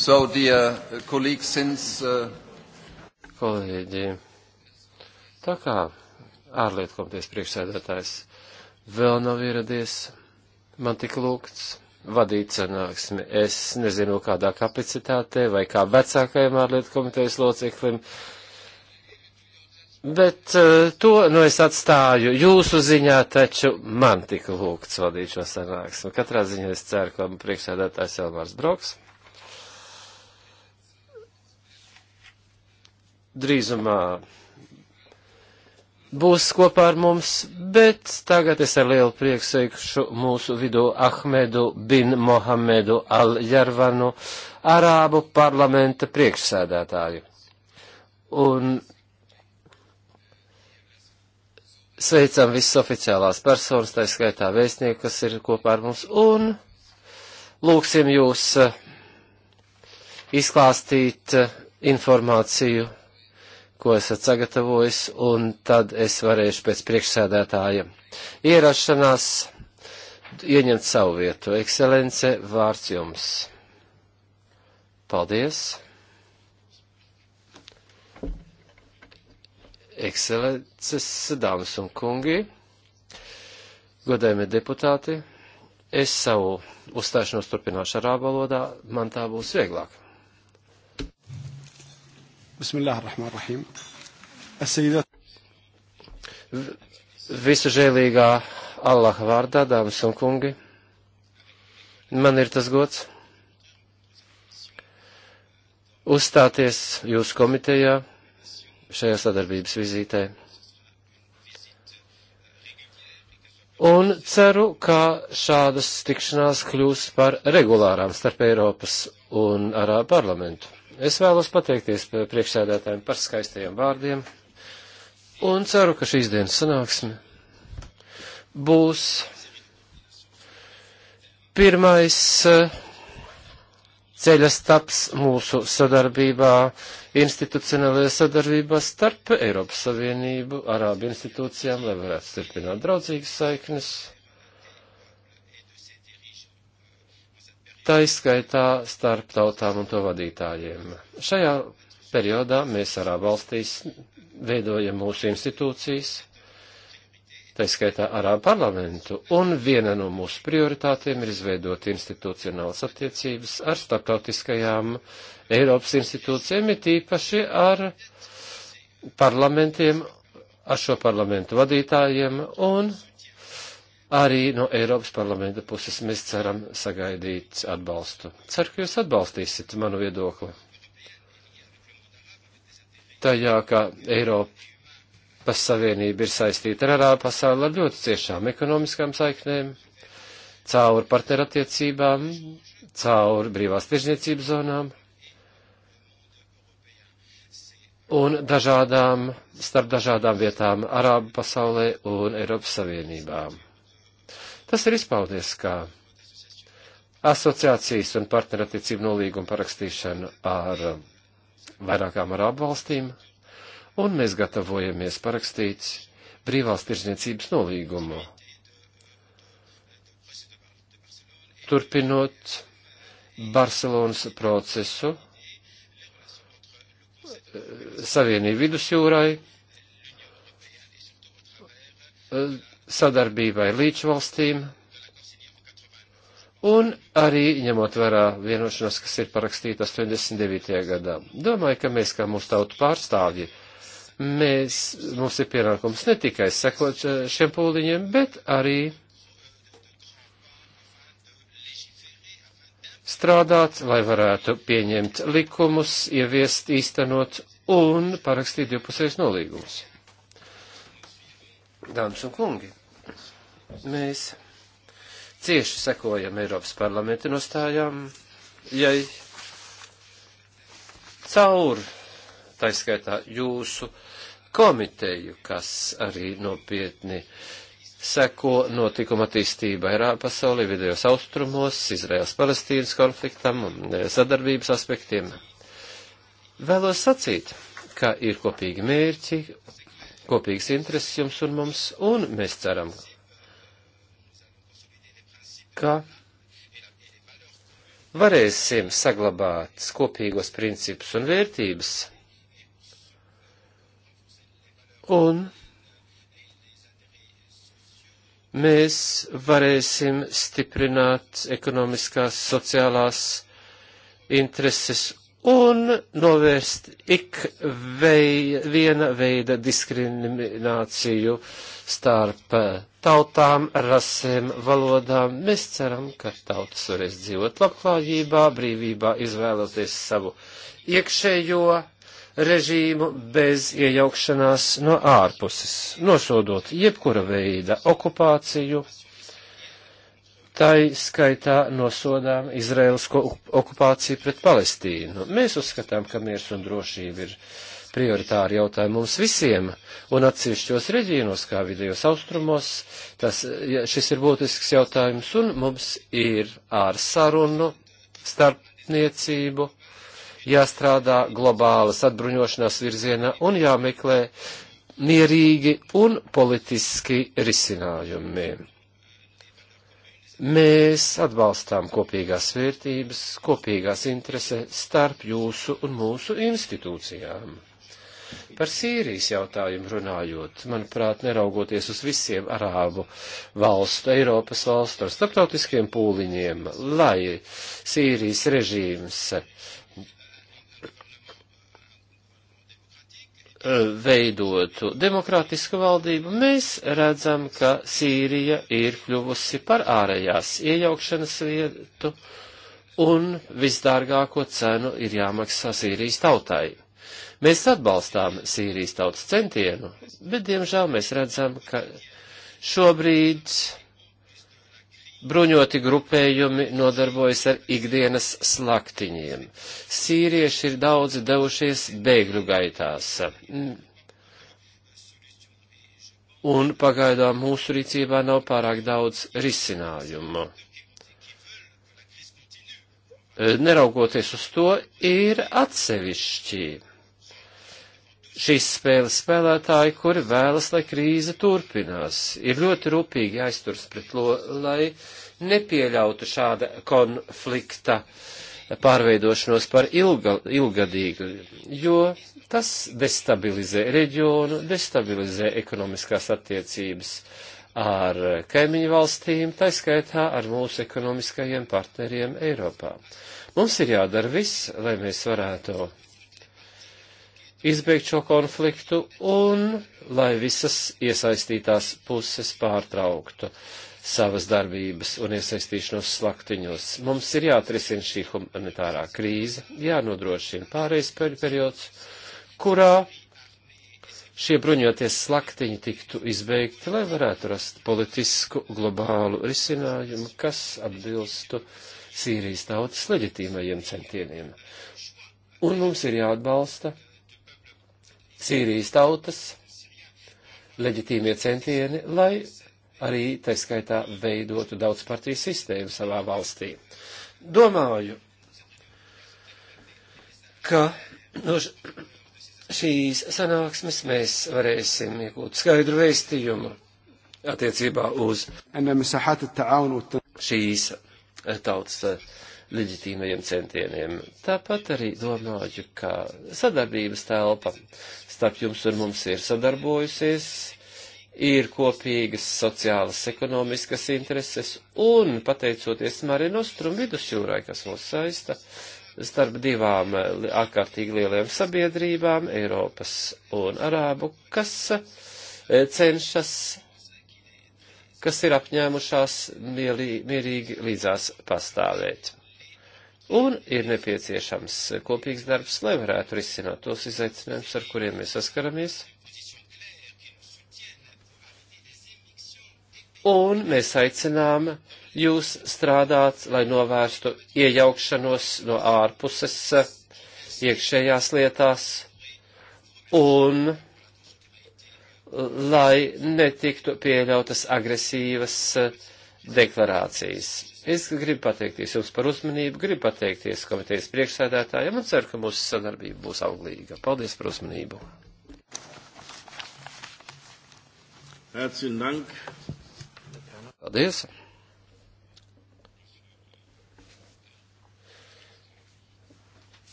So, dear uh, colleagues, since... Uh... Kolēģi, tā kā ārlietu komitejas priekšsēdētājs vēl nav ieradies, man tika lūgts vadīt sanāksmi. Es nezinu, kādā kapacitātē vai kā vecākajam ārlietu komitejas loceklim, bet uh, to, nu, es atstāju jūsu ziņā, taču man tika lūgts vadīt šo sanāksmi. Katrā ziņā es ceru, ka priekšsēdētājs Elmārs Broks drīzumā būs kopā ar mums, bet tagad es ar lielu prieku sveikšu mūsu vidū Ahmedu bin Mohamedu Al-Jarvanu, Arābu parlamenta priekšsēdētāju. Un sveicam visas oficiālās personas, tā skaitā vēstnieku, kas ir kopā ar mums, un lūksim jūs eh, izklāstīt eh, informāciju ko esat sagatavojis, un tad es varēšu pēc priekšsēdētāja ierašanās ieņemt savu vietu. Ekscelence, vārds jums. Paldies. Ekscelences, dāmas un kungi, godējumie deputāti, es savu uzstāšanos turpināšu arābu valodā, man tā būs vieglāk. بسم الله الرحمن الرحيم السيدات Visu žēlīgā Allaha vārdā, dāmas un kungi, man ir tas gods uzstāties jūsu komitejā šajā sadarbības vizītē. un ceru, ka šādas tikšanās kļūs par regulārām starp Eiropas un Arā parlamentu. Es vēlos pateikties priekšsēdētājiem par skaistajiem vārdiem un ceru, ka šīs dienas sanāksme būs pirmais eh, ceļa staps mūsu sadarbībā, institucionālajā sadarbībā starp Eiropas Savienību, Arābu institūcijām, lai varētu turpināt draudzīgas saiknes taiskaitā starp tautām un to vadītājiem. Šajā periodā mēs arā valstīs veidojam mūsu institūcijas, taiskaitā Arābu parlamentu, un viena no mūsu prioritātiem ir izveidot institucionālas attiecības ar starptautiskajām Eiropas institūcijām, it īpaši ar parlamentiem, ar šo parlamentu vadītājiem un arī no Eiropas parlamenta puses mēs ceram sagaidīt atbalstu. Ceru, ka jūs atbalstīsiet manu viedokli. Tajā, ka Eiropas Savienība ir saistīta ar arābu pasauli ar ļoti ciešām ekonomiskām saiknēm, caur partnerattiecībām, caur brīvās tirzniecības zonām un dažādām, starp dažādām vietām Arābu pasaulē un Eiropas Savienībām. Tas ir izpaudies kā asociācijas un partnerattiecību nolīguma parakstīšana ar um, vairākām arābu valstīm, un mēs gatavojamies parakstīt brīvās tirzniecības nolīgumu. Turpinot Barcelonas procesu, eh, Savienību vidusjūrai, eh, sadarbībai līdz valstīm, un arī ņemot vērā vienošanos, kas ir parakstīta 89. gadā. Domāju, ka mēs, kā mūsu tautu pārstāvji, mēs, mums ir pienākums ne tikai sekot šiem pūliņiem, bet arī strādāt, lai varētu pieņemt likumus, ieviest, īstenot un parakstīt divpusējus nolīgumus. Dāmas un kungi, Mēs cieši sekojam Eiropas parlamenta nostājām, ja caur, taiskaitā jūsu komiteju, kas arī nopietni seko notikuma attīstība Irā pasaulē, vidējos austrumos, Izraels Palestīnas konfliktam, e, sadarbības aspektiem. Vēlos sacīt, ka ir kopīgi mērķi, kopīgs intereses jums un mums, un mēs ceram, ka varēsim saglabāt kopīgos principus un vērtības. Un mēs varēsim stiprināt ekonomiskās, sociālās intereses un novērst ik vei, viena veida diskrimināciju starp tautām, rasēm, valodām. Mēs ceram, ka tautas varēs dzīvot labklājībā, brīvībā, izvēloties savu iekšējo režīmu bez iejaukšanās no ārpuses, nosodot jebkura veida okupāciju, tai skaitā nosodām Izraels okupāciju pret Palestīnu. Mēs uzskatām, ka miers un drošība ir prioritāri jautājumi mums visiem, un atsevišķos reģionos, kā vidējos austrumos, tas, šis ir būtisks jautājums, un mums ir ar sarunu starpniecību jāstrādā globālas atbruņošanās virzienā un jāmeklē mierīgi un politiski risinājumi. Mēs atbalstām kopīgās vērtības, kopīgās interese starp jūsu un mūsu institūcijām. Par Sīrijas jautājumu runājot, manuprāt, neraugoties uz visiem arābu valstu, Eiropas valstu ar starptautiskiem pūliņiem, lai Sīrijas režīms E, veidotu demokrātisku valdību, mēs redzam, ka Sīrija ir kļuvusi par ārējās iejaukšanas vietu un visdārgāko cenu ir jāmaksā Sīrijas tautai. Mēs atbalstām Sīrijas tautas centienu, bet diemžēl mēs redzam, ka šobrīd bruņoti grupējumi nodarbojas ar ikdienas slaktiņiem. Sīrieši ir daudzi devušies bēgļu gaitās. Un pagaidām mūsu rīcībā nav pārāk daudz risinājumu. Neraugoties uz to, ir atsevišķi šīs spēles spēlētāji, kuri vēlas, lai krīze turpinās. Ir ļoti rūpīgi jāizturas pret to, lai nepieļautu šāda konflikta pārveidošanos par ilga, ilgadīgu, jo tas destabilizē reģionu, destabilizē ekonomiskās attiecības ar kaimiņu valstīm, tā skaitā ar mūsu ekonomiskajiem partneriem Eiropā. Mums ir jādara viss, lai mēs varētu izbeigt šo konfliktu un lai visas iesaistītās puses pārtrauktu savas darbības un iesaistīšanos slaktiņos. Mums ir jāatrisina šī humanitārā krīze, jānodrošina pārējais periods, kurā šie bruņoties slaktiņi tiktu izbeigti, lai varētu rast politisku globālu risinājumu, kas atbilstu Sīrijas tautas leģitīmajiem centieniem. Un mums ir jāatbalsta Sīrijas tautas leģitīmie centieni, lai arī tā skaitā veidotu daudz partiju sistēmu savā valstī. Domāju, ka no šīs sanāksmes mēs varēsim iegūt skaidru vēstījumu attiecībā uz šīs tautas leģitīmajiem centieniem. Tāpat arī domāju, ka sadarbības telpa starp jums un mums ir sadarbojusies, ir kopīgas sociālas, ekonomiskas intereses, un pateicoties Marinostrum vidusjūrai, kas mūs saista, starp divām ārkārtīgi lielajām sabiedrībām, Eiropas un Arābu, kas e, cenšas, kas ir apņēmušās mierīgi, mierīgi līdzās pastāvēt. Un ir nepieciešams kopīgs darbs, lai varētu risināt tos izaicinājumus, ar kuriem mēs saskaramies. Un mēs aicinām jūs strādāt, lai novērstu iejaukšanos no ārpuses iekšējās lietās un lai netiktu pieļautas agresīvas eh, deklarācijas Es gribu pateikties jums par uzmanību, gribu pateikties komitejas priekšsēdētājiem un ceru, ka mūsu sadarbība būs auglīga. Paldies par uzmanību. Paldies.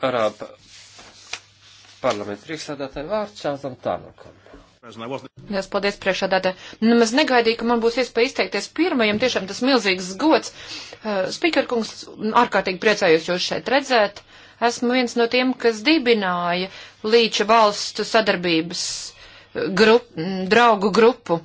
Arāba parlamenta priekšsēdētāja vārds Čāzam Tanukam. Lielas paldies priekšādātē. Nu, es negaidīju, ka man būs iespēja izteikties pirmajam, tiešām tas milzīgs gods. Uh, Spīkerkungs, ārkārtīgi priecājos jūs šeit redzēt. Esmu viens no tiem, kas dibināja līča valstu sadarbības uh, grup, draugu grupu.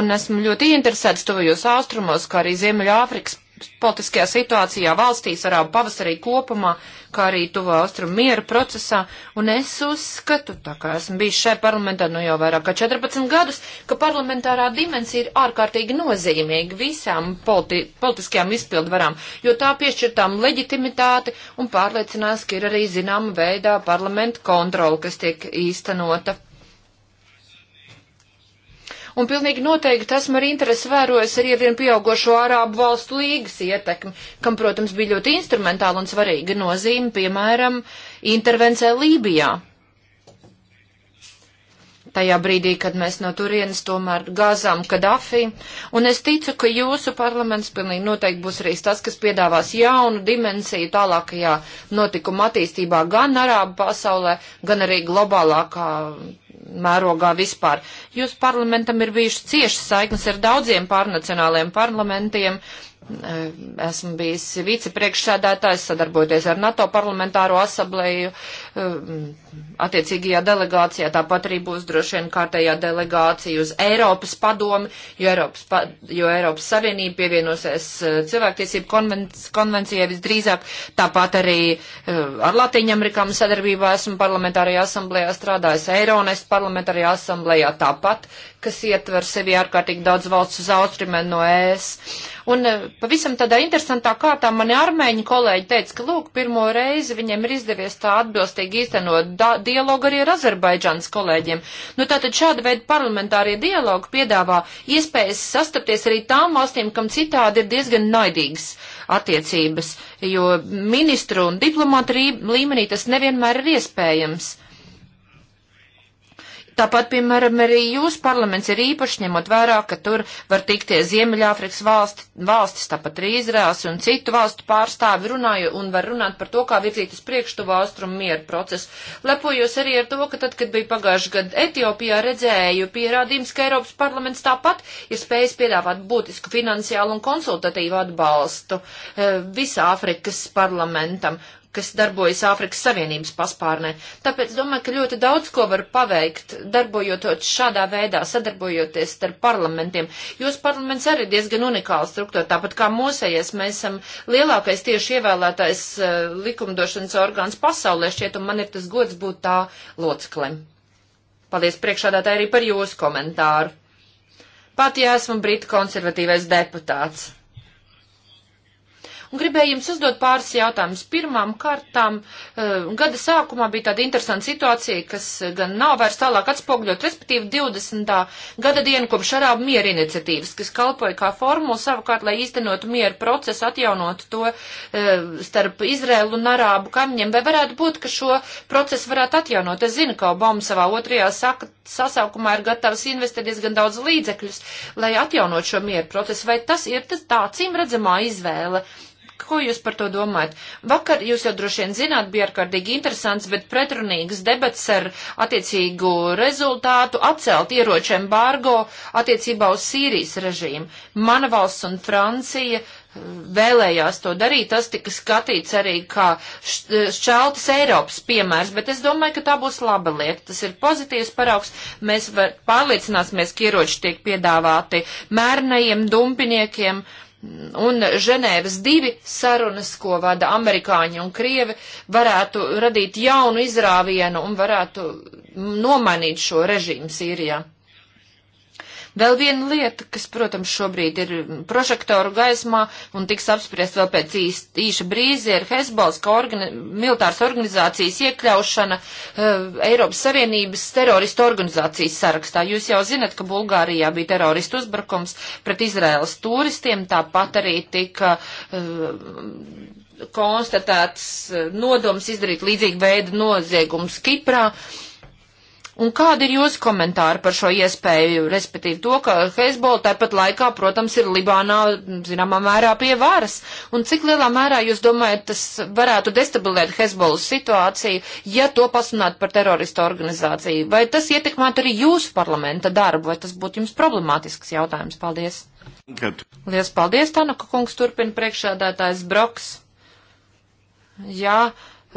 Un esmu ļoti interesēts tuvajos austrumos, kā arī Ziemeļāfrikas politiskajā situācijā valstīs, arābu pavasarī kopumā, kā arī tuvā austrumu miera procesā, un es uzskatu, tā kā esmu bijis šai parlamentā nu jau vairāk kā 14 gadus, ka parlamentārā dimensija ir ārkārtīgi nozīmīga visām politi politiskajām izpildvarām, jo tā piešķirtām leģitimitāti un pārliecinās, ka ir arī zināma veidā parlamenta kontrola, kas tiek īstenota Un pilnīgi noteikti esmu ar interesi vērojis arī ar vien pieaugošo Arābu valstu līgas ietekmi, kam, protams, bija ļoti instrumentāla un svarīga nozīme, piemēram, intervencē Lībijā tajā brīdī, kad mēs no turienes tomēr gāzām Kadafī. Un es ticu, ka jūsu parlaments pilnīgi noteikti būs arī tas, kas piedāvās jaunu dimensiju tālākajā notikuma attīstībā gan Arābu pasaulē, gan arī globālākā mērogā vispār. Jūs parlamentam ir bijušas ciešas saiknes ar daudziem pārnacionāliem parlamentiem, uh, Eh, esmu bijis vicepriekšsēdētājs, sadarbojoties ar NATO parlamentāro asambleju, eh, attiecīgajā delegācijā, tāpat arī būs droši vien kārtējā delegācija uz Eiropas padomi, jo Eiropas, pa, jo Eiropas Savienība pievienosies eh, cilvēktiesību konvenci konvencijai visdrīzāk, tāpat arī ar Latīņamerikām sadarbībā esmu parlamentārajā asamblējā strādājis, Eironest parlamentārajā asamblējā tāpat, kas ietver sevi ārkārtīgi daudz valsts uz austrumiem no ES. Un Pavisam tādā interesantā kārtā mani armēņu kolēģi teica, ka, lūk, pirmo reizi viņiem ir izdevies tā atbilstīgi īstenot dialogu arī ar Azerbaidžānas kolēģiem. Nu, tātad šāda veida parlamentārie dialogu piedāvā iespējas sastapties arī tām valstīm, kam citādi ir diezgan naidīgas attiecības, jo ministru un diplomātu līmenī tas nevienmēr ir iespējams. Tāpat, piemēram, arī jūs parlaments ir īpaši ņemot vērā, ka tur var tikties Ziemeļāfrikas valsti, valstis, tāpat arī Izraels un citu valstu pārstāvi runāju un var runāt par to, kā virzīt uz priekšu tuvu austrumu mieru procesu. Lepojos arī ar to, ka tad, kad bija pagājuši gadu Etiopijā, redzēju pierādījums, ka Eiropas parlaments tāpat ir spējis piedāvāt būtisku finansiālu un konsultatīvu atbalstu eh, visā Āfrikas parlamentam kas darbojas Āfrikas Savienības paspārnē. Tāpēc domāju, ka ļoti daudz ko var paveikt, darbojoties šādā veidā, sadarbojoties ar parlamentiem. Jūs parlaments arī diezgan unikāla struktūra, tāpat kā mūsējies, mēs esam lielākais tieši ievēlētais uh, likumdošanas orgāns pasaulē šķiet, un man ir tas gods būt tā loceklem. Paldies priekšādātāji arī par jūsu komentāru. Pat ja esmu Britu konservatīvais deputāts. Un gribēju jums uzdot pāris jautājumus. Pirmām kārtām, eh, gada sākumā bija tāda interesanta situācija, kas eh, gan nav vairs tālāk atspogļot, respektīvi 20. gada dienu kopš arābu miera iniciatīvas, kas kalpoja kā formula savukārt, lai īstenotu mieru procesu, atjaunotu to eh, starp Izrēlu un arābu kaimiņiem. Vai varētu būt, ka šo procesu varētu atjaunot? Es zinu, ka Obama savā otrajā saka, sasaukumā ir gatavs investēt diezgan daudz līdzekļus, lai atjaunot šo mieru procesu. Vai tas ir tas tā cīm redzamā izvēle? Ko jūs par to domājat? Vakar jūs jau droši vien zināt, bija ārkārtīgi interesants, bet pretrunīgs debats ar attiecīgu rezultātu atcelt ieroču embargo attiecībā uz Sīrijas režīmu. Mana valsts un Francija eh, vēlējās to darīt, tas tika skatīts arī kā eh, šķeltas Eiropas piemērs, bet es domāju, ka tā būs laba lieta. Tas ir pozitīvs paraugs. Mēs var, pārliecināsimies, ka ieroči tiek piedāvāti mērnajiem dumpiniekiem. Uh, un Ženēvas divi sarunas, ko vada amerikāņi un krievi, varētu radīt jaunu izrāvienu un varētu nomainīt šo režīmu Sīrijā. Vēl viena lieta, kas, protams, šobrīd ir prožektoru gaismā un tiks apspriest vēl pēc īs, īša brīzi, ir Hezbollas, ka organi militāras organizācijas iekļaušana uh, Eiropas Savienības teroristu organizācijas sarakstā. Jūs jau zinat, ka Bulgārijā bija teroristu uzbrukums pret Izraels turistiem, tāpat arī tika. Uh, konstatēts eh, nodoms izdarīt līdzīgu veidu noziegums Kiprā. Uh, Un kādi ir jūsu komentāri par šo iespēju, respektīvi to, ka Hezbollah tāpat laikā, protams, ir Libānā, zināmā mērā, pie varas? Un cik lielā mērā jūs domājat, tas varētu destabilēt Hezbollah situāciju, ja to pasunātu par teroristu organizāciju? Vai tas ietekmētu arī jūsu parlamenta darbu, vai tas būtu jums problemātisks jautājums? Paldies! Kad. Lies paldies, Tanaka kungs, turpina priekšādātājs Broks. Jā. Ja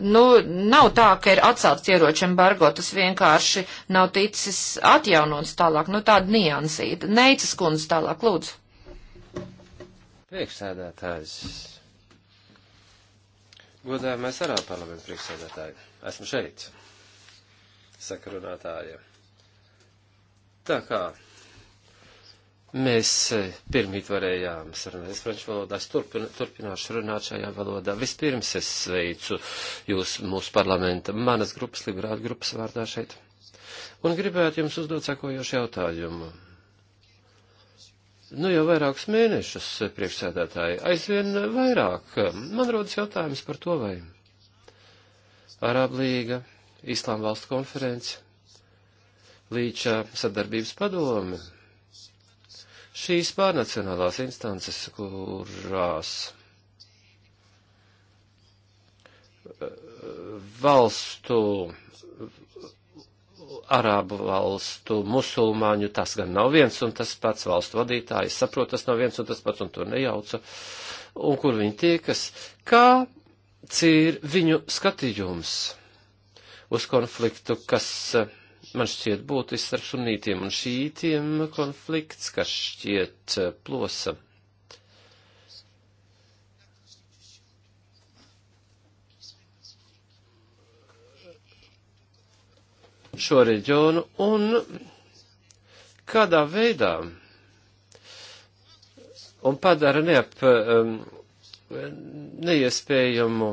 nu, nav tā, ka ir atcelts ieroču embargo, tas vienkārši nav ticis atjaunots tālāk, nu tāda niansīta. Neicas kundze tālāk, lūdzu. Priekšsēdētājs. Godājumais arā parlamentu priekšsēdētāji. Esmu šeit. Sakarunātājiem. Tā kā Mēs eh, pirmīt varējām sarunāties franču valodā, es turpin, turpināšu runāt šajā valodā. Vispirms es sveicu jūs mūsu parlamenta, manas grupas, liberāta grupas vārdā šeit. Un gribētu jums uzdot sakojošu jautājumu. Nu jau vairākus mēnešus, eh, priekšsēdētāji, aizvien vairāk. Man rodas jautājums par to, vai Arāba līga, Islām valstu konference, līča sadarbības padome Šīs pārnacionālās instances, kurās eh, valstu, arābu valstu, musulmaņu, tas gan nav viens un tas pats valstu vadītājs, saprot, tas nav viens un tas pats un to nejauca, un kur viņi tiekas, kā ir viņu skatījums uz konfliktu, kas uh, man šķiet būtisks ar sunītiem un šītiem konflikts, kas šķiet eh, plosa. šo reģionu un kādā veidā un padara neap, um, neiespējamu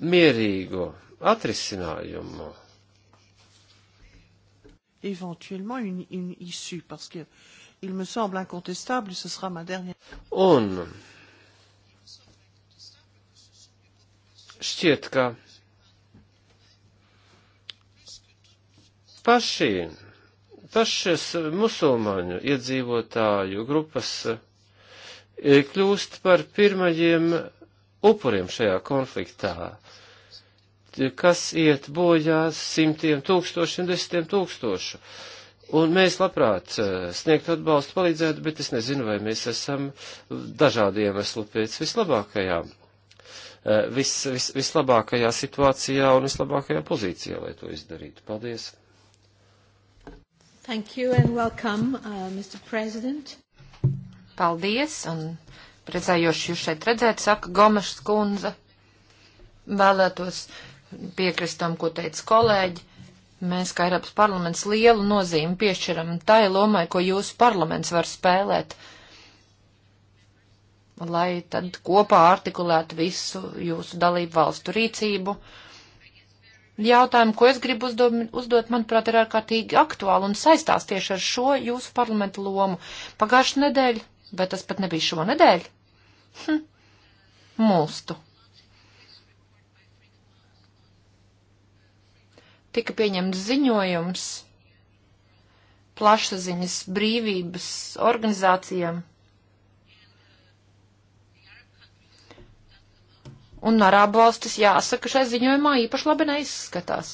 mierīgu atrisinājumu. Éventuellement une, une issue, parce que il me semble incontestable, ce sera ma dernière. Un šķiet, ka paši, pašas musulmaņu iedzīvotāju grupas eh, kļūst par pirmajiem upuriem šajā konfliktā kas iet bojā simtiem tūkstošiem, desmitiem tūkstošu. Un mēs labprāt eh, sniegtu atbalstu, palīdzētu, bet es nezinu, vai mēs esam dažādu iemeslu pēc vislabākajā, eh, vis, vis, vislabākajā situācijā un vislabākajā pozīcijā, lai to izdarītu. Paldies! Thank you and welcome, uh, Mr. President. Paldies un priecājoši jūs šeit redzēt, saka Gomešs kundze. Vēlētos piekristam, ko teica kolēģi. Mēs, kā Eiropas parlaments, lielu nozīmi piešķiram tai lomai, ko jūsu parlaments var spēlēt, lai tad kopā artikulētu visu jūsu dalību valstu rīcību. Jautājumi, ko es gribu uzdot, uzdot, manuprāt, ir ārkārtīgi aktuāli un saistās tieši ar šo jūsu parlamentu lomu. Pagājušajā nedēļā, bet tas pat nebija šonadēļ, hm, mūstu tika pieņemts ziņojums plašsaziņas brīvības organizācijām. Un arābu valstis jāsaka, šai ziņojumā īpaši labi neizskatās.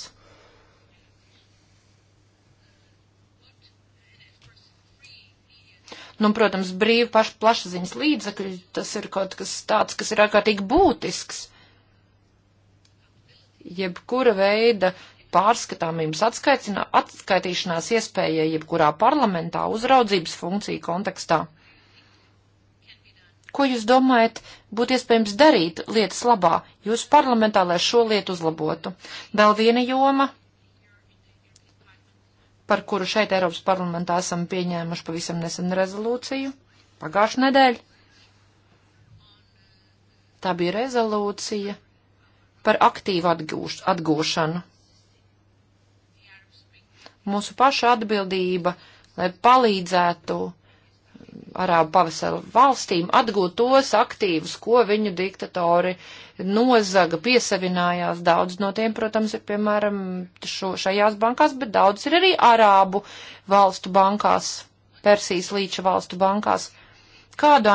Nu, protams, brīvi paši plašsaziņas līdzakļi, tas ir kaut kas tāds, kas ir ārkārtīgi būtisks. Jebkura veida pārskatāmības atskaitīšanās iespēja jebkurā parlamentā uzraudzības funkciju kontekstā. Ko jūs domājat, būtu iespējams darīt lietas labā, jūs parlamentā, lai šo lietu uzlabotu? Vēl viena joma, par kuru šeit Eiropas parlamentā esam pieņēmuši pavisam nesen rezolūciju, pagājušu nedēļu. Tā bija rezolūcija par aktīvu atgūš, atgūšanu mūsu paša atbildība, lai palīdzētu Arābu pavasara valstīm atgūt tos aktīvus, ko viņu diktatori nozaga, piesavinājās. Daudz no tiem, protams, ir piemēram šo, šajās bankās, bet daudz ir arī Arābu valstu bankās, Persijas līča valstu bankās kādu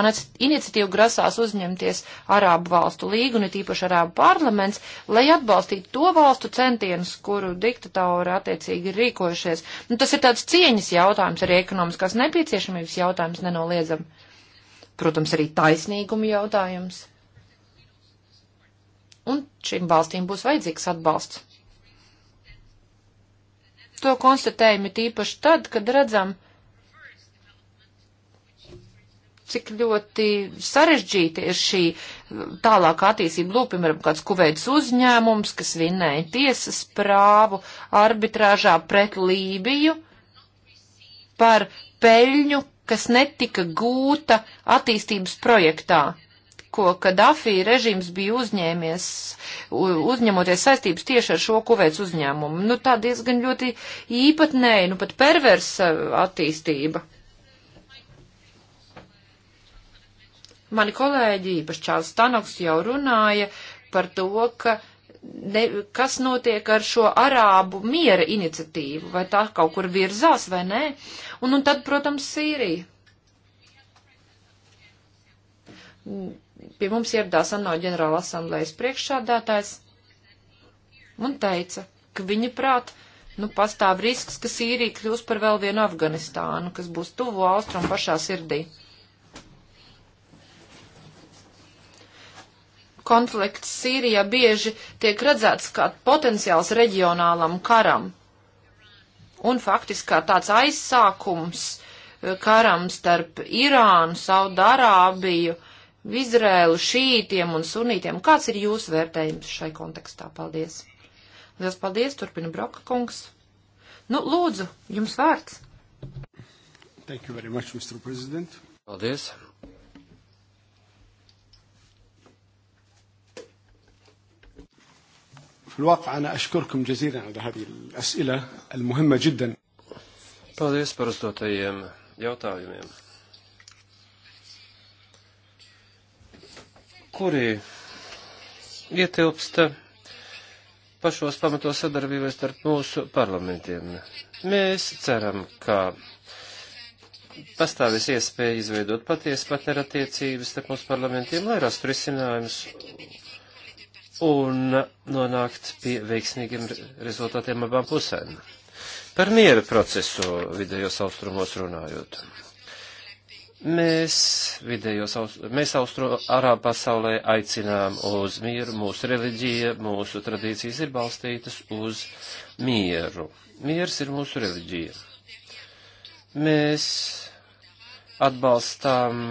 iniciatīvu grasās uzņemties Arābu valstu līgu, un it īpaši Arābu parlaments, lai atbalstītu to valstu centienus, kuru diktatori attiecīgi ir rīkojušies. Nu, tas ir tāds cieņas jautājums, arī ekonomiskās nepieciešamības jautājums nenoliedzam. Protams, arī taisnīguma jautājums. Un šīm valstīm būs vajadzīgs atbalsts. To konstatējumi tīpaši tad, kad redzam, cik ļoti sarežģīta ir šī tālākā attīstība. Lūk, piemēram, kāds kuveids uzņēmums, kas vinnēja tiesas prāvu arbitrāžā pret Lībiju par peļņu, kas netika gūta attīstības projektā ko Kadafī režīms bija uzņēmies, uzņemoties saistības tieši ar šo kuveits uzņēmumu. Nu, tā diezgan ļoti īpatnēja, nu, pat perversa attīstība. Mani kolēģi, īpaši Čāls Stanoks, jau runāja par to, ka ne, kas notiek ar šo arābu miera iniciatīvu, vai tā kaut kur virzās vai nē. Un, un tad, protams, Sīrija. Pie mums ieradās ANO ģenerāla asamblējas priekšsādātājs un teica, ka viņa prāt, nu, pastāv risks, ka Sīrija kļūs par vēl vienu Afganistānu, kas būs tuvu austrumu pašā sirdī. Konflikts Sīrijā bieži tiek redzēts kā potenciāls reģionālam karam. Un faktiski kā tāds aizsākums e, karam starp Irānu, Saudārābiju, Izrēlu, šītiem un sunītiem. Kāds ir jūsu vērtējums šai kontekstā? Paldies! Liels paldies, turpina Broka kungs. Nu, lūdzu, jums vērts. Thank you very much, Mr. President. Paldies. في الواقع أنا أشكركم جزيلا على هذه الأسئلة المهمة جدا Paldies par uzdotajiem jautājumiem, kuri ietilpsta pašos pamatos sadarbībā starp mūsu parlamentiem. Mēs ceram, ka pastāvēs iespēja izveidot patiesu patērattiecības starp mūsu parlamentiem, lai rastu risinājumus un nonākt pie veiksmīgiem rezultātiem abām pusēm. Par miera procesu vidējos austrumos runājot. Mēs vidējos, mēs austro arābu pasaulē aicinām uz mieru, mūsu reliģija, mūsu tradīcijas ir balstītas uz mieru. Miers ir mūsu reliģija. Mēs atbalstām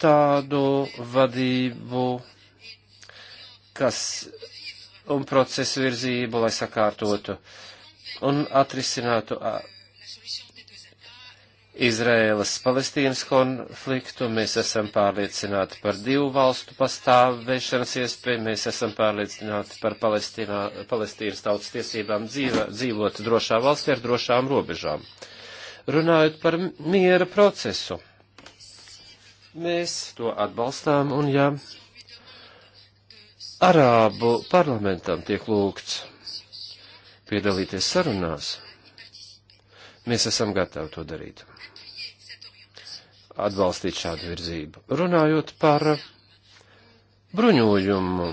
tādu vadību, kas un procesu virzību, lai sakārtotu un atrisinātu Izrēlas Palestīnas konfliktu, mēs esam pārliecināti par divu valstu pastāvēšanas iespēju, mēs esam pārliecināti par Palestīnā, Palestīnas tautas tiesībām dzīva, dzīvot drošā valstī ar drošām robežām. Runājot par miera procesu Mēs to atbalstām, un ja Arābu parlamentam tiek lūgts piedalīties sarunās, mēs esam gatavi to darīt. Atbalstīt šādu virzību. Runājot par bruņojumu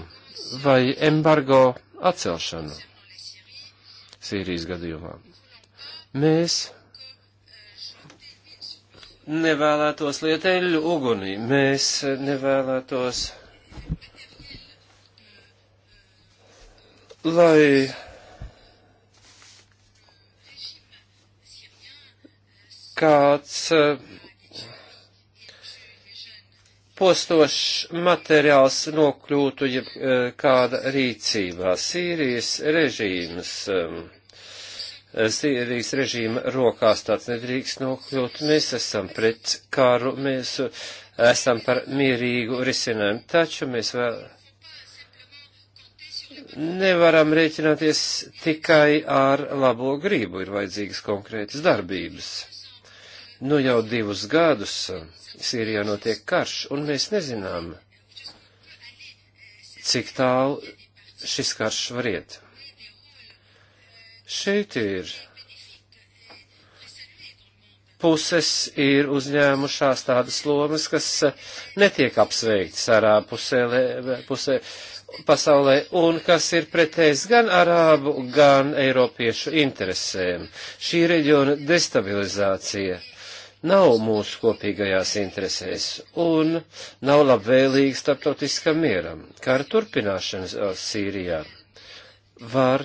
vai embargo atcelšanu Sīrijas gadījumā, mēs nevēlētos lieteļu ugunī, mēs nevēlētos, lai kāds eh, postošs materiāls nokļūtu jeb eh, kāda rīcībā. Sīrijas režīms. Um, Sīrijas režīma rokās tāds nedrīkst nokļūt. Mēs esam pret karu, mēs esam par mierīgu risinājumu, taču mēs vēl nevaram rēķināties tikai ar labo gribu, ir vajadzīgas konkrētas darbības. Nu jau divus gadus Sīrijā notiek karš, un mēs nezinām, cik tālu šis karš var iet. Šeit ir puses ir uzņēmušās tādas lomas, kas eh, netiek apsveikts arābu pusē, pusē pasaulē un kas ir pretējs gan arābu, gan eiropiešu interesēm. Šī reģiona destabilizācija nav mūsu kopīgajās interesēs un nav labvēlīga starptautiskam mieram. Kara turpināšanas Sīrijā var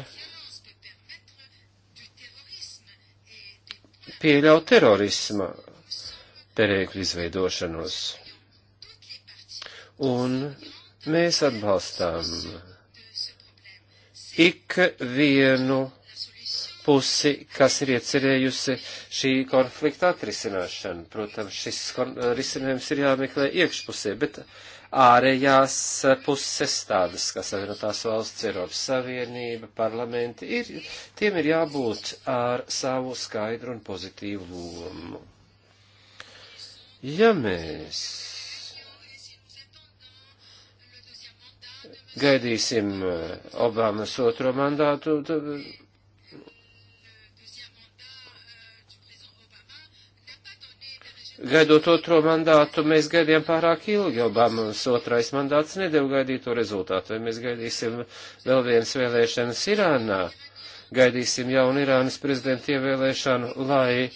pieļaut terorisma perēkļu izveidošanos. Un mēs atbalstām ik vienu pusi, kas ir iecerējusi šī konflikta atrisināšanu. Protams, šis risinājums ir jāmeklē iekšpusē, bet uh, ārējās puses, tādas, kas savienotās valsts, Eiropas Savienība, parlamenti, ir, tiem ir jābūt ar savu skaidru un pozitīvu lomu. Ja mēs gaidīsim Obamas otro mandātu, tad gaidot otro mandātu, mēs gaidījām pārāk ilgi. Obamas otrais mandāts nedēļu gaidīto rezultātu. Vai mēs gaidīsim vēl vienas vēlēšanas Irānā? Gaidīsim jaunu Irānas prezidentu ievēlēšanu, lai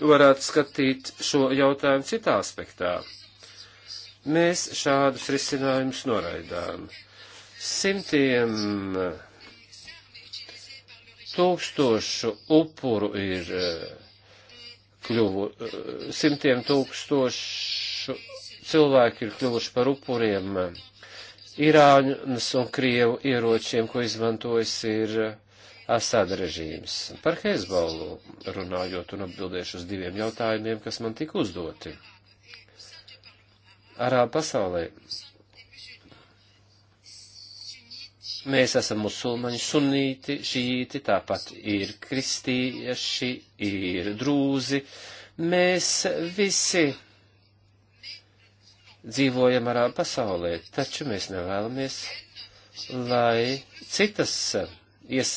varētu skatīt šo jautājumu citā aspektā. Mēs šādus risinājumus noraidām. Simtiem tūkstošu upuru ir uh, kļuvu, eh, simtiem tūkstošu cilvēku ir kļuvuši par upuriem Irānas un Krievu ieročiem, ko izmantojas ir eh, Asada režīms. Par Hezbollu runājot un atbildēšu uz diviem jautājumiem, kas man tika uzdoti. Arāba pasaulē Mēs esam musulmaņi, sunīti, šīti, tāpat ir kristieši, ir drūzi. Mēs visi dzīvojam arā pasaulē, taču mēs nevēlamies, lai citas ies,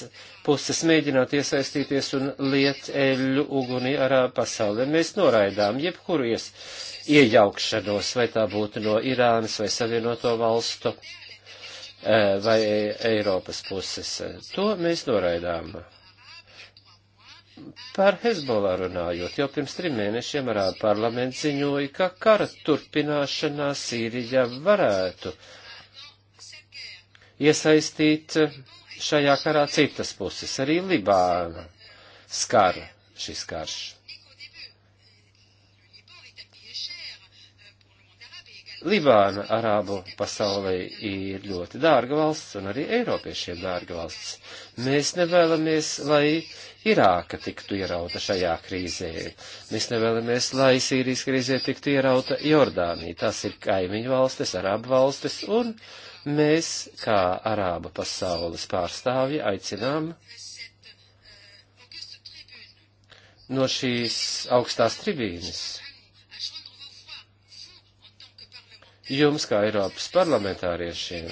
puses mēģinātu iesaistīties un liet eļu uguni arā pasaulē. Mēs noraidām jebkuru ies, iejaukšanos, vai tā būtu no Irānas vai Savienoto valstu Eh, vai e, Eiropas puses. To mēs noraidām. Par Hezbollah runājot, jau pirms trim mēnešiem Arābu parlaments ziņoja, ka kara turpināšanā Sīrijā varētu iesaistīt šajā karā citas puses, arī Libāna skara šis karš. Libāna arābu pasaulē ir ļoti dārga valsts un arī Eiropiešiem dārga valsts. Mēs nevēlamies, lai Irāka tiktu ierauta šajā krīzē. Mēs nevēlamies, lai Sīrijas krīzē tiktu ierauta Jordānija. Tas ir kaimiņu valstis, arābu valstis, un mēs, kā arāba pasaules pārstāvji, aicinām no šīs augstās tribīnes jums, kā Eiropas parlamentāriešiem,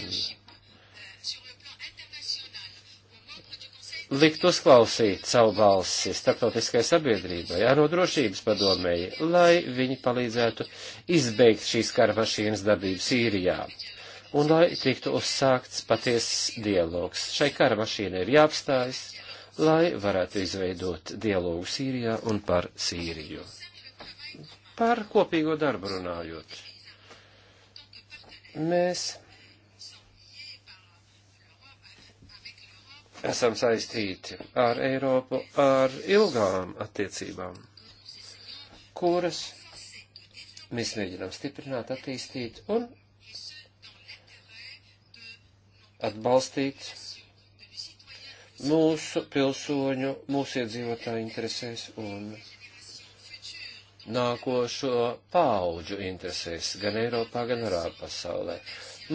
likt uzklausīt savu balsi starptautiskai sabiedrībai, ANO drošības padomēji, lai viņi palīdzētu izbeigt šīs kara mašīnas darbību Sīrijā. Un lai tiktu uzsākts patiesas dialogs. Šai kara mašīnai ir jāapstājas, lai varētu izveidot dialogu Sīrijā un par Sīriju. Par kopīgo darbu runājot. Mēs esam saistīti ar Eiropu, ar ilgām attiecībām, kuras mēs mēģinām stiprināt, attīstīt un atbalstīt mūsu pilsoņu, mūsu iedzīvotāju interesēs un nākošo paauģu interesēs gan Eiropā, gan ārā pasaulē.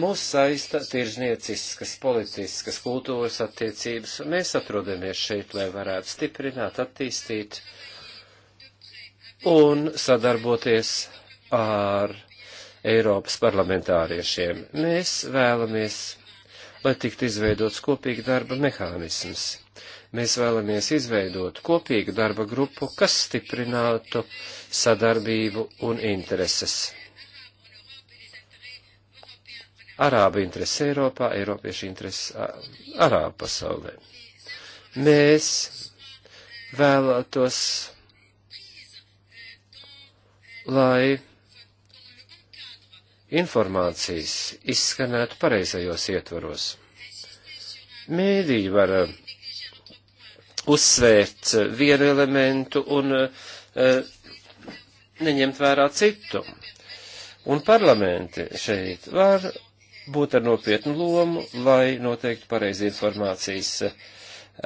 Mūs saista tirznieciskas, politiskas, kultūras attiecības, un mēs atrodamies šeit, lai varētu stiprināt, attīstīt un sadarboties ar Eiropas parlamentāriešiem. Mēs vēlamies, lai tiktu izveidots kopīgi darba mehānisms Mēs vēlamies izveidot kopīgu darba grupu, kas stiprinātu sadarbību un intereses. Arābu intereses Eiropā, Eiropiešu intereses Arābu pasaulē. Mēs vēlētos, lai informācijas izskanētu pareizajos ietvaros. Mēdīji var uzsvērt vienu elementu un uh, neņemt vērā citu. Un parlamenti šeit var būt ar nopietnu lomu, lai noteikti pareizi informācijas uh,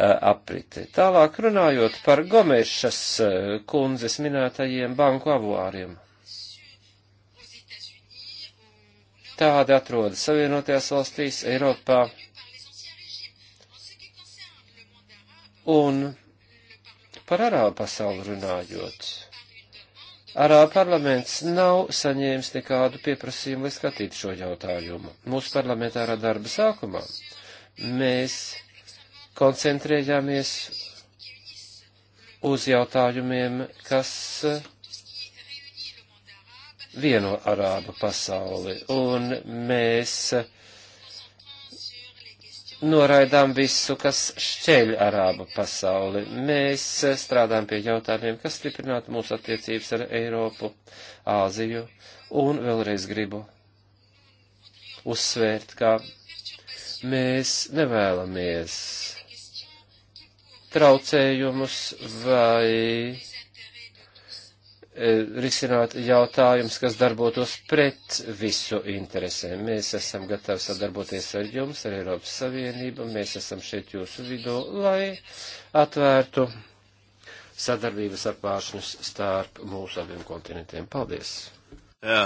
apriti. Tālāk runājot par Gomešas uh, kundzes minētajiem banku avāriem. Tādi atrodas Savienotajās valstīs, Eiropā, Un par arābu pasauli runājot. Arābu parlaments nav saņēmis nekādu pieprasījumu, lai skatītu šo jautājumu. Mūsu parlamentārā darba sākumā mēs koncentrējāmies uz jautājumiem, kas vieno arābu pasauli, un mēs uh, noraidām visu, kas šķeļ arābu pasauli. Mēs strādājam pie jautājumiem, kas stiprinātu mūsu attiecības ar Eiropu, Āziju, un vēlreiz gribu uzsvērt, ka mēs nevēlamies traucējumus vai E, risināt jautājums, kas darbotos pret visu interesēm. Mēs esam gatavi sadarboties ar jums, ar Eiropas Savienību, mēs esam šeit jūsu vidū, lai atvērtu sadarbības apvāršņus starp mūsu abiem kontinentiem. Paldies! Jā,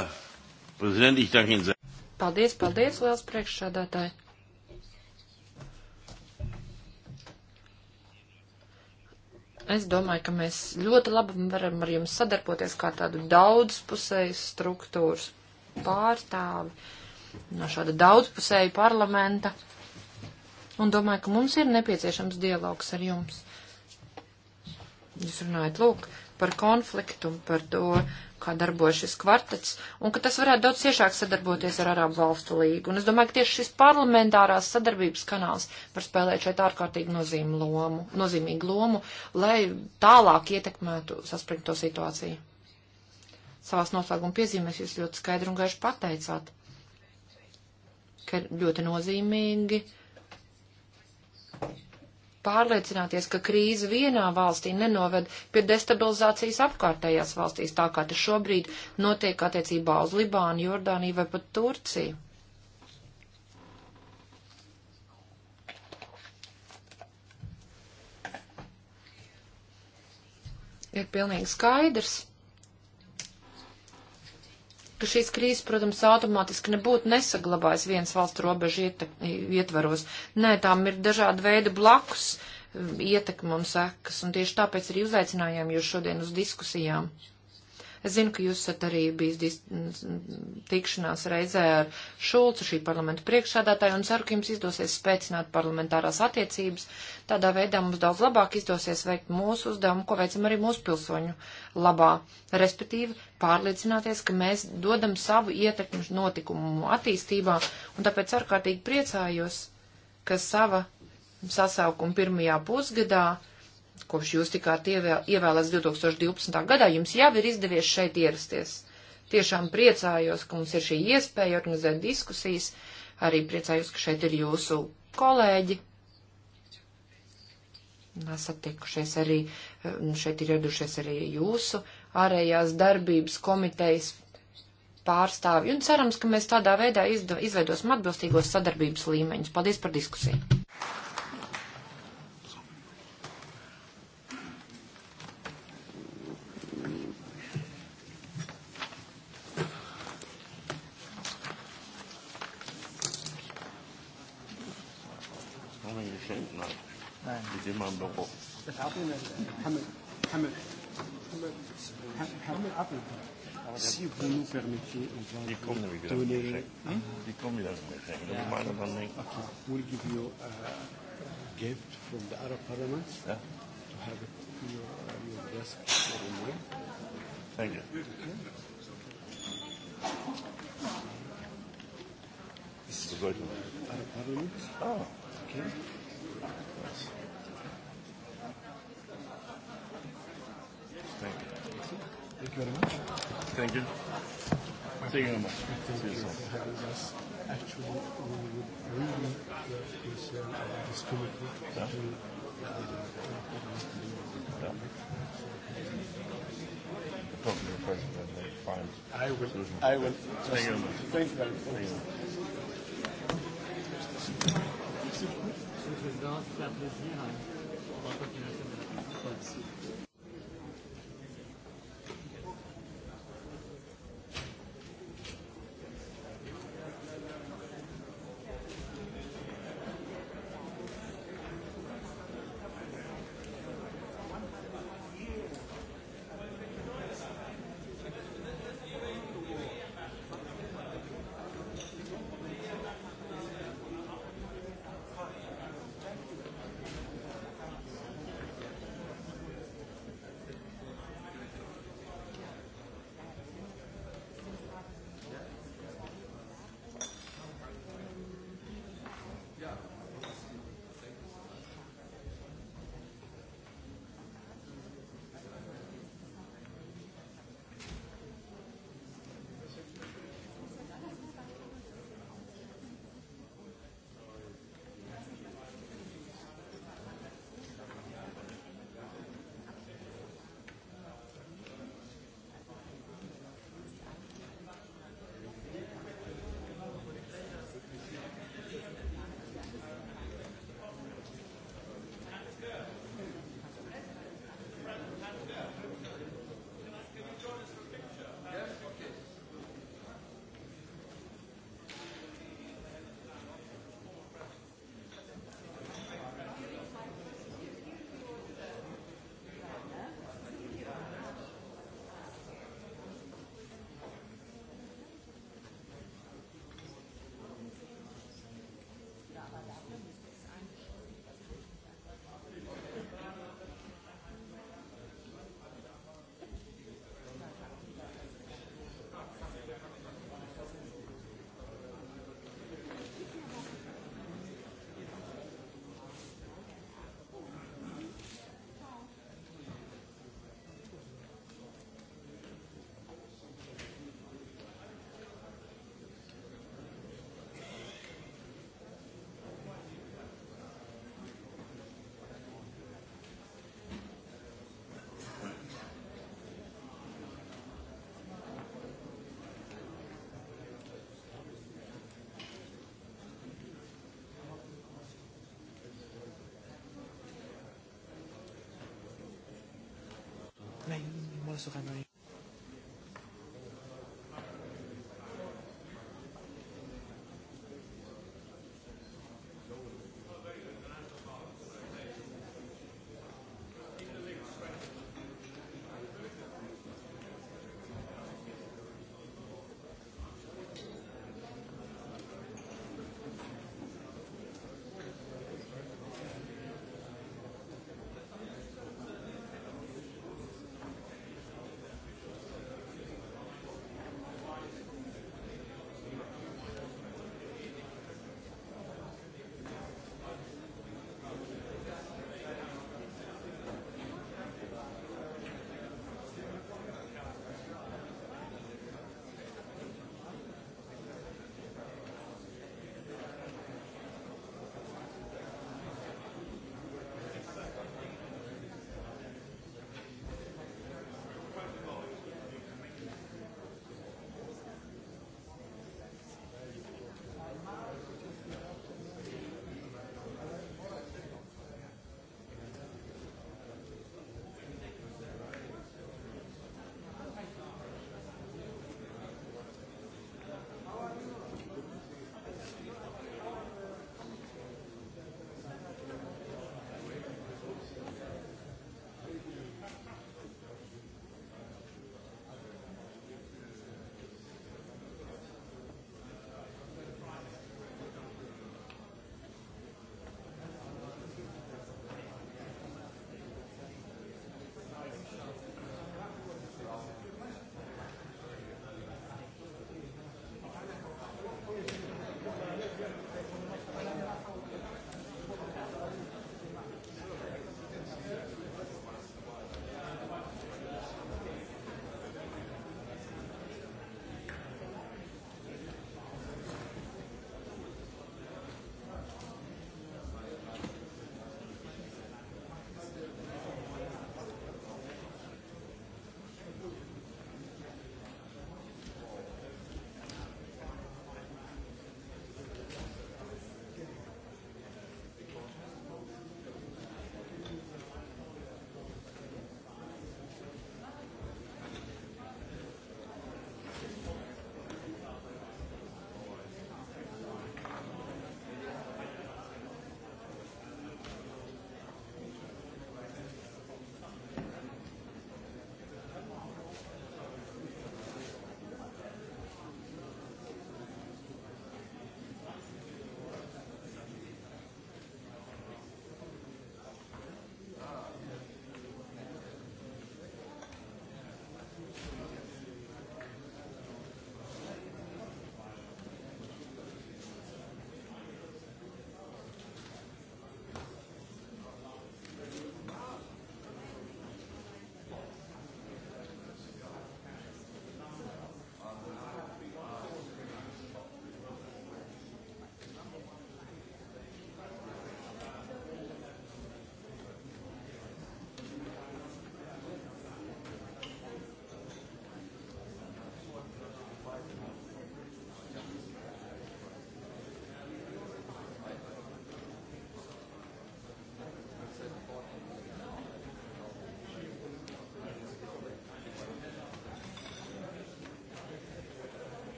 prezident, ich danke Ihnen sehr. Paldies, paldies, liels priekšsādātāji! Es domāju, ka mēs ļoti labi varam ar jums sadarboties kā tādu daudzpusēju struktūras pārstāvi no šāda daudzpusēja parlamenta. Un domāju, ka mums ir nepieciešams dialogs ar jums. Jūs runājat, lūk, par konfliktu un par to, kā darbojas šis kvartets, un ka tas varētu daudz ciešāk sadarboties ar Arabu valstu līgu. Un es domāju, ka tieši šis parlamentārās sadarbības kanāls var spēlēt šeit ārkārtīgi nozīm lomu, nozīmīgu lomu, lai tālāk ietekmētu saspringto situāciju. Savās noslēguma piezīmēs jūs ļoti skaidri un gaiši pateicāt, ka ļoti nozīmīgi pārliecināties, ka krīze vienā valstī nenoved pie destabilizācijas apkārtējās valstīs, tā kā tas šobrīd notiek attiecībā uz Libānu, Jordāniju vai pat Turciju. Ir pilnīgi skaidrs ka šīs krīzes, protams, automātiski nebūtu nesaglabājis viens valsts robežu ietvaros. Nē, tām ir dažādi veidi blakus um, ietekme un sekas, un tieši tāpēc arī uzaicinājām jūs šodien uz diskusijām. Es zinu, ka jūs esat arī bijis tikšanās reizē ar Šulcu, šī parlamenta priekšsādātāju, un ceru, ka jums izdosies spēcināt parlamentārās attiecības. Tādā veidā mums daudz labāk izdosies veikt mūsu uzdevumu, ko veicam arī mūsu pilsoņu labā, respektīvi pārliecināties, ka mēs dodam savu ietekmi notikumu attīstībā, un tāpēc ārkārtīgi priecājos, ka sava sasaukuma pirmajā pusgadā kopš jūs tikāt ievēlēts 2012. gadā, jums jau ir izdevies šeit ierasties. Tiešām priecājos, ka mums ir šī iespēja organizēt diskusijas, arī priecājos, ka šeit ir jūsu kolēģi. Esat tikušies arī, nu, šeit ir ieradušies arī jūsu ārējās darbības komitejas pārstāvi, un cerams, ka mēs tādā veidā izveidosim atbilstīgos sadarbības līmeņus. Paldies par diskusiju! 已经忙不过。Si vous nous permettez, on va donner... Okay. We'll give you a gift from the Arab Parliament yeah. to have it to your, uh, your desk for a month. Thank you. Okay. This is the Arab Parliament. Oh. Okay. Thank you very much. Thank you. Thank you very much. Thank you for having us. Actually, we would really love to hear about this committee yeah. to uh, yeah. Talk to the president and find I will. Solution. I will. Just Thank you very much. Thank you very much. Thank you. Monsieur le Président, c'est un plaisir. On va continuer à se mettre. Rosso Canoni.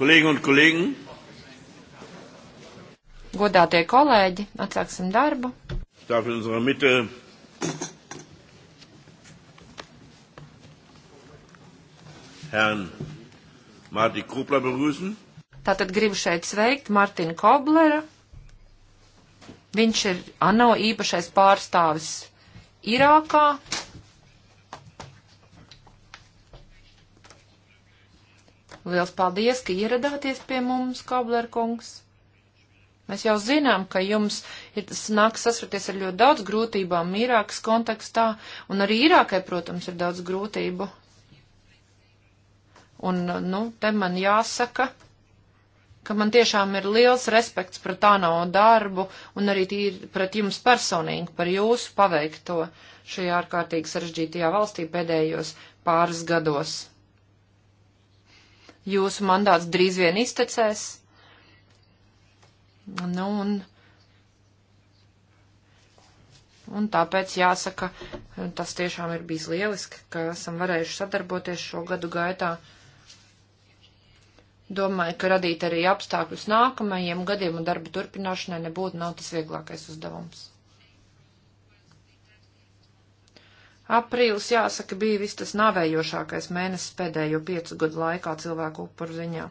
Kolēģi un kolēģi. Godātie kolēģi, atsāksim darbu. Stāv in unserer Mitte. Herrn Martin Kobler begrüßen. Tātad gribu šeit sveikt Martinu Koblera. Viņš ir ANO īpašais pārstāvis Irākā. Liels paldies, ka ieradāties pie mums, Kabler kungs. Mēs jau zinām, ka jums ir nāks sasraties ar ļoti daudz grūtībām Irākas kontekstā, un arī Irākai, protams, ir daudz grūtību. Un, nu, te man jāsaka, ka man tiešām ir liels respekts pret ANO darbu un arī tīri pret jums personīgi par jūsu paveikto šajā ārkārtīgi sarežģītajā valstī pēdējos pāris gados jūsu mandāts drīz vien iztecēs. Nu, un, un tāpēc jāsaka, tas tiešām ir bijis lieliski, ka esam varējuši sadarboties šo gadu gaitā. Domāju, ka radīt arī apstākļus nākamajiem gadiem un darba turpināšanai nebūtu nav tas vieglākais uzdevums. Aprīlis, jāsaka, bija viss tas navējošākais mēnesis pēdējo piecu gadu laikā cilvēku upuru ziņā.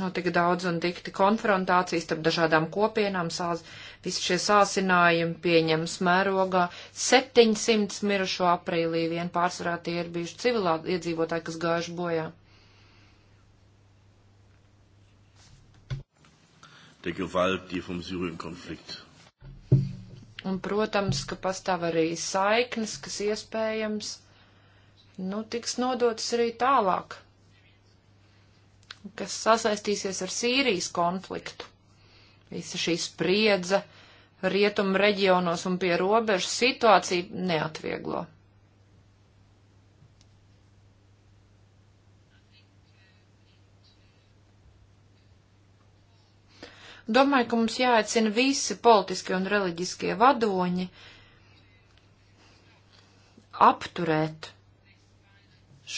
Notika daudz un dikti konfrontācijas starp dažādām kopienām, sās, visi šie sāsinājumi pieņems mērogā 700 mirušo aprīlī, vien pārsvarā tie ir bijuši civilā iedzīvotāji, kas gājuši bojā. Der Gewalt, die vom Syrien-Konflikt Un, protams, ka pastāv arī saiknes, kas iespējams, nu, tiks nodotas arī tālāk, kas sasaistīsies ar Sīrijas konfliktu. Visa šī spriedze rietumu reģionos un pie robežas situāciju neatvieglo. Domāju, ka mums jāaicina visi politiskie un reliģiskie vadoņi apturēt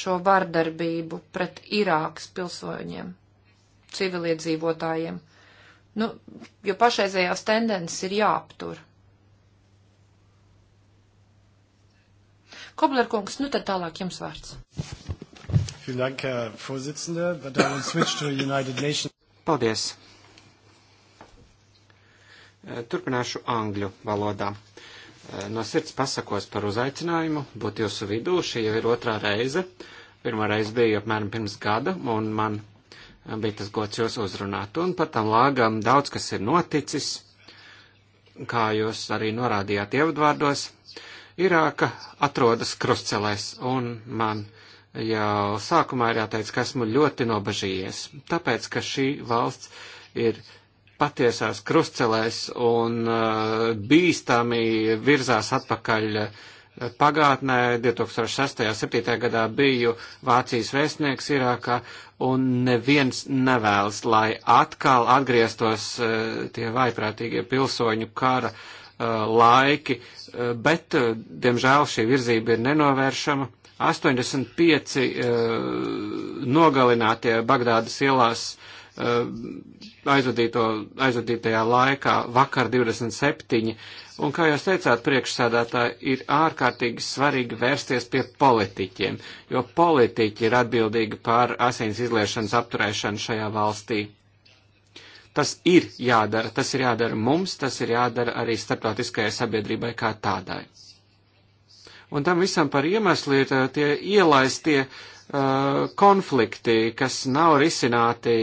šo vardarbību pret Irākas pilsoņiem, civiliedzīvotājiem, nu, jo pašreizējās tendences ir jāaptur. Koblerkungs, nu tad tālāk jums vārds. Paldies, Eh, turpināšu angļu valodā. Eh, no sirds pasakos par uzaicinājumu būt jūsu vidū. Šī jau ir otrā reize. Pirmā reize bija apmēram pirms gada, un man eh, bija tas gods jūs uzrunāt. Un par tam lāgām daudz kas ir noticis, kā jūs arī norādījāt ievadvārdos. Irāka atrodas krustcelēs, un man jau sākumā ir jāteic, ka esmu ļoti nobažījies, tāpēc, ka šī valsts ir patiesās krustcelēs un uh, bīstami virzās atpakaļ uh, pagātnē. 2006. un 2007. gadā biju Vācijas vēstnieks Irākā un neviens nevēlas, lai atkal atgrieztos uh, tie vaiprātīgie pilsoņu kara laiki, bet, diemžēl, šī virzība ir nenovēršama. 85 nogalinātie Bagdādas ielās uh, Eh, aizvadītajā laikā, vakar 27. Un, kā jūs teicāt, priekšsēdētāji, ir ārkārtīgi svarīgi vērsties pie politiķiem, jo politiķi ir atbildīgi par asins izliešanas apturēšanu šajā valstī. Tas ir jādara, tas ir jādara mums, tas ir jādara arī starptautiskajai sabiedrībai kā tādai. Un tam visam par iemeslu ir eh, tie ielaistie uh, Uh, konflikti, kas nav risināti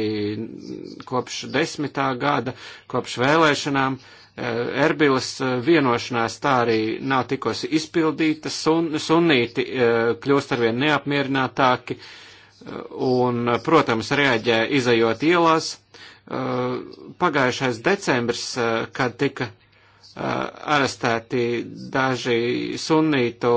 kopš desmitā gada, kopš vēlēšanām. Uh, Erbilas uh, vienošanās tā arī nav tikosi izpildīta, sun, sunīti kļūst arvien neapmierinātāki un, protams, reaģē izējot ielās. Pagājušais decembris, kad tika Eh, arestēti daži sunītu,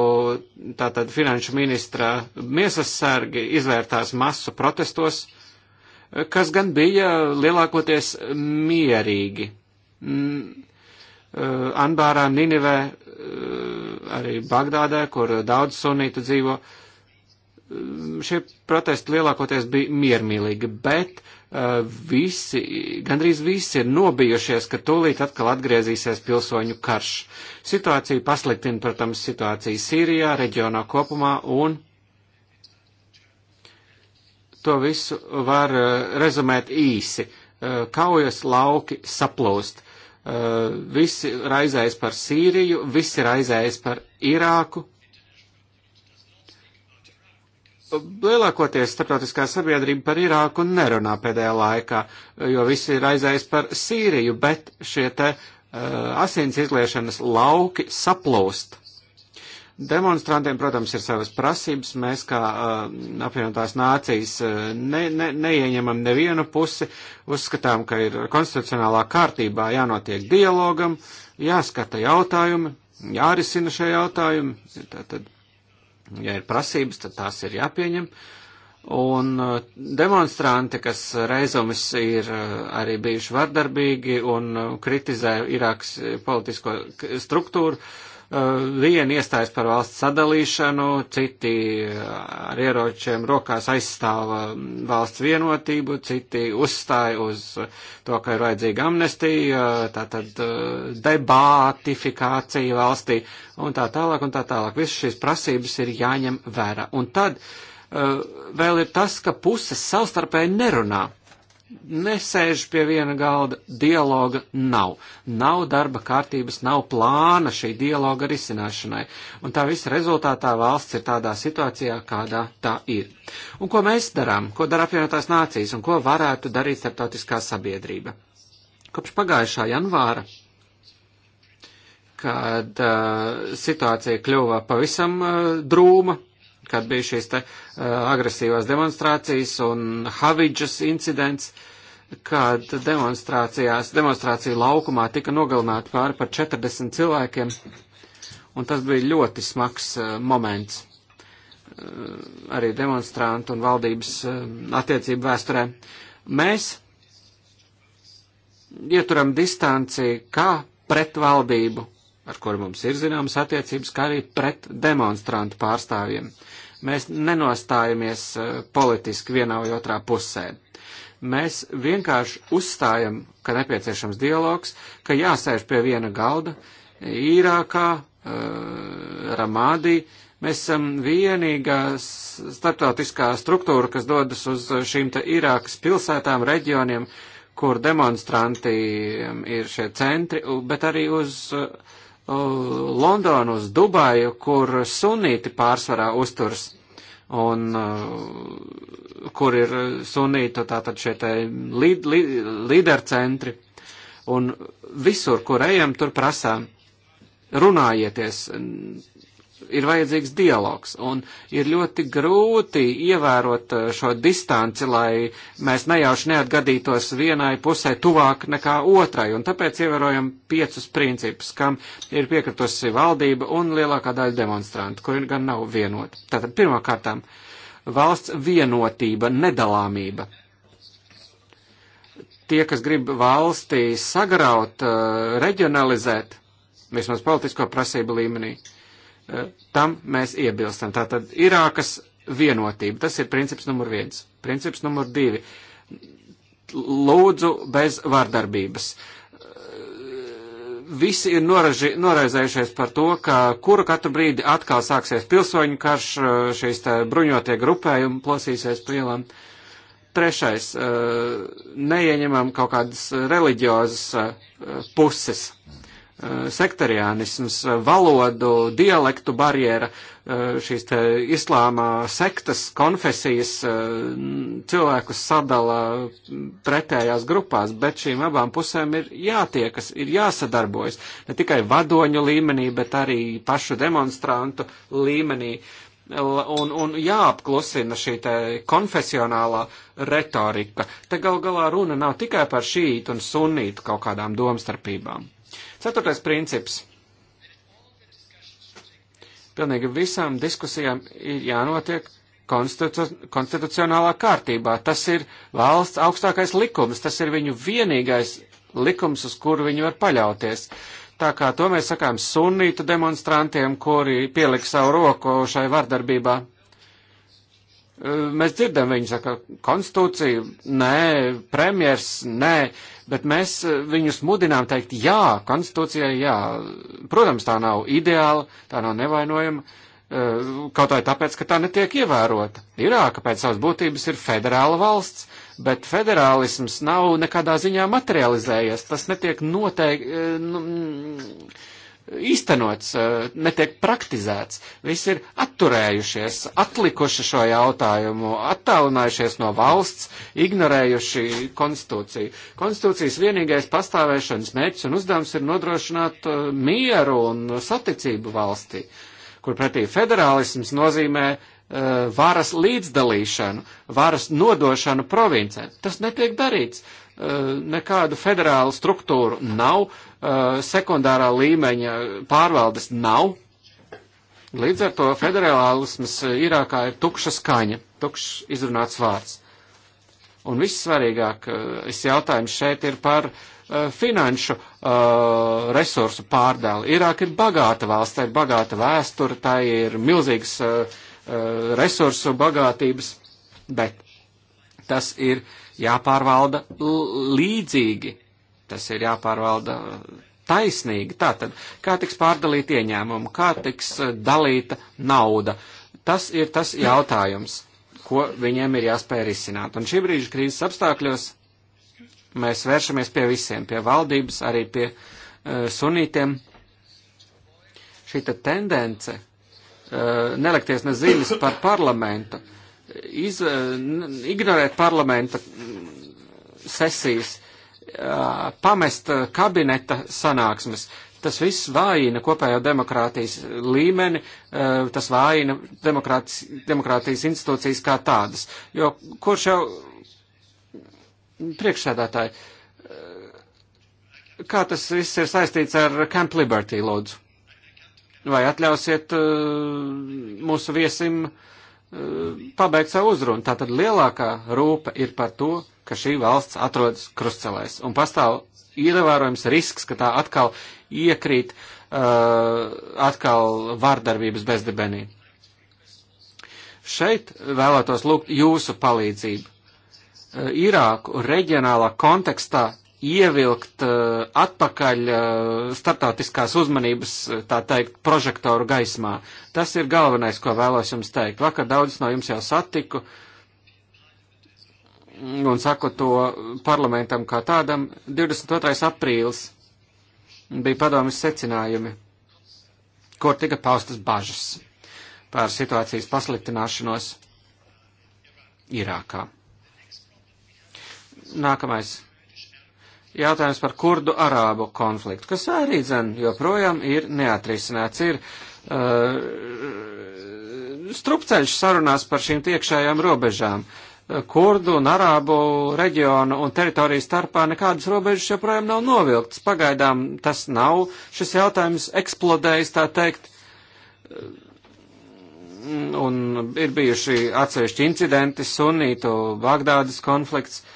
tātad finanšu ministra miesas sargi izvērtās masu protestos, eh, kas gan bija lielākoties mierīgi. Mm, eh, Anbārā, Ninivē, arī Bagdādē, kur daudz sunītu dzīvo, šie protesti lielākoties bija miermīlīgi, bet uh, Eh, visi, gandrīz visi ir nobijušies, ka tūlīt atkal atgriezīsies pilsoņu karš. Situācija pasliktina, protams, situāciju Sīrijā, reģionā kopumā un to visu var eh, rezumēt īsi. Eh, kaujas lauki saplūst. Visi raizējas par Sīriju, visi raizējas par Irāku, Lielākoties starptautiskā sabiedrība par Irāku nerunā pēdējā laikā, jo visi ir aizējis par Sīriju, bet šie te uh, asins izliešanas lauki saplūst. Demonstrantiem, protams, ir savas prasības. Mēs, kā uh, apvienotās nācijas, uh, ne, ne, neieņemam nevienu pusi. Uzskatām, ka ir konstitucionālā kārtībā jānotiek dialogam, jāskata jautājumi, jārisina šie jautājumi. Tātad Ja ir prasības, tad tās ir jāpieņem. Un uh, demonstranti, kas reizomis ir uh, arī bijuši vardarbīgi un uh, kritizē Irākas politisko struktūru, uh, Eh, vieni iestājas par valsts sadalīšanu, citi eh, ar ieročiem rokās aizstāva mm, valsts vienotību, citi uzstāja uz to, ka ir vajadzīga amnestija, tātad eh, debātifikācija valstī un tā tālāk un tā tālāk. Visas šīs prasības ir jāņem vērā. Un tad vēl ir tas, ka puses savstarpēji nerunā nesēž pie viena galda, dialoga nav. Nav darba kārtības, nav plāna šī dialoga risināšanai. Un tā visa rezultātā valsts ir tādā situācijā, kādā tā ir. Un ko mēs darām, ko dara apvienotās nācijas un ko varētu darīt starptautiskā sabiedrība? Kopš pagājušā janvāra kad uh, situācija kļuva pavisam uh, drūma, kad bija šīs te eh, agresīvās demonstrācijas un Havidžas incidents, kad demonstrācijās, demonstrācija laukumā tika nogalināti pāri par 40 cilvēkiem, un tas bija ļoti smags eh, moments eh, arī demonstrantu un valdības attiecību vēsturē. Mēs ieturam distanci kā pret valdību, ar kuru mums ir zināmas attiecības, kā arī pret demonstrantu pārstāvjiem. Mēs nenostājamies e, politiski vienā vai otrā pusē. Mēs vienkārši uzstājam, ka nepieciešams dialogs, ka jāsēž pie viena galda, Īrākā, e, Ramādī. Mēs esam vienīgā starptautiskā struktūra, kas dodas uz šīm te Irākas pilsētām, reģioniem, kur demonstrantiem ir šie centri, bet arī uz uh, Uh, Londonu, uz Dubaju, kur sunīti pārsvarā uzturs un uh, kur ir sunīta tātad šie te līd, līd, līdercentri. Un visur, kur ejam, tur prasām runājieties, ir vajadzīgs dialogs, un ir ļoti grūti ievērot eh, šo distanci, lai mēs nejauši neatgadītos vienai pusē tuvāk nekā otrai, un tāpēc ievērojam piecus principus, kam ir piekritusi valdība un lielākā daļa demonstrantu, kuri gan nav vienoti. Tātad pirmkārtām valsts vienotība, nedalāmība tie, kas grib valstī sagraut, eh, reģionalizēt, vismaz politisko prasību līmenī, Eh, tam mēs iebilstam. Tātad Irākas vienotība, tas ir princips numur viens. Princips numur divi. Lūdzu bez vardarbības. Eh, visi ir noraži, noraizējušies par to, ka kuru katru brīdi atkal sāksies pilsoņu karš, eh, šīs bruņotie grupējumi plosīsies pa ielām. Trešais, neieņemam kaut kādas reliģiozas puses. Mm Uh, sektariānisms, uh, valodu, dialektu barjera, uh, šīs te islāmā sektas, konfesijas cilvēkus sadala pretējās grupās, bet šīm abām pusēm ir jātiekas, ir jāsadarbojas, ne tikai vadoņu līmenī, bet arī pašu demonstrantu līmenī. Un, un jāapklusina šī te konfesionālā retorika. Te gal galā runa nav tikai par šītu un sunītu kaut kādām domstarpībām. Ceturtais princips. Pilnīgi visām diskusijām ir jānotiek konstitu, konstitucionālā kārtībā. Tas ir valsts augstākais likums, tas ir viņu vienīgais likums, uz kuru viņi var paļauties. Tā kā to mēs sakām sunītu demonstrantiem, kuri pielika savu roku šai vardarbībā Eh, mēs dzirdam viņu, saka, konstitūcija, nē, premjers, nē, bet mēs eh, viņus mudinām teikt, jā, konstitūcijai, jā. Protams, tā nav ideāla, tā nav nevainojama, eh, kaut vai tāpēc, ka tā netiek ievērota. Irāka pēc savas būtības ir federāla valsts, bet federālisms nav nekādā ziņā materializējies, tas netiek noteikti. Nu, mm, īstenots, eh, netiek praktizēts. Visi ir atturējušies, atlikuši šo jautājumu, attālinājušies no valsts, ignorējuši konstitūciju. Konstitūcijas vienīgais pastāvēšanas mērķis un uzdevums ir nodrošināt eh, mieru un saticību valstī, kur pretī federālisms nozīmē eh, varas līdzdalīšanu, varas nodošanu provincēm. Tas netiek darīts nekādu federālu struktūru nav, Uh, sekundārā līmeņa pārvaldes nav. Līdz ar to federālisms Irākā ir tukša skaņa, tukšs izrunāts vārds. Un vissvarīgākais uh, jautājums šeit ir par uh, finanšu uh, resursu pārdēli. Irāk ir bagāta valsts, tā ir bagāta vēsture, tā ir milzīgas uh, resursu bagātības, bet tas ir jāpārvalda līdzīgi Tas ir jāpārvalda taisnīgi. Tātad, kā tiks pārdalīta ieņēmuma, kā tiks eh, dalīta nauda. Tas ir tas jautājums, ko viņiem ir jāspēj risināt. Un šī brīža krīzes apstākļos mēs vēršamies pie visiem, pie valdības, arī pie uh, sunītiem. Šī tendence uh, eh, nelekties ne zīmes par parlamentu, iz, uh, ignorēt parlamenta mm, sesijas, pamest kabineta sanāksmes. Tas viss vājina kopējo demokrātijas līmeni, tas vājina demokrātijas, demokrātijas institūcijas kā tādas. Jo kurš jau priekšsēdētāji, kā tas viss ir saistīts ar Camp Liberty lūdzu? Vai atļausiet mūsu viesim uh, pabeigt savu uzrunu. Tātad lielākā rūpe ir par to, ka šī valsts atrodas krustcelēs un pastāv ievērojams risks, ka tā atkal iekrīt uh, atkal vārdarbības bezdebenī. Šeit vēlētos lūgt jūsu palīdzību. Uh, Irāku reģionālā kontekstā ievilkt eh, atpakaļ eh, startautiskās uzmanības, eh, tā teikt, prožektoru gaismā. Tas ir galvenais, ko vēlos jums teikt. Vakar daudz no jums jau satiku un saku to parlamentam kā tādam. 22. aprīlis bija padomjas secinājumi, kur tika paustas bažas pār situācijas pasliktināšanos Irākā. Nākamais jautājums par kurdu arābu konfliktu, kas arī, zin, joprojām ir neatrisināts. Ir uh, strupceļš sarunās par šīm tiekšējām robežām. Kurdu un arābu reģionu un teritoriju starpā nekādas robežas joprojām nav novilktas. Pagaidām tas nav šis jautājums eksplodējis, tā teikt. Uh, un ir bijuši atsevišķi incidenti, sunītu Bagdādas konflikts. Uh,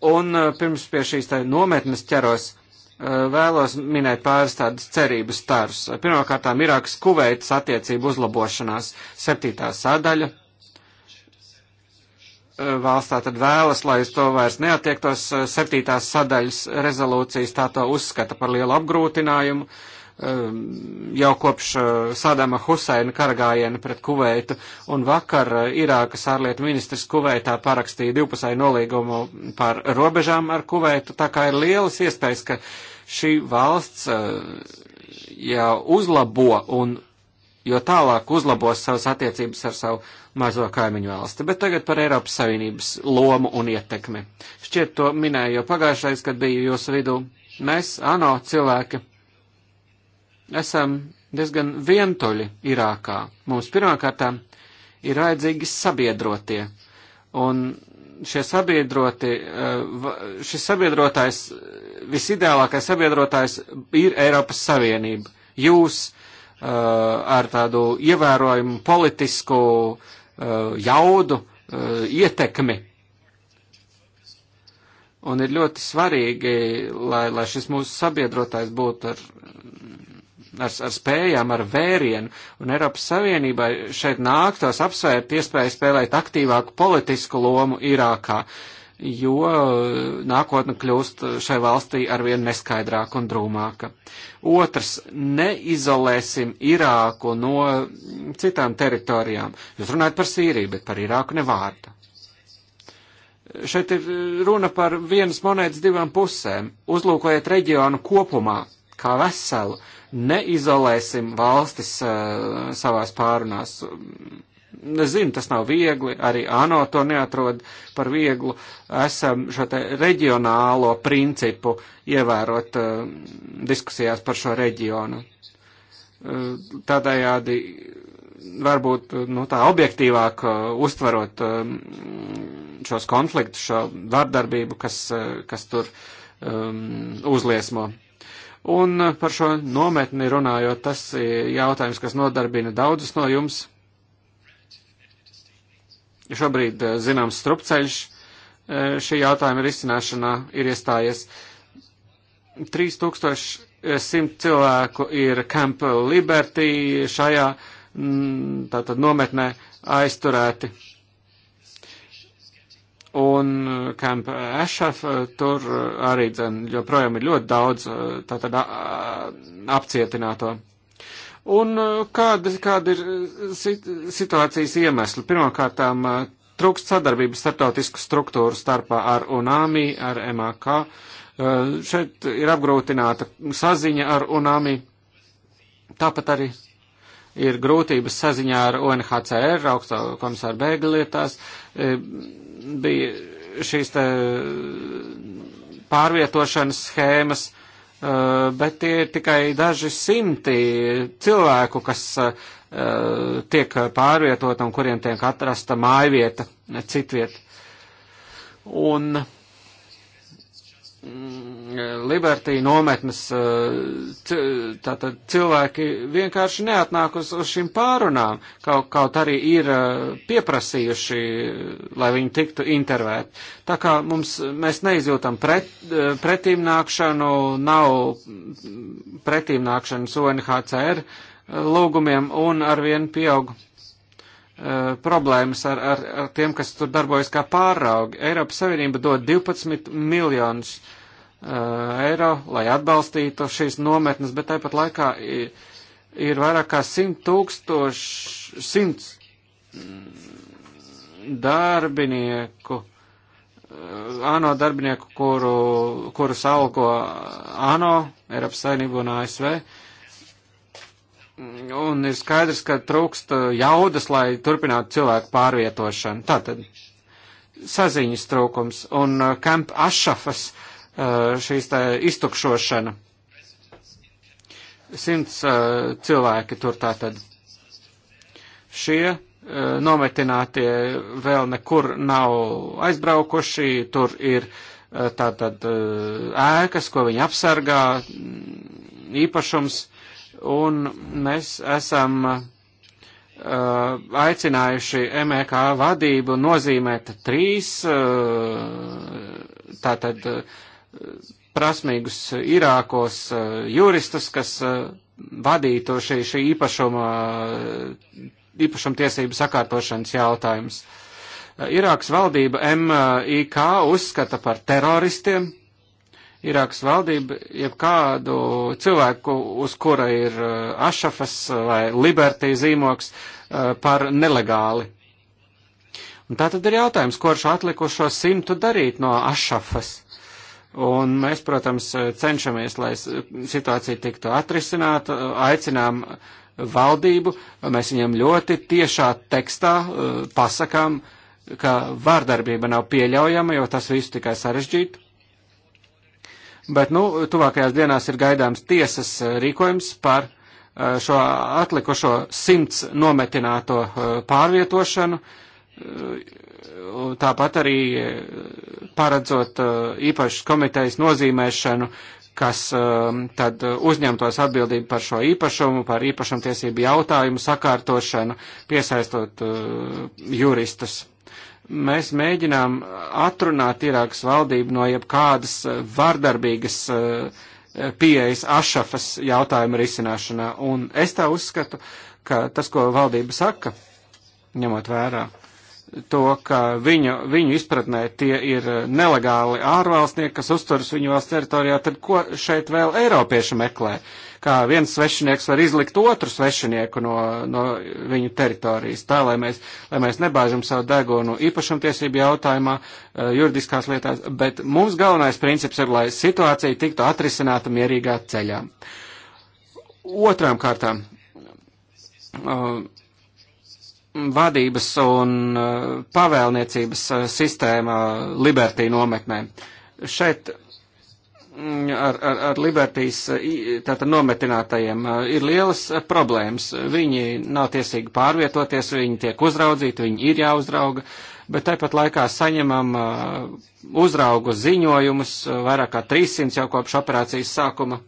Un uh, pirms pie šīs tā nometnes ķeros, uh, vēlos minēt pāris tādas cerības starus. Pirmkārtām Irākas Kuveitas attiecību uzlabošanās septītā sadaļa. Uh, Valstā tad vēlas, lai uz to vairs neatiektos septītās sadaļas rezolūcijas, tā to uzskata par lielu apgrūtinājumu. Uh, Ehm, jau kopš eh, Sadama Huseina karagājiena pret Kuveitu, un vakar eh, Irākas ārlietu ministrs Kuveitā parakstīja divpusēju nolīgumu par robežām ar Kuveitu, tā kā ir lielas iespējas, ka šī valsts eh, jau uzlabo un jo tālāk uzlabos savas attiecības ar savu mazo kaimiņu valsti. Bet tagad par Eiropas Savienības lomu un ietekmi. Šķiet to minēju jau pagājušais, kad biju jūsu vidū. Mēs, ANO cilvēki, esam diezgan vientuļi Irākā. Mums pirmkārtām ir vajadzīgi sabiedrotie. Un šie sabiedroti, eh, šis sabiedrotājs, visideālākais sabiedrotājs ir Eiropas Savienība. Jūs eh, ar tādu ievērojumu politisku eh, jaudu, ietekmi. Un ir ļoti svarīgi, lai, lai šis mūsu sabiedrotājs būtu ar ar, ar spējām, ar vērienu, un Eiropas Savienībai šeit nāktos apsvērt iespēju spēlēt aktīvāku politisku lomu Irākā, jo eh, nākotne kļūst šai valstī arvien neskaidrāka un drūmāka. Otrs, neizolēsim Irāku no mm, citām teritorijām. Jūs runājat par Sīriju, bet par Irāku nevārta. Šeit ir eh, runa par vienas monētas divām pusēm. Uzlūkojiet reģionu kopumā, kā veselu, neizolēsim valstis uh, savās pārunās. Zinu, tas nav viegli, arī ANO to neatrod par vieglu. Esam šo te reģionālo principu ievērot uh, diskusijās par šo reģionu. Uh, tādējādi varbūt nu, tā objektīvāk uh, uztverot uh, šos konfliktus, šo vardarbību, kas, uh, kas tur um, uzliesmo. Un eh, par šo nometni runājot, tas ir jautājums, kas nodarbina daudzus no jums. Šobrīd eh, zināms strupceļš eh, šī jautājuma risināšanā ir iestājies. 3100 cilvēku ir Camp Liberty šajā mm, tātad nometnē aizturēti. Un uh, Camp Ashaf uh, tur uh, arī dzen, joprojām ir ļoti daudz tātad apcietināto. Un kāda, kāda ir situācijas iemesli? Pirmkārtām trūkst sadarbības starptautisku struktūru starpā ar UNAMI, ar MAK. Šeit ir apgrūtināta saziņa ar UNAMI. Tāpat arī ir grūtības saziņā ar UNHCR, augstā komisāra bēgļu lietās bija šīs te eh, pārvietošanas schēmas, eh, bet tie ir tikai daži simti cilvēku, kas eh, tiek pārvietot un kuriem tiek atrasta mājvieta, citvieta. Un uh, Mm, libertī nometnes uh, tātad cilvēki vienkārši neatnāk uz, uz šīm pārunām, kaut, kaut arī ir uh, pieprasījuši, uh, lai viņi tiktu intervēt. Tā kā mums, mēs neizjūtam pret, pretīmnākšanu, nav pretīmnākšanas UNHCR lūgumiem un arvien pieauga Eh, problēmas ar, ar, ar tiem, kas tur darbojas kā pāraugi. Eiropas Savienība dod 12 miljonus uh, eiro, lai atbalstītu šīs nometnes, bet tāpat laikā ir, ir vairāk kā 100 tūkstoši, 100 mm, darbinieku, uh, ANO darbinieku, kuru, kurus algo ANO, Eiropas Savienība un ASV. Uh, un ir skaidrs, ka trūkst uh, jaudas, lai turpinātu cilvēku pārvietošanu. Tātad saziņas trūkums un kamp uh, ašafas uh, šīs tā iztukšošana. Simts cilvēki tur tātad. Šie nometinātie vēl nekur nav aizbraukuši, tur ir tātad ēkas, ko viņi apsargā, mm, īpašums un mēs esam uh, aicinājuši MEK vadību nozīmēt trīs uh, tātad uh, prasmīgus Irākos juristus, kas vadītu šī, šī īpašuma, īpašuma tiesību sakārtošanas jautājums. Irāks valdība MIK e uzskata par teroristiem, Irākas valdība, jebkādu cilvēku, uz kura ir uh, Ašafas vai Liberty zīmoks, uh, par nelegāli. Un tā tad ir jautājums, ko ar šo atlikušo simtu darīt no Ašafas. Un mēs, protams, cenšamies, lai situācija tiktu atrisināta, aicinām valdību, mēs viņam ļoti tiešā tekstā uh, pasakām, ka vārdarbība nav pieļaujama, jo tas visu tikai sarežģītu Bet, nu, tuvākajās dienās ir gaidāms tiesas eh, rīkojums par eh, šo atlikušo simts nometināto eh, pārvietošanu, tāpat arī paredzot īpašas komitejas nozīmēšanu, kas tad uzņemtos atbildību par šo īpašumu, par īpašumtiesību jautājumu sakārtošanu, piesaistot juristus mēs mēģinām atrunāt Irākas valdību no jebkādas eh, vardarbīgas eh, eh, pieejas ašafas jautājuma risināšanā. Un es tā uzskatu, ka tas, ko valdība saka, ņemot vērā to, ka viņu, viņu izpratnē tie ir nelegāli ārvalstnieki, kas uzturas viņu valsts teritorijā, tad ko šeit vēl Eiropieši meklē? Uh, kā viens svešinieks var izlikt otru svešinieku no, no viņu teritorijas. Tā, lai mēs, lai mēs nebāžam savu degunu īpašumtiesību jautājumā, eh, juridiskās lietās, bet mums galvenais princips ir, lai situācija tiktu atrisināta mierīgā ceļā. Otrām kārtām. Uh, vadības un eh, pavēlniecības sistēma Libertī nometnē. Šeit Mm, ar, ar, ar Libertijas e, tātad nometinātajiem e, ir lielas e, problēmas. Viņi nav tiesīgi pārvietoties, viņi tiek uzraudzīti, viņi ir jāuzrauga, bet tāpat laikā saņemam uzraugu ziņojumus vairāk kā 300 jau kopš operācijas sākuma.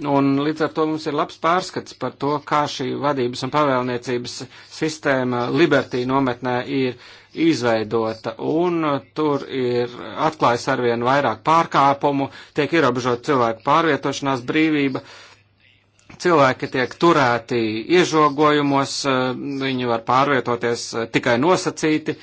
Un līdz ar to mums ir labs pārskats par to, kā šī vadības un pavēlniecības sistēma Libertī nometnē ir izveidota. Un tur ir atklājas arvien vairāk pārkāpumu, tiek ierobežot cilvēku pārvietošanās brīvība. Cilvēki tiek turēti iežogojumos, viņi var pārvietoties tikai nosacīti,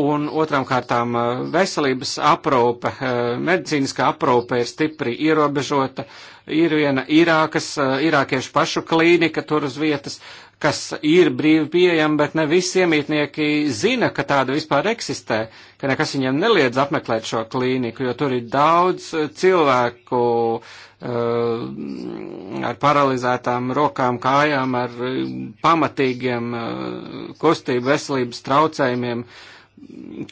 un otram kārtām eh, veselības aprūpe, eh, medicīniskā aprūpe ir stipri ierobežota, ir viena Irākas, eh, irākiešu pašu klīnika tur uz vietas, kas ir brīvi pieejama, bet ne visi iemītnieki zina, ka tāda vispār eksistē, ka nekas viņiem neliedz apmeklēt šo klīniku, jo tur ir daudz eh, cilvēku uh, ar paralizētām rokām, kājām, ar pamatīgiem uh, kustību veselības traucējumiem. Uh,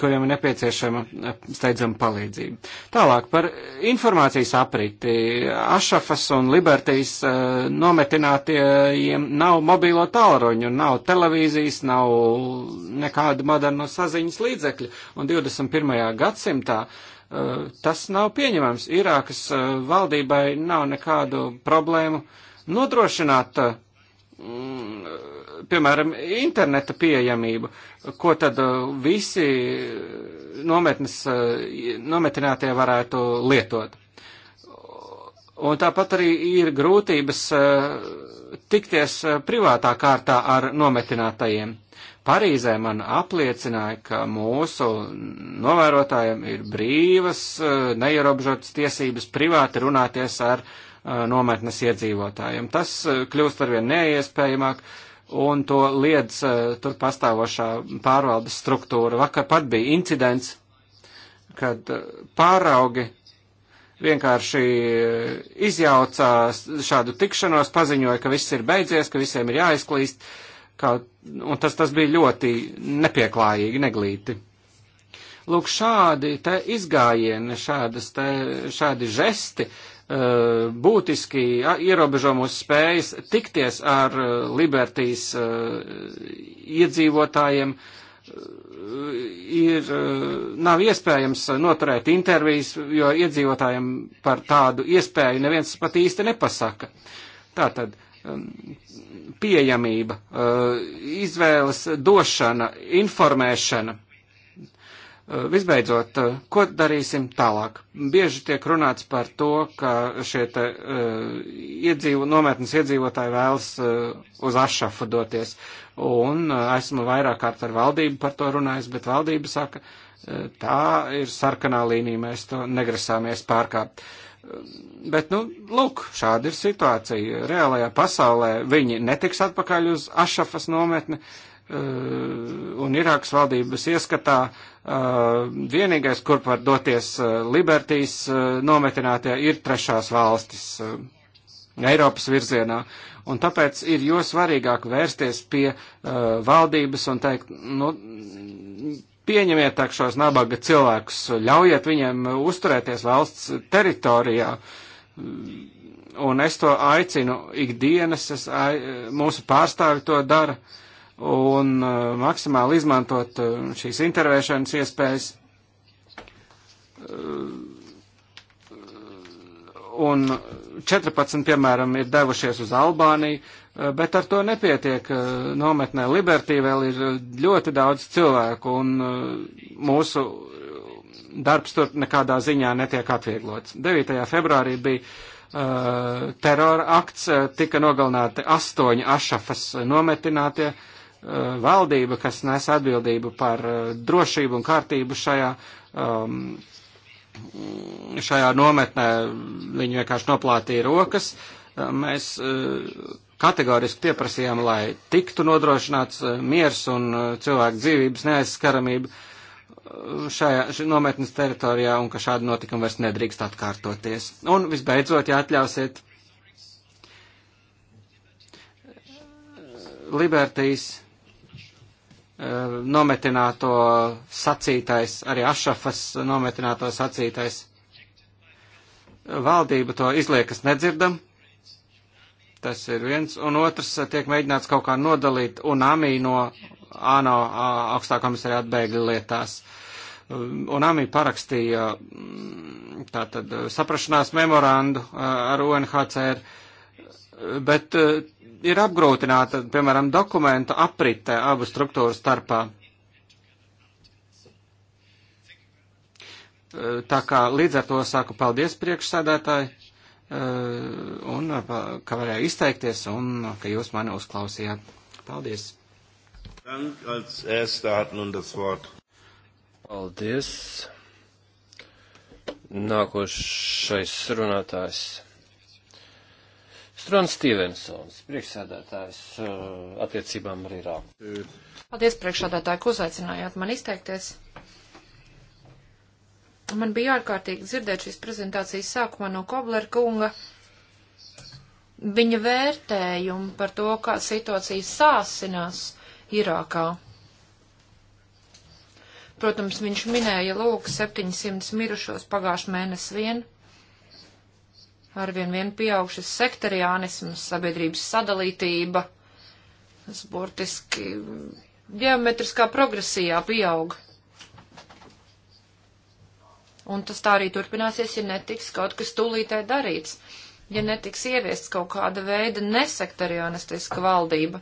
kuriem ir nepieciešama eh, steidzama palīdzība. Tālāk par informācijas apriti. Ašafas un Libertijas eh, nometinātiem nav mobīlo tālruņu, nav televīzijas, nav nekāda moderno saziņas līdzekļa. Un 21. gadsimtā eh, tas nav pieņemams. Irākas valdībai nav nekādu problēmu nodrošināt piemēram, interneta pieejamību, ko tad uh, visi nometnes, uh, nometinātie varētu lietot. Un tāpat arī ir grūtības uh, tikties privātā kārtā ar nometinātajiem. Parīzē man apliecināja, ka mūsu novērotājiem ir brīvas, neierobežotas tiesības privāti runāties ar nometnes iedzīvotājiem. Tas kļūst arvien neiespējamāk, uh, un to liedz eh, tur pastāvošā pārvaldes struktūra. Vakar pat bija incidents, kad eh, pāraugi vienkārši eh, izjauca šādu tikšanos, paziņoja, ka viss ir beidzies, ka visiem ir jāizklīst, kā, un tas, tas bija ļoti nepieklājīgi, neglīti. Lūk, šādi te izgājieni, šādas te, šādi žesti Eh, būtiski ierobežo mūsu spējas tikties ar eh, Libertijas eh, iedzīvotājiem. Ir, nav iespējams noturēt intervijas, jo iedzīvotājiem par tādu iespēju neviens pat īsti nepasaka. Tātad pieejamība, izvēles došana, informēšana Eh, visbeidzot, eh, ko darīsim tālāk? Bieži tiek runāts par to, ka šie te, uh, iedzīvo, nometnes iedzīvotāji vēlas uh, uz Ašafu doties. Un uh, esmu vairāk kārt ar valdību par to runājis, bet valdība saka, uh, tā ir sarkanā līnija, mēs to negrasāmies pārkāpt. Uh, bet, nu, lūk, šāda ir situācija. Reālajā pasaulē viņi netiks atpakaļ uz Ašafas nometni, uh, un Irākas valdības ieskatā uh, Uh, vienīgais, kur var doties uh, Libertijas uh, nometinātie, ir trešās valstis Eiropas virzienā. Un tāpēc ir jo svarīgāk vērsties pie valdības un teikt, nu, pieņemiet tā šos nabaga cilvēkus, ļaujiet viņiem uzturēties valsts teritorijā. Un es to aicinu ikdienas, es, mūsu pārstāvi to dara. Uh, un uh, maksimāli izmantot uh, šīs intervēšanas iespējas. Uh, un 14, piemēram, ir devušies uz Albāniju, bet ar to nepietiek. Nometnē Libertī vēl ir ļoti daudz cilvēku, un mūsu darbs tur nekādā ziņā netiek atvieglots. 9. februārī bija uh, terora akts, tika nogalināti astoņi ašafas nometinātie. Uh, Eh, valdība, kas nes atbildību par eh, drošību un kārtību šajā, um, šajā nometnē, viņi vienkārši noplātīja rokas. Eh, mēs uh, kategoriski pieprasījām, lai tiktu nodrošināts miers un cilvēku dzīvības neaizskaramība šajā, šajā nometnes teritorijā un ka šādi notikumi vairs nedrīkst atkārtoties. Un visbeidzot, ja atļausiet, Libertijas Eh, nometināto sacītais, arī Ašafas nometināto sacītais. Valdība to izliekas nedzirdam. Tas ir viens. Un otrs eh, tiek mēģināts kaut kā nodalīt UNAMI no ANO augstā komisariāta bēgļu lietās. Eh, UNAMI parakstīja mm, tātad saprašanās memorandu ar UNHCR, bet ir apgrūtināta, piemēram, dokumentu aprite abu struktūru starpā. Tā kā līdz ar to saku paldies priekšsēdētāji, eh, un eh, ka varēju izteikties, un eh, ka jūs mani uzklausījāt. Paldies! Paldies! Nākošais runātājs. Trons Stevensons, priekšsēdētājs uh, attiecībām ar Irānu. Paldies, priekšsēdētāji, ka uzaicinājāt man izteikties. Man bija ārkārtīgi dzirdēt šīs prezentācijas sākumā no Koblera kunga viņa vērtējumu par to, kā situācija sāsinās Irākā. Protams, viņš minēja lūk 700 mirušos pagājušajā mēnesī vien. Arvien vien pieaug šis sektoriānisms, sabiedrības sadalītība, tas burtiski geometriskā progresijā pieaug. Un tas tā arī turpināsies, ja netiks kaut kas tūlītē darīts, ja netiks ieviests kaut kāda veida nesektoriānistiska valdība.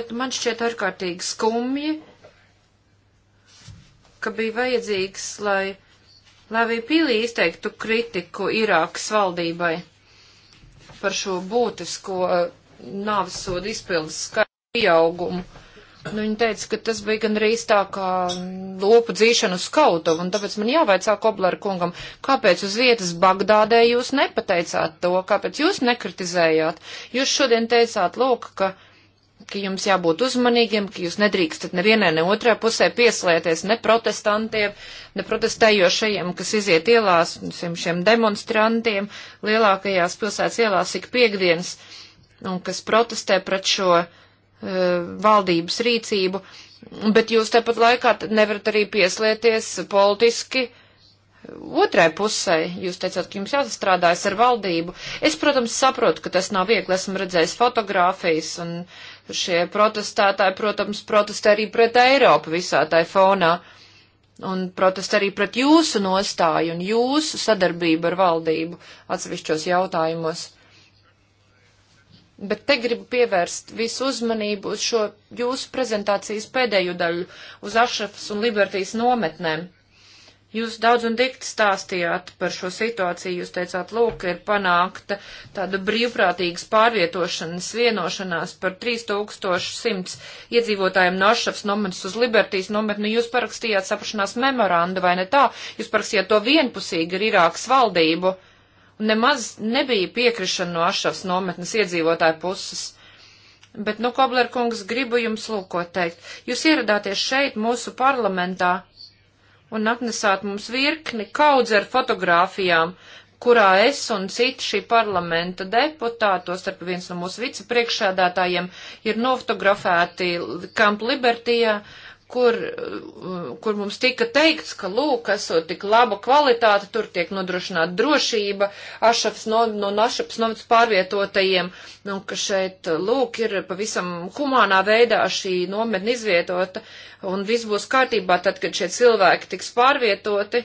Bet man šķiet ārkārtīgi skumji, ka bija vajadzīgs, lai Lavija Pilī izteiktu kritiku Irākas valdībai par šo būtisko eh, nāves sodu izpildes pieaugumu. Nu, viņa teica, ka tas bija gan arī tā kā mm, lopu dzīšana uz kautuvu, un tāpēc man jāvaicā Koblera kungam, kāpēc uz vietas Bagdādē jūs nepateicāt to, kāpēc jūs nekritizējāt. Jūs šodien teicāt, lūk, ka uh, ka jums jābūt uzmanīgiem, ka jūs nedrīkstat nevienai ne otrā pusē pieslēties ne protestantiem, ne protestējošajiem, kas iziet ielās, šiem, šiem demonstrantiem lielākajās pilsētas ielās ik piekdienas un kas protestē pret šo uh, valdības rīcību, bet jūs tepat laikā nevarat arī pieslēties politiski uh, Otrai pusē jūs teicāt, ka jums jāsastrādājas ar valdību. Es, protams, saprotu, ka tas nav viegli. Esmu redzējis fotogrāfijas un uh, šie protestētāji, protams, protestē arī pret Eiropu visā tai fonā un protestē arī pret jūsu nostāju un jūsu sadarbību ar valdību atsevišķos jautājumos. Bet te gribu pievērst visu uzmanību uz šo jūsu prezentācijas pēdējo daļu, uz Ašrafas un Libertijas nometnēm. Jūs daudz un dikti stāstījāt par šo situāciju. Jūs teicāt, lūk, ir panākta tāda brīvprātīgas pārvietošanas vienošanās par 3100 iedzīvotājiem no Ašafs nometnes uz Libertijas nometni. Nu, jūs parakstījāt saprašanās memorandu, vai ne tā? Jūs parakstījāt to vienpusīgi ar Irākas valdību. Un nemaz nebija piekrišana no Ašafs nometnes iedzīvotāju puses. Bet, nu, Kobler kungs, gribu jums lūko teikt. Jūs ieradāties šeit, mūsu parlamentā un atnesāt mums virkni kaudz ar fotogrāfijām, kurā es un citi šī parlamenta deputāti, tostarp viens no mūsu vicepriekšādātājiem, ir nofotografēti Kamp Libertijā, uh, kur, kur mums tika teikts, ka lūk, esot tik laba kvalitāte, tur tiek nodrošināta drošība ašafs no, no našaps novits pārvietotajiem, nu, ka šeit lūk ir pavisam humānā veidā šī nometne izvietota un viss būs kārtībā tad, kad šie cilvēki tiks pārvietoti.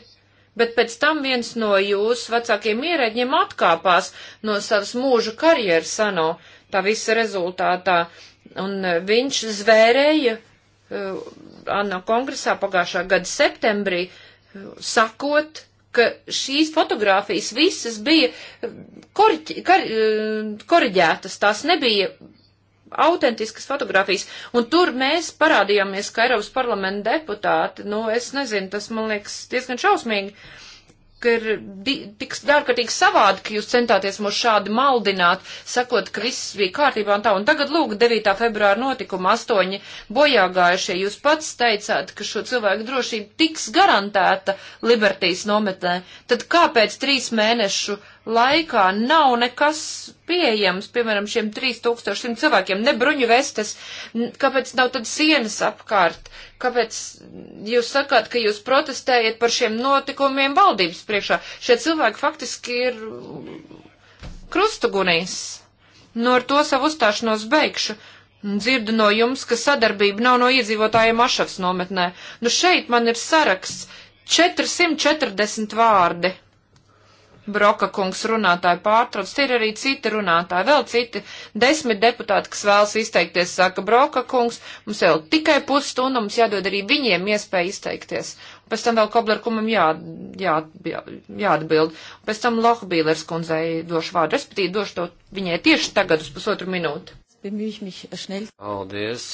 Bet pēc tam viens no jūsu vecākiem ierēģiem atkāpās no savas mūža karjeras, ano, tā visa rezultātā, un eh, viņš zvērēja Eh, ANO kongresā pagājušā gada septembrī, eh, sakot, ka šīs fotogrāfijas visas bija eh, koriķi, kar, koriģētas, tās nebija autentiskas fotogrāfijas, un tur mēs parādījāmies, ka Eiropas parlamenta deputāti, nu, es nezinu, tas man liekas diezgan šausmīgi. Uh, ka ir tik dārkārtīgi savādi, ka jūs centāties mūs šādi maldināt, sakot, ka viss bija kārtībā un tā. Un tagad, lūk, 9. februāra notikuma astoņi bojāgājušie. Jūs pats teicāt, ka šo cilvēku drošība tiks garantēta Libertijas nometnē. Tad kāpēc trīs mēnešu uh, laikā nav nekas pieejams, piemēram, šiem 3100 cilvēkiem, ne bruņu vestes, kāpēc nav tad sienas apkārt, kāpēc jūs sakāt, ka jūs protestējat par šiem notikumiem valdības priekšā. Šie cilvēki faktiski ir krustugunīs. Nu, ar to savu uzstāšanos beigšu. Dzirdu no jums, ka sadarbība nav no iedzīvotājiem Ašavas nometnē. Nu, šeit man ir saraksts 440 vārdi. Broka kungs runātāji pārtrauc, ir arī citi runātāji, vēl citi desmit deputāti, kas vēlas izteikties, saka Broka kungs, mums jau tikai pusstunda, mums jādod arī viņiem iespēja izteikties. Pēc tam vēl Kobler kumam jā, jā, jā, jāatbild, pēc tam Lohbīlers kundzei došu vārdu, respektīvi došu to viņai tieši tagad uz pusotru minūtu. Paldies,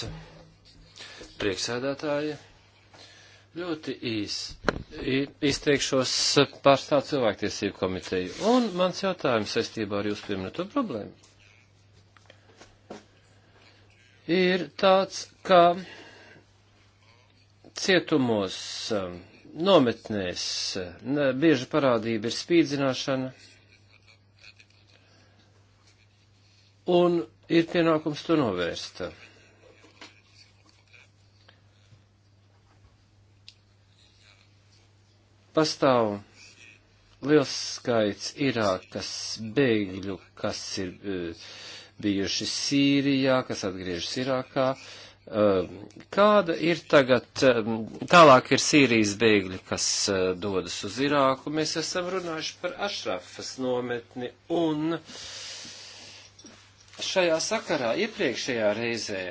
prieksēdētāji. Ļoti īsi izteikšos pārstāv cilvēktiesību komiteju. Un mans jautājums saistībā ar jūsu pieminēto problēmu ir tāds, ka cietumos, um, nometnēs bieža parādība ir spīdzināšana un ir pienākums to novērst. Pastāv liels skaits Irākas bēgļu, kas ir e, bijuši Sīrijā, kas atgriežas Irākā. E, kāda ir tagad, e, tālāk ir Sīrijas bēgļi, kas dodas uz Irāku, mēs esam runājuši par Ašrafas nometni, un šajā sakarā iepriekšējā reizē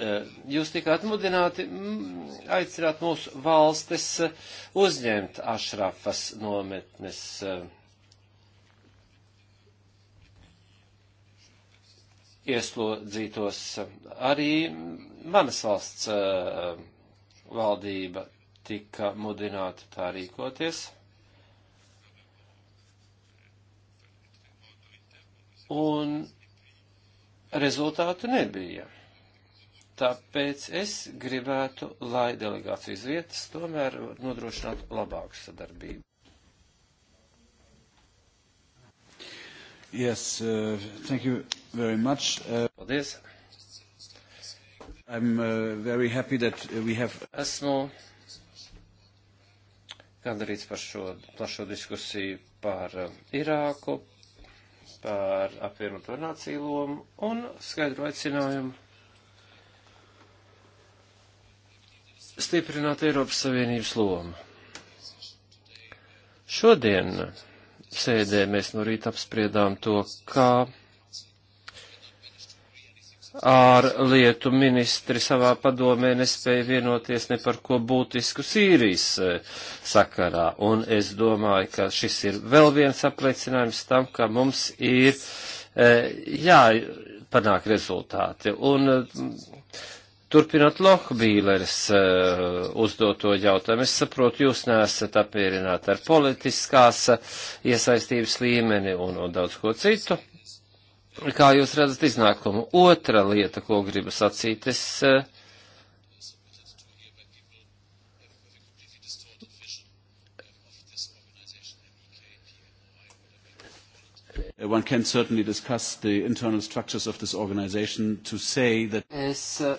Eh, jūs tikāt mudināti mm, aicināt mūsu valstis eh, uzņemt Ašrafas nometnes. Eh, ieslodzītos arī manas valsts valdība tika mudināta tā rīkoties. Un rezultātu nebija tāpēc es gribētu, lai delegācijas vietas tomēr nodrošinātu labāku sadarbību. Yes, uh, thank you very much. Uh, Paldies. I'm uh, very happy that we have... Esmu gandarīts par šo plašo diskusiju par um, Irāku, par apvienoto nāciju lomu un skaidru aicinājumu stiprināt Eiropas Savienības lomu. Šodien sēdē mēs no rīta apspriedām to, kā ārlietu ministri savā padomē nespēja vienoties ne par ko būtisku Sīrijas eh, sakarā. Un es domāju, ka šis ir vēl viens apliecinājums tam, ka mums ir e, jāpanāk rezultāti. Un Turpinot Lohbīleres uh, uzdoto jautājumu, es saprotu, jūs neesat apmierināti ar politiskās eh, iesaistības līmeni un, un daudz ko citu. Kā jūs redzat iznākumu? Otra lieta, ko gribu sacīt, es uh, One can certainly discuss the internal structures of this organization to say that. Es, uh,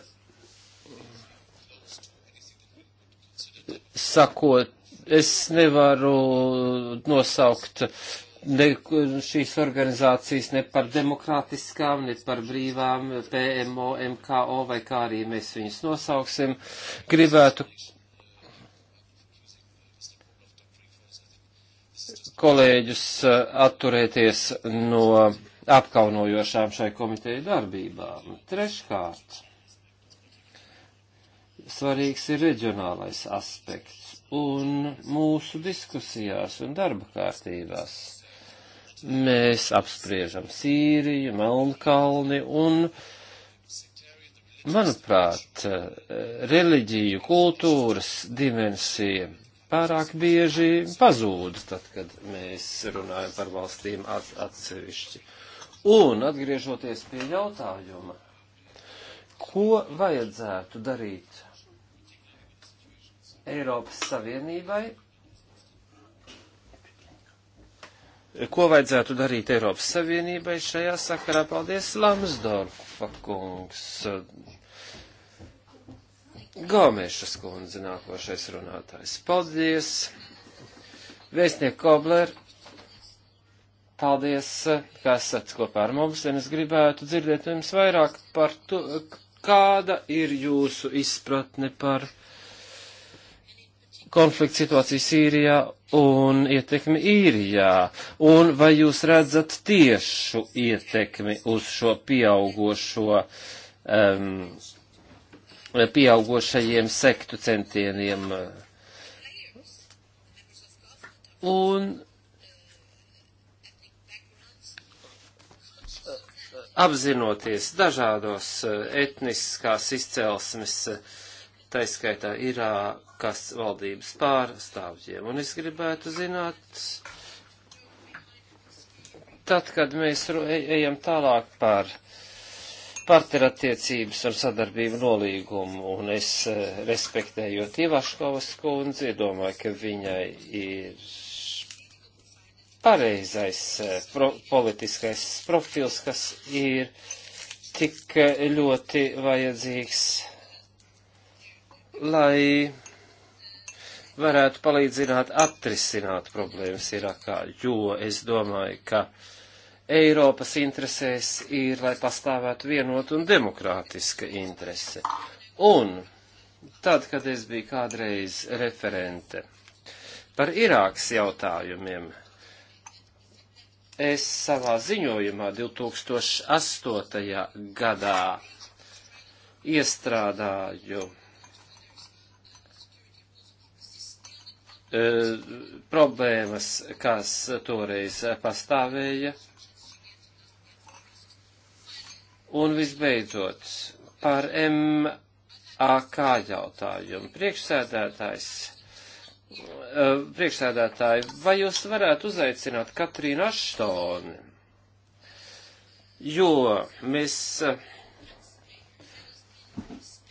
sakot, es nevaru nosaukt ne, šīs organizācijas ne par demokrātiskām, ne par brīvām, PMO, MKO vai kā arī mēs viņus nosauksim. Gribētu kolēģus uh, atturēties no apkaunojošām šai komiteju darbībām. Treškārt svarīgs ir reģionālais aspekts. Un mūsu diskusijās un darba kārtībās mēs apspriežam Sīriju, Melnkalni un, manuprāt, reliģiju, kultūras dimensija pārāk bieži pazūd, tad, kad mēs runājam par valstīm atsevišķi. Un atgriežoties pie jautājuma, ko vajadzētu darīt Eiropas Savienībai. Ko vajadzētu darīt Eiropas Savienībai šajā sakarā? Paldies, Lamsdorfa kungs. Gomešas kundze nākošais runātājs. Paldies. Vēstnieku Kobler, paldies, ka esat kopā ar mums, un es gribētu dzirdēt jums vairāk par to, kāda ir jūsu izpratne par konflikta situāciju Sīrijā un ietekmi Īrijā, un vai jūs redzat tiešu ietekmi uz šo pieaugošo, um, pieaugošajiem sektu centieniem? Un eh, apzinoties dažādos eh, etniskās izcelsmes uh, taiskaitā Irākas valdības pārstāvjiem. Un es gribētu zināt, tad, kad mēs e, ejam tālāk par partnerattiecības un sadarbību nolīgumu, un es e, respektējot Ivaškovas kundzi, domāju, ka viņai ir pareizais e, pro, politiskais profils, kas ir tik ļoti vajadzīgs lai varētu palīdzināt atrisināt problēmas Irākā, jo es domāju, ka Eiropas interesēs ir, lai pastāvētu vienot un demokrātiska interese. Un tad, kad es biju kādreiz referente par Irākas jautājumiem, es savā ziņojumā 2008. gadā iestrādāju E, problēmas, kas toreiz pastāvēja. Un visbeidzot, par MAK jautājumu. Priekšsēdētājs, e, priekšsēdētāji, vai jūs varētu uzaicināt Katrīnu Aštoni? Jo mēs. Uh,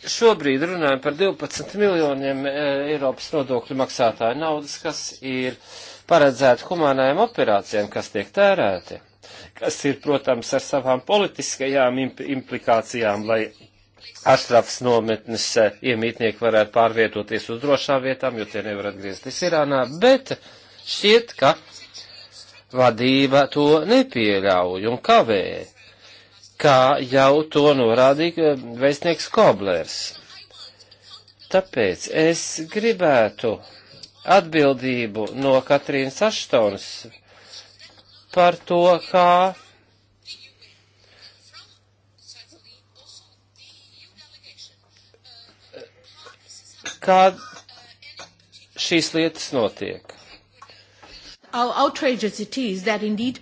šobrīd runājam par 12 miljoniem e, Eiropas nodokļu maksātāju naudas, kas ir paredzēta humanājām operācijām, kas tiek tērēti, kas ir, protams, ar savām politiskajām implikācijām, lai ašrafs nometnes e, iemītnieki varētu pārvietoties uz drošām vietām, jo tie nevar atgriezties Irānā, bet šķiet, ka vadība to nepieļauj un kavē kā jau to norādīja eh, vēstnieks Koblers. Tāpēc es gribētu atbildību no Katrīnas Aštons par to, kā kā šīs lietas notiek.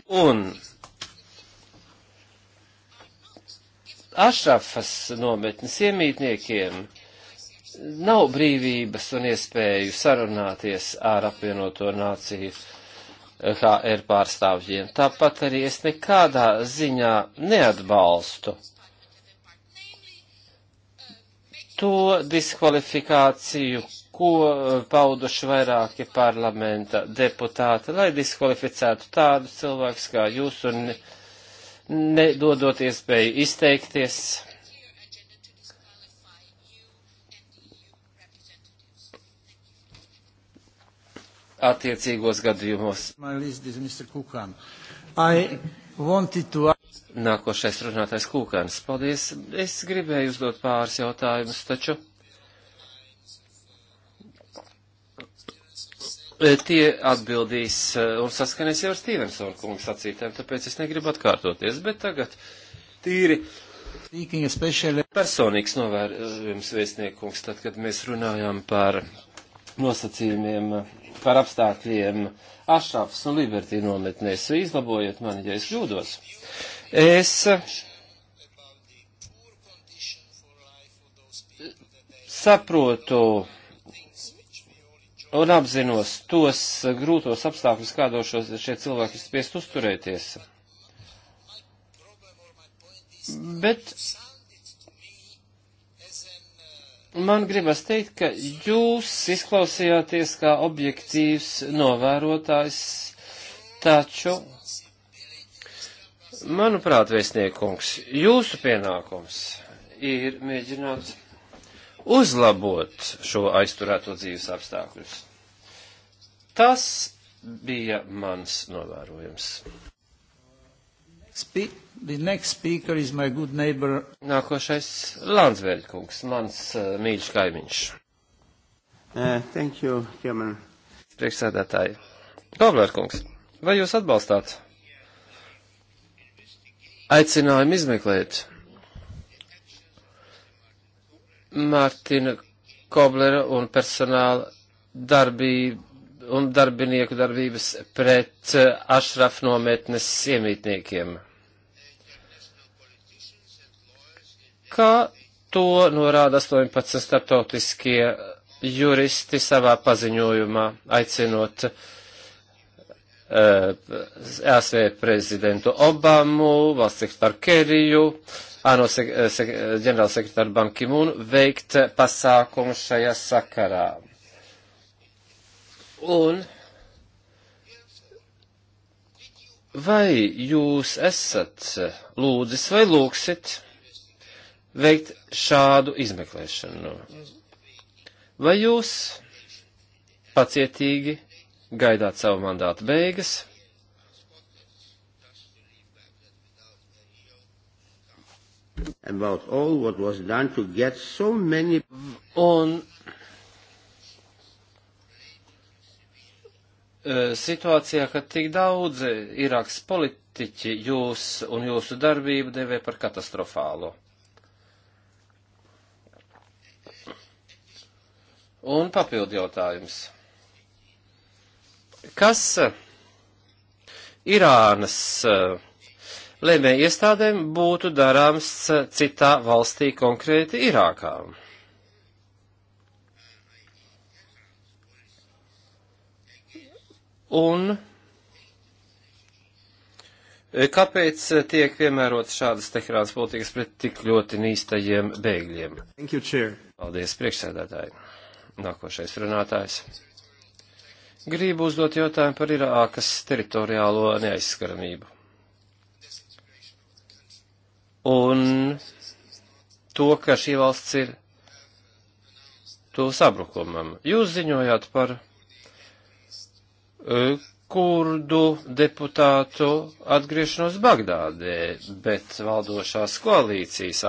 Un Ašrafas nometnes iemītniekiem nav brīvības un iespēju sarunāties ar apvienoto nāciju HR eh, pārstāvjiem. Tāpat arī es nekādā ziņā neatbalstu to diskvalifikāciju, ko eh, pauduši vairāki parlamenta deputāti, lai diskvalificētu tādus cilvēkus kā jūs un. Ne, nedodot iespēju izteikties. attiecīgos gadījumos. To... Nākošais runātais Kūkans. Paldies. Es gribēju uzdot pāris jautājumus, taču E, tie atbildīs e, un saskanēs jau ar Stevensona kungu sacītēm, tāpēc es negribu atkārtoties, bet tagad tīri. Personīgs novērojums vēstniekungs, tad, kad mēs runājām par nosacījumiem, par apstākļiem Ašrafs un Libertī nometnēs, izlabojot mani, ja es kļūdos. Es e, saprotu un apzinos tos grūtos apstākļus, kādos šie cilvēki ir spiest uzturēties. Bet man gribas teikt, ka jūs izklausījāties kā objektīvs novērotājs, taču, manuprāt, vēstniekungs, jūsu pienākums ir mēģināt uzlabot šo aizturēto dzīves apstākļus. Tas bija mans novērojums. Spe Nākošais Landsveļkungs, mans uh, mīļš kaimiņš. Uh, thank you, Chairman. Priekšsēdētāji. Koblērkungs, vai jūs atbalstāt aicinājumu izmeklēt Mārtina Koblera un personāla darbību un darbinieku darbības pret eh, Ašraf nometnes iemītniekiem. Kā to norāda 18 starptautiskie juristi savā paziņojumā, aicinot uh, Eh, ASV prezidentu Obamu, valsts sekretāru Keriju, ANO sek eh, sek eh, ģenerālsekretāru Bankimunu veikt pasākumu šajā sakarā. Un vai jūs esat lūdzis vai lūksit veikt šādu izmeklēšanu? Vai jūs pacietīgi gaidāt savu mandātu beigas. About all what was done to get so many... Un e, situācijā, kad tik daudz Irāks politiķi jūs un jūsu darbību devē par katastrofālo. Un papildu jautājums kas eh, Irānas eh, lēmē iestādēm būtu darāms eh, citā valstī, konkrēti Irākā. Un kāpēc tiek piemērotas šādas Teherānas politikas pret tik ļoti nīstajiem bēgļiem? You, Paldies, priekšsēdētāji. Nākošais runātājs. Gribu uzdot jautājumu par Irākas teritoriālo neaizskaramību. Un to, ka šī valsts ir to sabrukumam. Jūs ziņojāt par e, kurdu deputātu atgriešanos Bagdādē, bet valdošās koalīcijas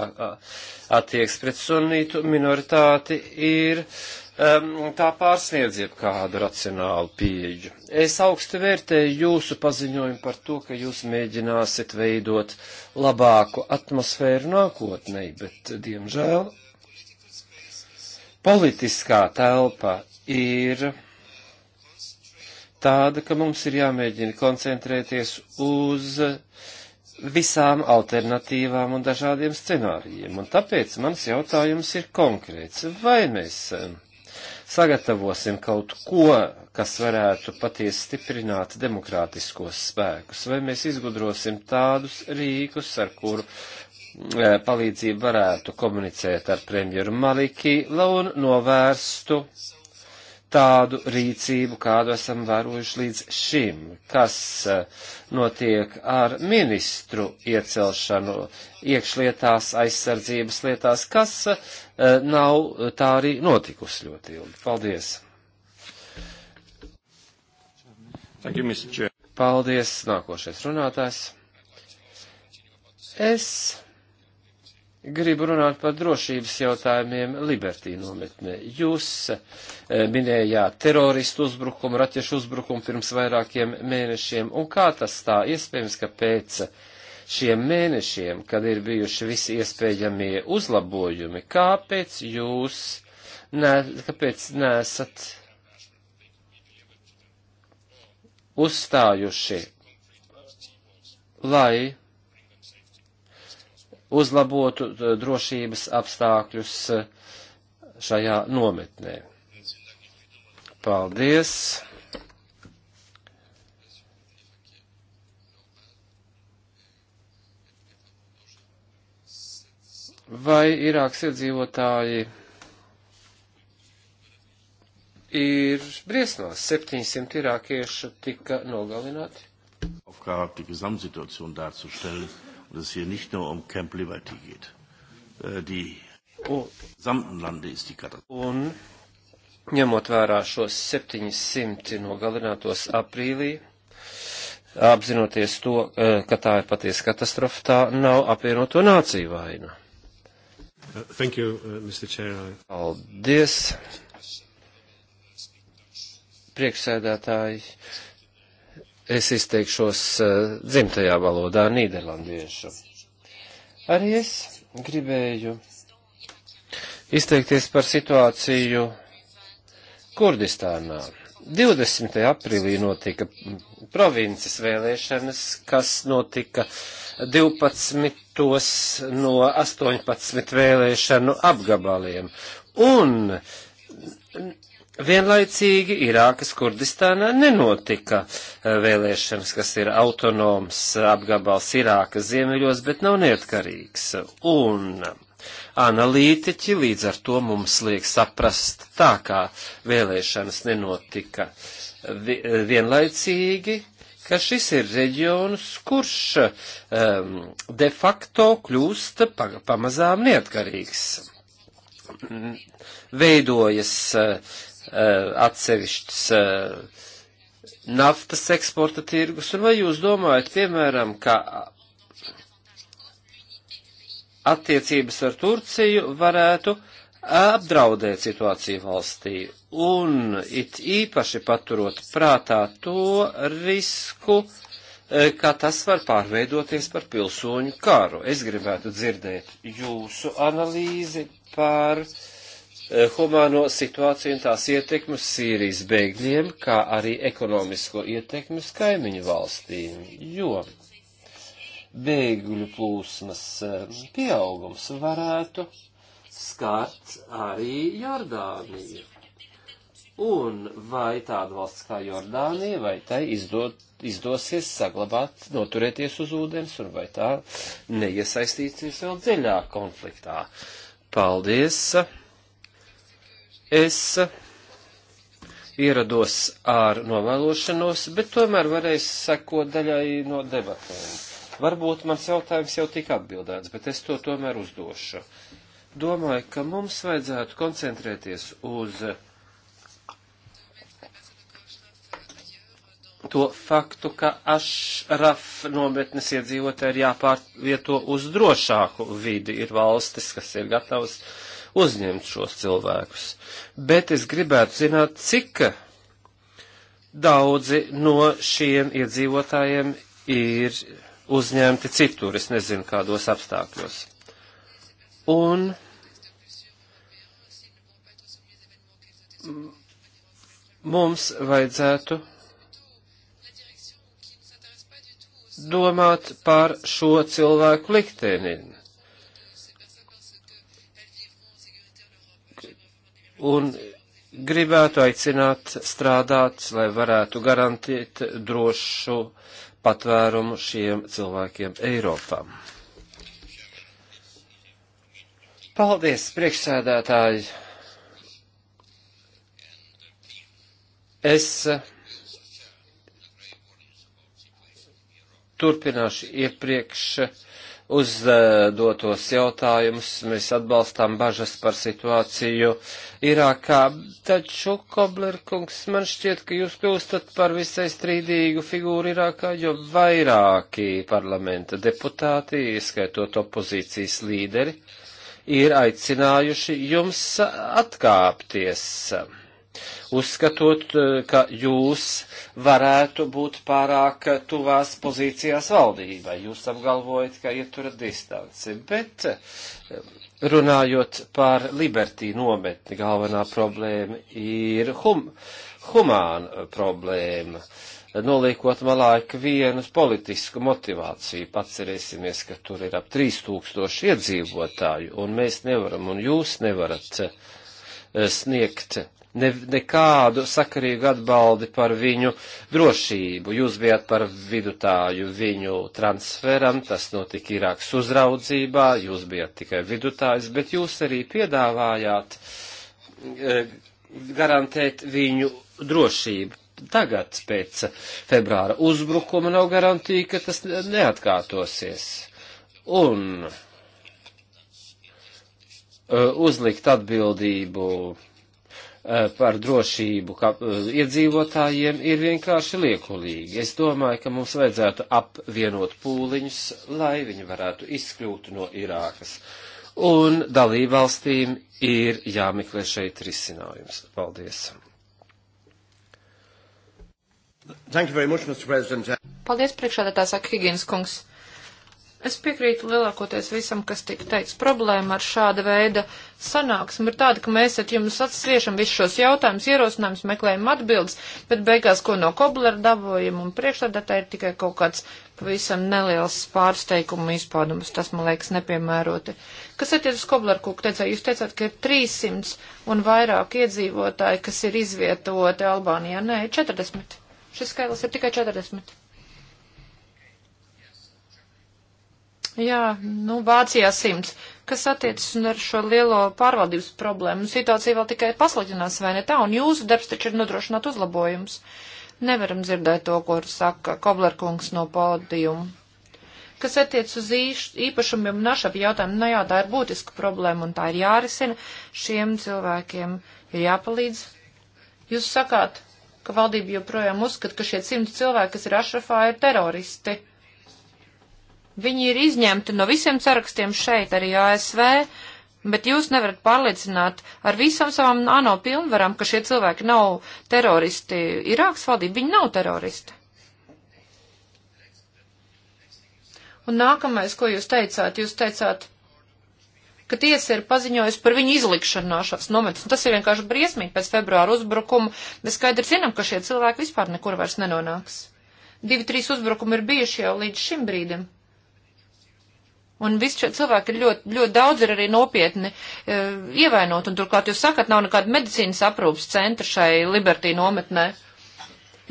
attieksmes pret sunītu minoritāti ir uh, um, tā pārsniedz jebkādu racionālu pieeju. Es augstu vērtēju jūsu paziņojumu par to, ka jūs mēģināsiet veidot labāku atmosfēru nākotnē, bet, diemžēl, politiskā telpa ir tāda, ka mums ir jāmēģina koncentrēties uz visām alternatīvām un dažādiem scenārijiem. Un tāpēc mans jautājums ir konkrēts. Vai mēs um, sagatavosim kaut ko, kas varētu patiesi stiprināt demokrātiskos spēkus, vai mēs izgudrosim tādus rīkus, ar kuru eh, palīdzību varētu komunicēt ar premjeru Maliki, lai novērstu tādu rīcību, kādu esam vērojuši līdz šim, kas eh, notiek ar ministru iecelšanu iekšlietās, aizsardzības lietās, kas eh, nav tā arī notikusi ļoti ilgi. Paldies! Paldies, nākošais runātājs. Es Gribu runāt par drošības jautājumiem Libertī nometnē. Jūs eh, minējāt teroristu uzbrukumu, raķešu uzbrukumu pirms vairākiem mēnešiem, un kā tas tā iespējams, ka pēc šiem mēnešiem, kad ir bijuši visi iespējamie uzlabojumi, kāpēc jūs, ne, kāpēc nesat uzstājuši, lai uzlabotu eh, drošības apstākļus eh, šajā nometnē. Paldies! Vai Irāks iedzīvotāji ir briesmās? 700 irākiešu tika nogalināti. Aufgabe, die Gesamtsituation darzustellen dass es hier nicht nur um Camp Liberty geht. Äh, die un, oh. gesamten Lande ist die Katastrophe. Un, ņemot vērā šos 700 nogalinātos aprīlī, apzinoties to, eh, ka tā ir patiesa katastrofa, tā nav apvienoto nāciju vaina. Uh, thank you, uh, Mr. Chair. Paldies, priekšsēdētāji es izteikšos eh, dzimtajā valodā nīderlandiešu. Arī es gribēju izteikties par situāciju Kurdistānā. 20. aprīlī notika provinces vēlēšanas, kas notika 12. no 18 vēlēšanu apgabaliem. Un Vienlaicīgi Irākas Kurdistānā nenotika eh, vēlēšanas, kas ir autonoms eh, apgabals Irākas ziemeļos, bet nav neatkarīgs. Un analītiķi līdz ar to mums liek saprast tā, kā vēlēšanas nenotika vienlaicīgi, ka šis ir reģions, kurš um, de facto kļūst pa, pamazām neatkarīgs. Veidojas uh, Eh, atsevišķs eh, naftas eksporta tirgus, un vai jūs domājat, piemēram, ka attiecības ar Turciju varētu apdraudēt situāciju valstī, un it īpaši paturot prātā to risku, eh, ka tas var pārveidoties par pilsoņu karu. Es gribētu dzirdēt jūsu analīzi par uh, Eh, humāno situāciju un tās ietekmi uz Sīrijas bēgļiem, kā arī ekonomisko ietekmi uz kaimiņu valstīm, jo bēgļu plūsmas eh, pieaugums varētu skart arī Jordāniju. Un vai tāda valsts kā Jordānija, vai tai izdod, izdosies saglabāt, noturēties uz ūdens, un vai tā neiesaistīsies vēl dziļāk konfliktā? Paldies! Es ierados ar novēlošanos, bet tomēr varēju sekot daļai no debatēm. Varbūt mans jautājums jau tika atbildēts, bet es to tomēr uzdošu. Domāju, ka mums vajadzētu koncentrēties uz to faktu, ka Ašraf nometnes iedzīvotāji ir jāpārvieto uz drošāku vidi. Ir valstis, kas ir gatavas uh, uzņemt šos cilvēkus. Bet es gribētu zināt, cik daudzi no šiem iedzīvotājiem ir uzņemti citur, es nezinu, kādos apstākļos. Un mums vajadzētu domāt par šo cilvēku likteni. un gribētu aicināt strādāt, lai varētu garantēt drošu patvērumu šiem cilvēkiem Eiropā. Paldies, priekšsēdētāji! Es eh, turpināšu iepriekš uzdotos jautājumus. Mēs atbalstām bažas par situāciju Irākā, taču, Koblerkungs, man šķiet, ka jūs kļūstat par visai strīdīgu figūru Irākā, jo vairāki parlamenta deputāti, ieskaitot opozīcijas līderi, ir aicinājuši jums atkāpties uzskatot, eh, ka jūs varētu būt pārāk tuvās pozīcijās valdībai. Jūs apgalvojat, ka ieturat distanci, bet eh, runājot par libertī nometni, galvenā problēma ir hum, humāna problēma. Noliekot malā ikvienus politisku motivāciju, atcerēsimies, ka tur ir ap 3000 iedzīvotāju, un mēs nevaram, un jūs nevarat eh, sniegt uh, ne, nekādu sakarīgu atbaldi par viņu drošību. Jūs bijāt par vidutāju viņu transferam, tas notika Irākas uzraudzībā, jūs bijāt tikai vidutājs, bet jūs arī piedāvājāt e, garantēt viņu drošību. Tagad pēc februāra uzbrukuma nav garantīja, ka tas neatkārtosies. Un eh, uzlikt atbildību Eh, par drošību kā, eh, iedzīvotājiem ir vienkārši liekulīgi. Es domāju, ka mums vajadzētu apvienot pūliņus, lai viņi varētu izkļūt no Irākas. Un dalībvalstīm ir jāmeklē šeit risinājums. Paldies! Much, Paldies, priekšādātā saka Higienas kungs. Es piekrītu lielākoties visam, kas tika teikts. Problēma ar šāda veida sanāksmi ir tāda, ka mēs ar jums atsviešam visus šos jautājumus, ierosinājumus, meklējam atbildes, bet beigās, ko no koblera dabojam un priekšstādātā ir tikai kaut kāds pavisam neliels pārsteigumu izpaudums. Tas, man liekas, nepiemēroti. Kas attiec uz koblera, ko teicāt? Jūs teicāt, ka ir 300 un vairāk iedzīvotāji, kas ir izvietoti Albānijā. Nē, 40. Šis skaitlis ir tikai 40. Jā, nu, Vācijā simts. Kas attiecas un ar šo lielo pārvaldības problēmu? Nu, situācija vēl tikai pasliktinās, vai ne tā? Un jūsu darbs taču ir nodrošināt uzlabojumus. Nevaram dzirdēt to, ko saka Koblerkungs no podiuma. Kas attiec uz īš, īpašumiem un našap jautājumu, nu jā, tā ir būtiska problēma un tā ir jārisina. Šiem cilvēkiem ir jāpalīdz. Jūs sakāt, ka valdība joprojām uzskata, ka šie simti cilvēki, kas ir ašrafā, ir teroristi. Viņi ir izņemti no visiem sarakstiem šeit, arī ASV, bet jūs nevarat pārliecināt ar visam savam ANO pilnvaram, ka šie cilvēki nav teroristi. Irāks valdība, viņi nav teroristi. Un nākamais, ko jūs teicāt, jūs teicāt, ka tiesa ir paziņojusi par viņu izlikšanu no šās nometnes. Tas ir vienkārši briesmīgi pēc februāra uzbrukuma. Mēs skaidri zinām, ka šie cilvēki vispār nekur vairs nenonāks. Divi, trīs uzbrukumi ir bijuši jau līdz šim brīdim. Un visi šie cilvēki ir ļoti, ļoti daudz ir arī nopietni e, ievainot, un turklāt jūs sakat, nav nekāda medicīnas aprūpas centra šai Libertī nometnē.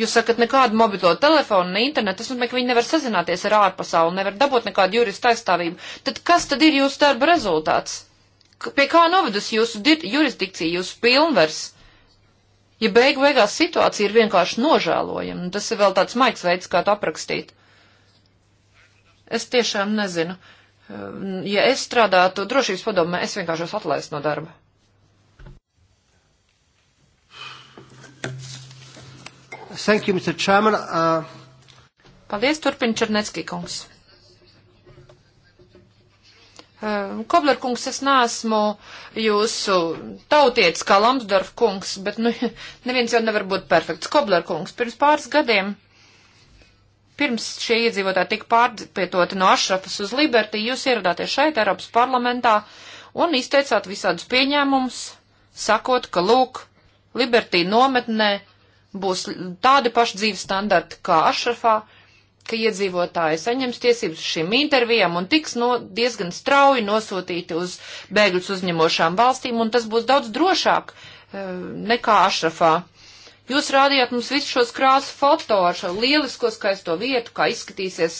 Jūs sakat, nekādu mobilo telefonu, ne internetu, tas nozīmē, ka viņi nevar sazināties ar ārpasauli, nevar dabūt nekādu jurista aizstāvību. Tad kas tad ir jūsu darba rezultāts? Pie kā novedus jūsu jurisdikcija, jūsu pilnvers? Ja beigu beigās situācija ir vienkārši nožēlojama, tas ir vēl tāds maigs veids, kā to aprakstīt. Es tiešām nezinu. Uh, Ehm, ja es strādātu drošības padomē, es vienkārši esmu atlaists no darba. Thank you, Mr. Chairman. Uh... Paldies, turpina Černecki kungs. Uh, Kobler kungs, es neesmu jūsu tautietis kā Lamsdorf kungs, bet nu, neviens jau nevar būt perfekts. Kobler kungs, pirms pāris gadiem pirms šie iedzīvotāji tika pārpietoti no Ašrafas uz Liberty, jūs ieradāties šeit, Eiropas parlamentā, un izteicāt visādus pieņēmumus, sakot, ka lūk, Liberty nometnē būs tādi paši dzīves standarti kā Ašrafā, ka iedzīvotāji saņems tiesības uz šīm intervijām un tiks no, diezgan strauji nosūtīti uz bēgļus uzņemošām valstīm, un tas būs daudz drošāk eh, nekā Ašrafā. Jūs rādījāt mums visu šos krāsu foto ar šo lielisko skaisto vietu, kā izskatīsies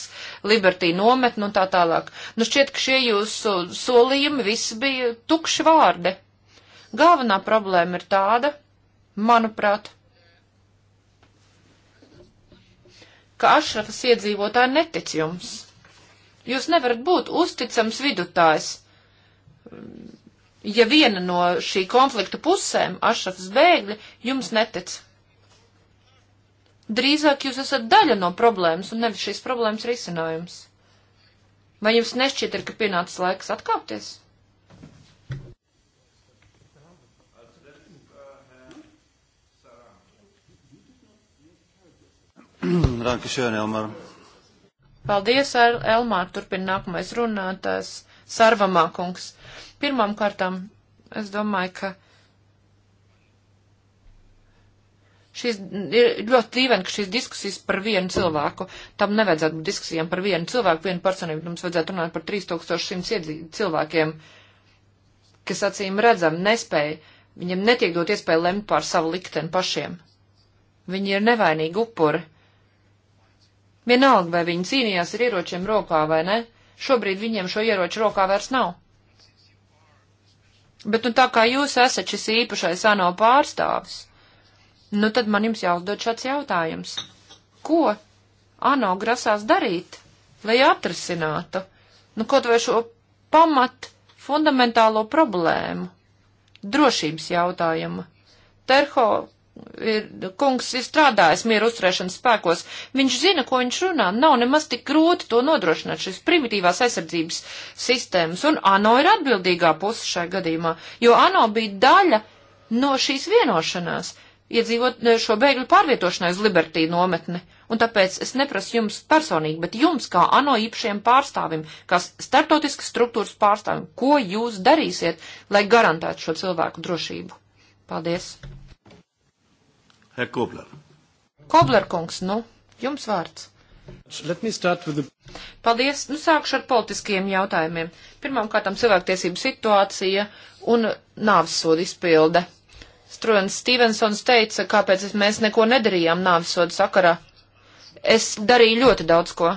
Libertī nometni un tā tālāk. Nu šķiet, ka šie jūsu solījumi visi bija tukši vārdi. Galvenā problēma ir tāda, manuprāt, ka Ašrafas iedzīvotāji netic jums. Jūs nevarat būt uzticams vidutājs ja viena no šī konflikta pusēm, Ašrafs bēgļi, jums netic drīzāk jūs esat daļa no problēmas un nevis šīs problēmas risinājums. Vai jums nešķiet, ir, ka pienācis laiks atkāpties? Dankeschön, Elmar. Paldies, Elmār, turpina nākamais runātājs Sarvamā kungs. Pirmām kārtām, es domāju, ka Šis ir ļoti dīvaini, ka šīs diskusijas par vienu cilvēku, tam nevajadzētu būt diskusijām par vienu cilvēku, vienu personību, mums vajadzētu runāt par 3100 cilvēkiem, kas acīm redzam nespēja, viņiem netiek dot iespēju lemt pār savu likteni pašiem. Viņi ir nevainīgi upuri. Vienalga, vai viņi cīnījās ar ieročiem rokā vai ne, šobrīd viņiem šo ieroču rokā vairs nav. Bet nu tā kā jūs esat šis īpašais ANO pārstāvis, Nu, tad man jums jāuzdod šāds jautājums. Ko ANO grasās darīt, lai atrisinātu, nu, kaut vai šo pamat fundamentālo problēmu, drošības jautājumu? Terho ir, kungs ir strādājis mieru uzturēšanas spēkos, viņš zina, ko viņš runā, nav nemaz tik grūti to nodrošināt, šis primitīvās aizsardzības sistēmas, un ANO ir atbildīgā puse šai gadījumā, jo ANO bija daļa no šīs vienošanās iedzīvot eh, šo bēgļu pārvietošanai uz Libertī nometni. Un tāpēc es neprasu jums personīgi, bet jums kā ANO īpašiem pārstāvim, kā startautiskas struktūras pārstāvim, ko jūs darīsiet, lai garantētu šo cilvēku drošību? Paldies. Herr Kobler. Kobler kungs, nu, jums vārds. The... Paldies. Nu, sākšu ar politiskajiem jautājumiem. Pirmkārt, cilvēktiesību situācija un nāves sodu izpilde. Struens Stevensons teica, kāpēc mēs neko nedarījām nāvisodu sakarā. Es darīju ļoti daudz ko.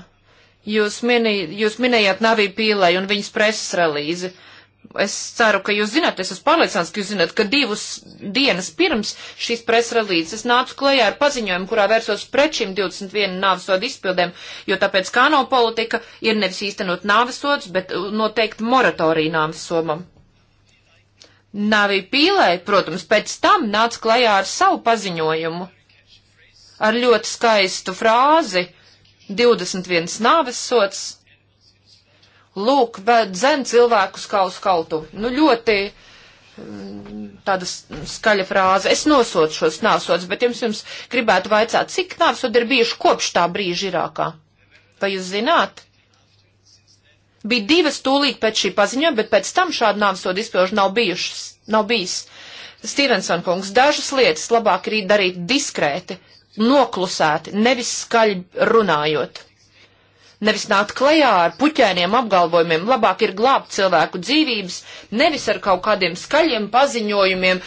Jūs, minī, jūs minējāt Navī Pīlai un viņas preses relīzi. Es ceru, ka jūs zināt, es esmu pārliecināts, ka jūs zināt, ka divas dienas pirms šīs presrelīzes nācu klajā ar paziņojumu, kurā vērsos pret šīm 21 nāvesodu izpildēm, jo tāpēc kāno politika ir nevis īstenot nāvesods, bet noteikt moratoriju nāvesomam. Navī Pīlē, protams, pēc tam nāca klajā ar savu paziņojumu, ar ļoti skaistu frāzi 21 nāves sots. Lūk, dzen cilvēkus kā uz kaltu. Nu, ļoti mm, tāda skaļa frāze. Es nosodu šos nāvsots, bet jums, jums gribētu vaicāt, cik nāvsot ir bijuši kopš tā brīža Irākā? Vai jūs zināt? Bija divas tūlīt pēc šī paziņojuma, bet pēc tam šāda nāvesoda izpilža nav bijušas, nav bijis. Stevenson kungs, dažas lietas labāk arī darīt diskrēti, noklusēti, nevis skaļi runājot nevis nākt klajā ar puķēniem apgalvojumiem. Labāk ir glābt cilvēku dzīvības, nevis ar kaut kādiem skaļiem paziņojumiem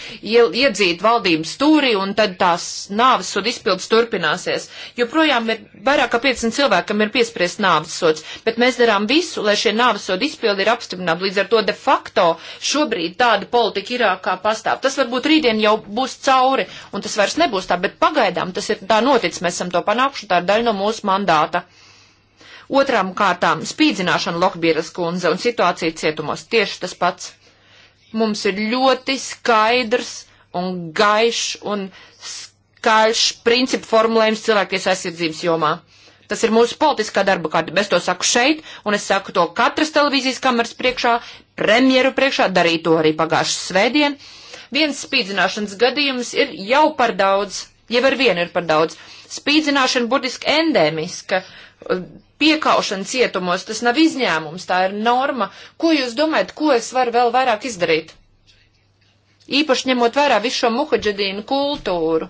iedzīt valdības stūri un tad tās nāves sodu izpildes turpināsies. Jo projām ir vairāk kā 500 cilvēkam ir piespriezt nāves sods, bet mēs darām visu, lai šie nāves sodu izpildi ir apstiprināti. Līdz ar to de facto šobrīd tāda politika Irākā pastāv. Tas varbūt rītdien jau būs cauri un tas vairs nebūs tā, bet pagaidām tas ir tā noticis. Mēs esam to panākuši, tā ir daļa no mūsu mandāta. Otram kārtām spīdzināšana Lohbieras kundze un situācija cietumos tieši tas pats. Mums ir ļoti skaidrs un gaišs un skaļš principu formulējums cilvēkties aizsardzības jomā. Tas ir mūsu politiskā darba kārtība. Es to saku šeit, un es saku to katras televīzijas kameras priekšā, premjeru priekšā, darīju to arī pagājušas svētdien. Viens spīdzināšanas gadījums ir jau par daudz, jau ar vienu ir par daudz. Spīdzināšana burtiski endēmiska piekaušana cietumos, tas nav izņēmums, tā ir norma. Ko jūs domājat, ko es varu vēl vairāk izdarīt? Īpaši ņemot vērā visu šo muhaģedīnu kultūru.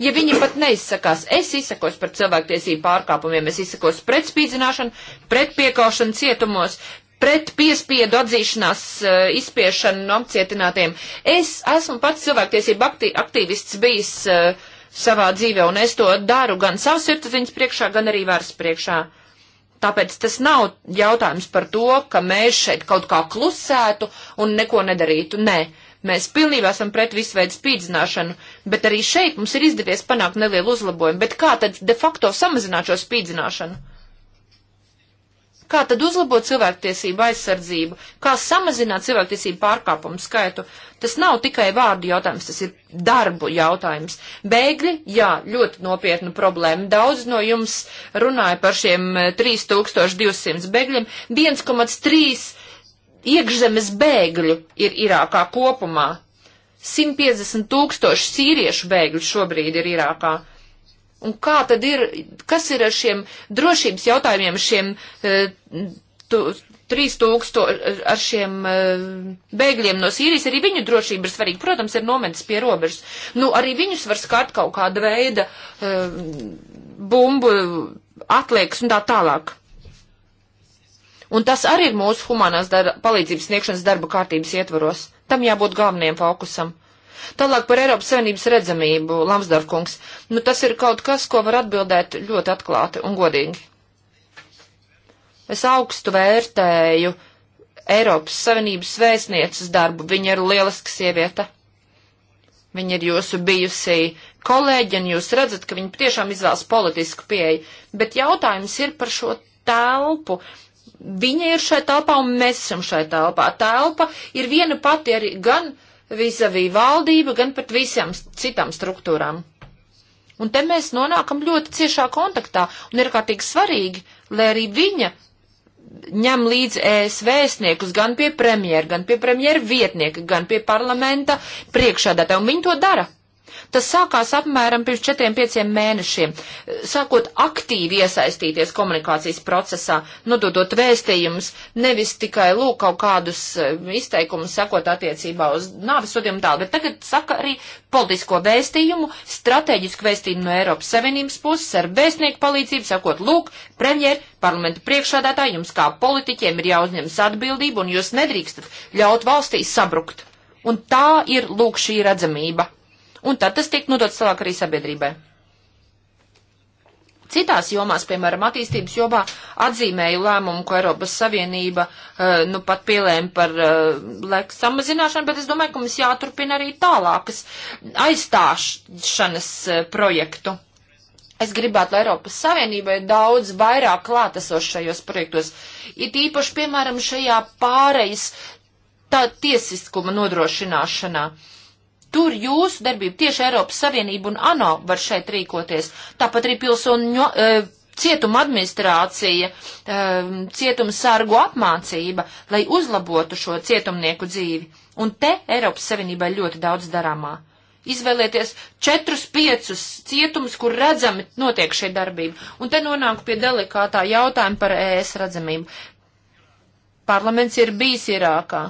Ja viņi pat neizsakās, es izsakos par cilvēktiesību pārkāpumiem, es izsakos pret spīdzināšanu, pret piekaušanu cietumos, pret piespiedu atzīšanās uh, izspiešanu no apcietinātiem. Es esmu pats cilvēktiesība aktīvists bijis uh, savā dzīvē, un es to daru gan savas sirdsapziņas priekšā, gan arī varas priekšā. Tāpēc tas nav jautājums par to, ka mēs šeit kaut kā klusētu un neko nedarītu. Nē, mēs pilnībā esam pret visu veidu spīdzināšanu, bet arī šeit mums ir izdevies panākt nelielu uzlabojumu. Bet kā tad de facto samazināt šo spīdzināšanu? Kā tad uzlabot cilvēktiesību aizsardzību? Kā samazināt cilvēktiesību pārkāpumu skaitu? Tas nav tikai vārdu jautājums, tas ir darbu jautājums. Bēgļi, jā, ļoti nopietna problēma. Daudz no jums runāja par šiem 3200 eh, bēgļiem. 1,3 iekšzemes bēgļu ir Irākā kopumā. 150 tūkstoši sīriešu bēgļu šobrīd ir Irākā. Un kā tad ir, kas ir ar šiem drošības jautājumiem, šiem eh, tu, 3000 ar šiem eh, bēgļiem no Sīrijas, arī viņu drošība ir svarīga. Protams, ir nometis pie robežas. Nu, arī viņus var skart kaut kāda veida eh, bumbu atliekas un tā tālāk. Un tas arī ir mūsu humanās darba, palīdzības sniegšanas darba kārtības ietvaros. Tam jābūt galvenajam fokusam. Tālāk par Eiropas Savienības redzamību, Lamsdorfkungs. Nu, tas ir kaut kas, ko var atbildēt ļoti atklāti un godīgi. Es augstu vērtēju Eiropas Savienības vēstnieces darbu. Viņa ir lieliska sieviete. Viņa ir jūsu bijusī kolēģi, un jūs redzat, ka viņa tiešām izvēlas politisku pieeju. Bet jautājums ir par šo telpu. Viņa ir šai telpā, un mēs esam šai telpā. Telpa ir viena pati arī gan uh, visavī valdība, gan pat visām citām struktūrām. Un te mēs nonākam ļoti ciešā kontaktā, un ir kārtīgi svarīgi, lai arī viņa ņem līdz ES vēstniekus gan pie premjera, gan pie premjera vietnieka, gan pie parlamenta priekšādātāja, un viņi to dara. Tas sākās apmēram pirms 4-5 mēnešiem, sākot aktīvi iesaistīties komunikācijas procesā, nododot vēstījumus, nevis tikai lūk kaut kādus eh, izteikumus sakot attiecībā uz nāves sodiem tālu, bet tagad saka arī politisko vēstījumu, strateģisku vēstījumu no Eiropas Savienības puses ar vēstnieku palīdzību, sakot lūk, premjer, parlamenta priekšādātāji, jums kā politiķiem ir jāuzņemas atbildība un jūs nedrīkstat ļaut valstī sabrukt. Un tā ir lūk šī redzamība. Un tad tas tiek nodots tālāk arī sabiedrībai. Citās jomās, piemēram, attīstības jomā, atzīmēju lēmumu, ko Eiropas Savienība eh, nu pat pielēma par eh, lēku samazināšanu, bet es domāju, ka mums jāturpina arī tālākas aizstāšanas eh, projektu. Es gribētu, lai Eiropas Savienībai daudz vairāk klātesoši šajos projektos. Ir īpaši, piemēram, šajā pārejas tā tiesiskuma nodrošināšanā. Uh, Tur jūsu darbība tieši Eiropas Savienība un ANO var šeit rīkoties. Tāpat arī pilsoņu e, cietuma administrācija, e, cietuma sargu apmācība, lai uzlabotu šo cietumnieku dzīvi. Un te Eiropas Savienībai ļoti daudz darāmā. Izvēlieties četrus, piecus cietumus, kur redzami notiek šī darbība. Un te nonāku pie delikātā jautājuma par ES redzamību. Parlaments ir bijis Irākā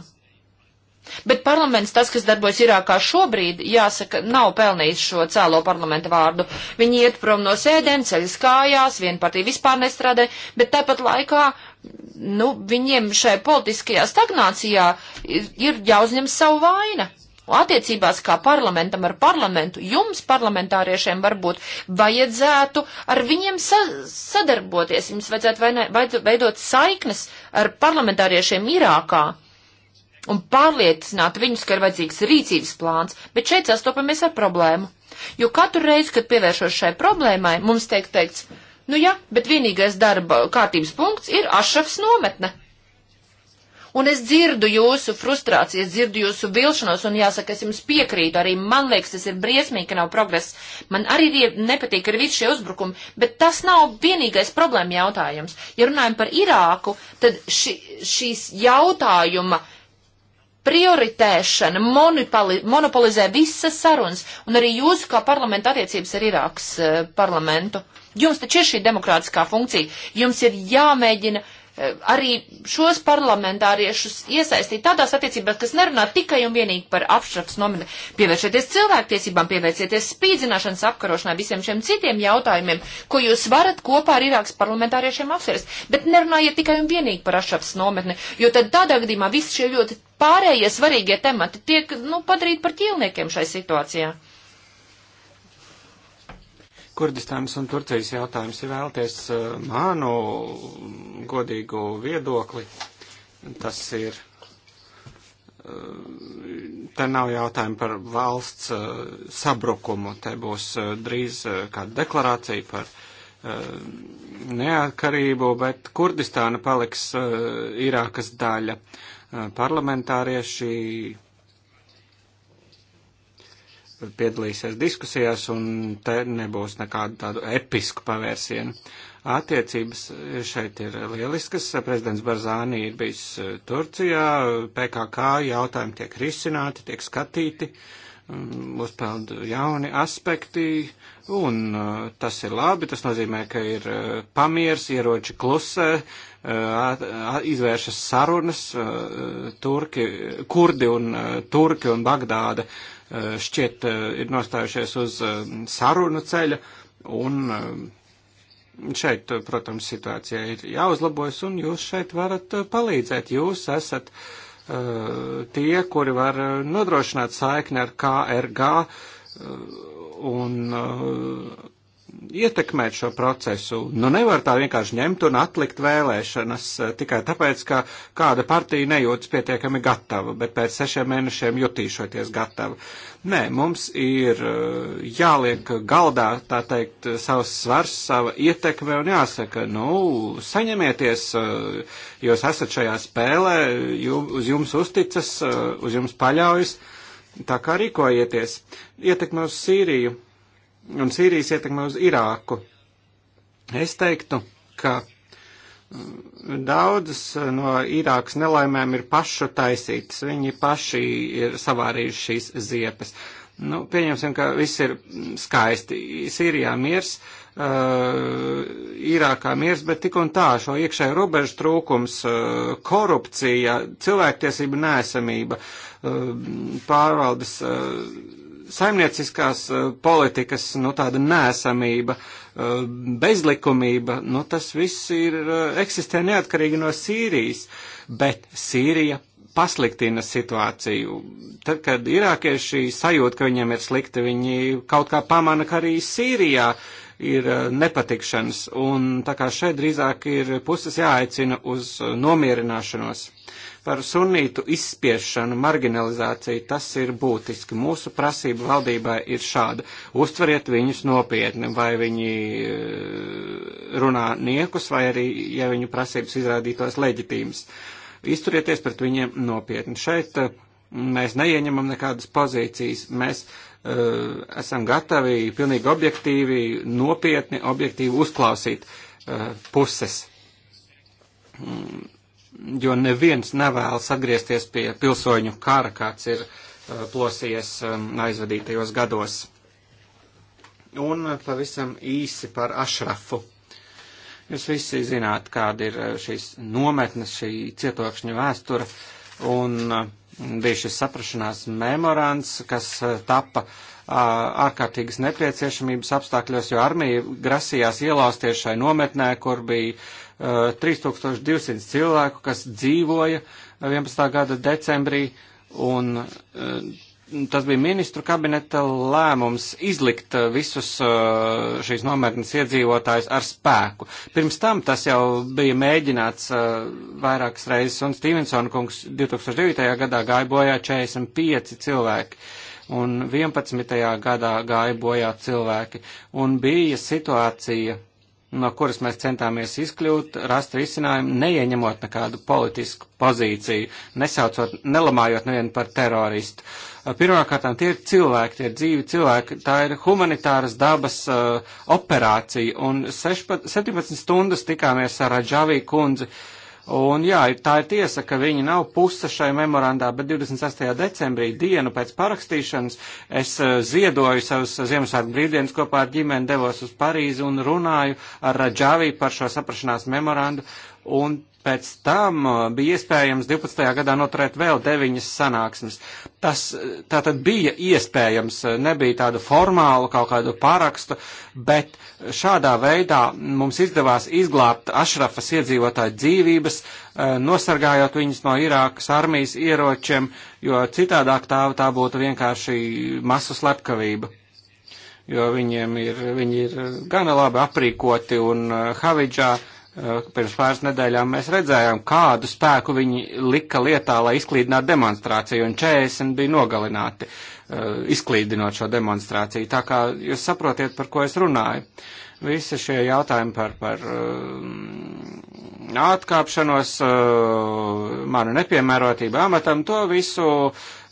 Bet parlaments, tas, kas darbojas Irākā šobrīd, jāsaka, nav pelnījis šo cēlo parlamentu vārdu. Viņi iet prom no sēdēm, ceļas kājās, vienpartija vispār nestrādē, bet tāpat laikā, nu, viņiem šai politiskajā stagnācijā ir, ir jāuzņem savu vaina. Attiecībās kā parlamentam ar parlamentu, jums, parlamentāriešiem, varbūt vajadzētu ar viņiem sa sadarboties, jums vajadzētu veidot saiknes ar parlamentāriešiem Irākā un pārliecināt viņus, ka ir vajadzīgs rīcības plāns, bet šeit sastopamies ar problēmu. Jo katru reizi, kad pievēršos šai problēmai, mums tiek teikts, nu jā, bet vienīgais darba kārtības punkts ir Ašafs nometne. Un es dzirdu jūsu frustrāciju, es dzirdu jūsu vilšanos, un jāsaka, es jums piekrītu, arī man liekas, tas ir briesmīgi, ka nav progress. Man arī nepatīk ar visu šie uzbrukumi, bet tas nav vienīgais problēma jautājums. Ja runājam par Irāku, tad ši, šīs jautājuma uh, prioritēšana monopolizē visas sarunas, un arī jūsu kā parlamenta attiecības ar Irākas uh, eh, parlamentu. Jums taču ir šī demokrātiskā funkcija. Jums ir jāmēģina uh, arī šos parlamentāriešus iesaistīt tādās attiecībās, kas nerunā tikai un vienīgi par apšraps nomina. Pievēršieties cilvēktiesībām, pievēršieties spīdzināšanas apkarošanai, visiem šiem citiem jautājumiem, ko jūs varat kopā ar Irākas parlamentāriešiem apsvērst. Bet nerunājiet tikai un vienīgi par apšraps nometni, jo tad tādā gadījumā visi šie ļoti pārējie svarīgie temati tiek, nu, padarīti par ķīlniekiem šai situācijā. Kurdistānas un Turcijas jautājums, ja vēlties eh, mānu godīgu viedokli, tas ir. Eh, te nav jautājumi par valsts eh, sabrukumu, te būs drīz kāda deklarācija par neatkarību, bet Kurdistāna paliks Irākas daļa. Parlamentārieši piedalīsies diskusijās, un te nebūs nekādu tādu episku pavērsienu. Attiecības šeit ir lieliskas. Prezidents Barzāni ir bijis e, Turcijā, PKK jautājumi tiek risināti, tiek skatīti, uzpeld jauni aspekti, un e, tas ir labi. Tas nozīmē, ka ir e, pamiers, ieroči klusē, izvēršas sarunas, turki, kurdi un turki un Bagdāda šķiet eh, ir nostājušies uz eh, sarunu ceļa, un eh, šeit, protams, situācija ir jāuzlabojas, un jūs šeit varat palīdzēt. Jūs esat tie, kuri var nodrošināt saikni ar KRG, un ietekmēt šo procesu. Nu, nevar tā vienkārši ņemt un atlikt vēlēšanas eh, tikai tāpēc, ka kāda partija nejūtas pietiekami gatava, bet pēc sešiem mēnešiem jutīšoties gatava. Nē, mums ir eh, jāliek galdā, tā teikt, savs svars, sava ietekme un jāsaka, nu, saņemieties, eh, jūs esat šajā spēlē, jums, uz jums uzticas, uz jums paļaujas, tā kā rīkojieties. Ietekme uz Sīriju un Sīrijas ietekme uz Irāku. Es teiktu, ka mm, daudzas eh, no Irākas nelaimēm ir pašu taisītas, viņi paši ir savārījuši šīs ziepes. Nu, pieņemsim, ka viss ir mm, skaisti. Sīrijā miers, uh, Irākā miers, bet tik un tā šo iekšēju robežu trūkums, uh, korupcija, cilvēktiesība nēsamība, uh, pārvaldes. Uh, saimnieciskās eh, politikas, nu, tāda nēsamība, eh, bezlikumība, nu, tas viss ir eh, eksistē neatkarīgi no Sīrijas, bet Sīrija pasliktina situāciju. Tad, kad irākieši sajūt, ka viņiem ir slikti, viņi kaut kā pamana, ka arī Sīrijā ir nepatikšanas, un tā kā šeit drīzāk ir puses jāaicina uz nomierināšanos. Uh, Par sunītu izspiešanu, marginalizāciju tas ir būtiski. Mūsu prasība valdībai ir šāda. Uztveriet viņus nopietni, vai viņi eh, runā niekus, vai arī, ja viņu prasības izrādītos leģitīmas. Izturieties pret viņiem nopietni. Šeit eh, mēs neieņemam nekādas pozīcijas, mēs uh, esam gatavi pilnīgi objektīvi, nopietni, objektīvi uzklausīt uh, puses. Mm jo neviens nevēlas atgriezties pie pilsoņu kara, kāds ir uh, plosījies um, aizvadītajos gados. Un uh, pavisam īsi par Ašrafu. Jūs visi zināt, kāda ir uh, šīs nometnes, šī cietokšņa vēstura un bija šis saprašanās memorands, kas tapa ārkārtīgas nepieciešamības apstākļos, jo armija grasījās ielausties šai nometnē, kur bija 3200 eh, cilvēku, kas dzīvoja 11. Eh, gada decembrī, un eh, tas bija ministru kabineta lēmums izlikt visus šīs nometnes iedzīvotājus ar spēku. Pirms tam tas jau bija mēģināts vairākas reizes, un Stevensona kungs 2009. gadā gāja bojā 45 cilvēki. Un 11. gadā gāja bojā cilvēki, un bija situācija, no kuras mēs centāmies izkļūt, rast risinājumu, neieņemot nekādu politisku pozīciju, nesaucot, nelamājot nevienu par teroristu. Uh, Pirmkārt, tie ir cilvēki, tie ir dzīvi cilvēki, tā ir humanitāras dabas uh, operācija, un 16, 17 stundas tikāmies ar Raģavī kundzi. Uh, Un jā, tā ir tiesa, ka viņi nav puse šai memorandā, bet 26. decembrī dienu pēc parakstīšanas es eh, ziedoju savus Ziemassvētku brīvdienas kopā ar ģimeni, devos uz Parīzi un runāju ar Raģāvī par šo saprašanās memorandu. Un Pēc tam uh, bija iespējams 12. gadā noturēt vēl deviņas sanāksmes. Tas uh, tā tad bija iespējams, uh, nebija tādu formālu kaut kādu parakstu, bet šādā veidā mums izdevās izglābt Ašrafas iedzīvotāju dzīvības, nosargājot viņus no Irākas armijas ieročiem, jo citādāk tā, tā būtu vienkārši masu slepkavība jo viņiem ir, viņi ir gana labi aprīkoti un Havidžā uh, Eh, pirms pāris nedēļām mēs redzējām, kādu spēku viņi lika lietā, lai izklīdinātu demonstrāciju, un 40 bija nogalināti, eh, izklīdinot šo demonstrāciju. Tā kā jūs saprotiet, par ko es runāju. Visi šie jautājumi par, par eh, atkāpšanos, manu nepiemērotību amatam, to visu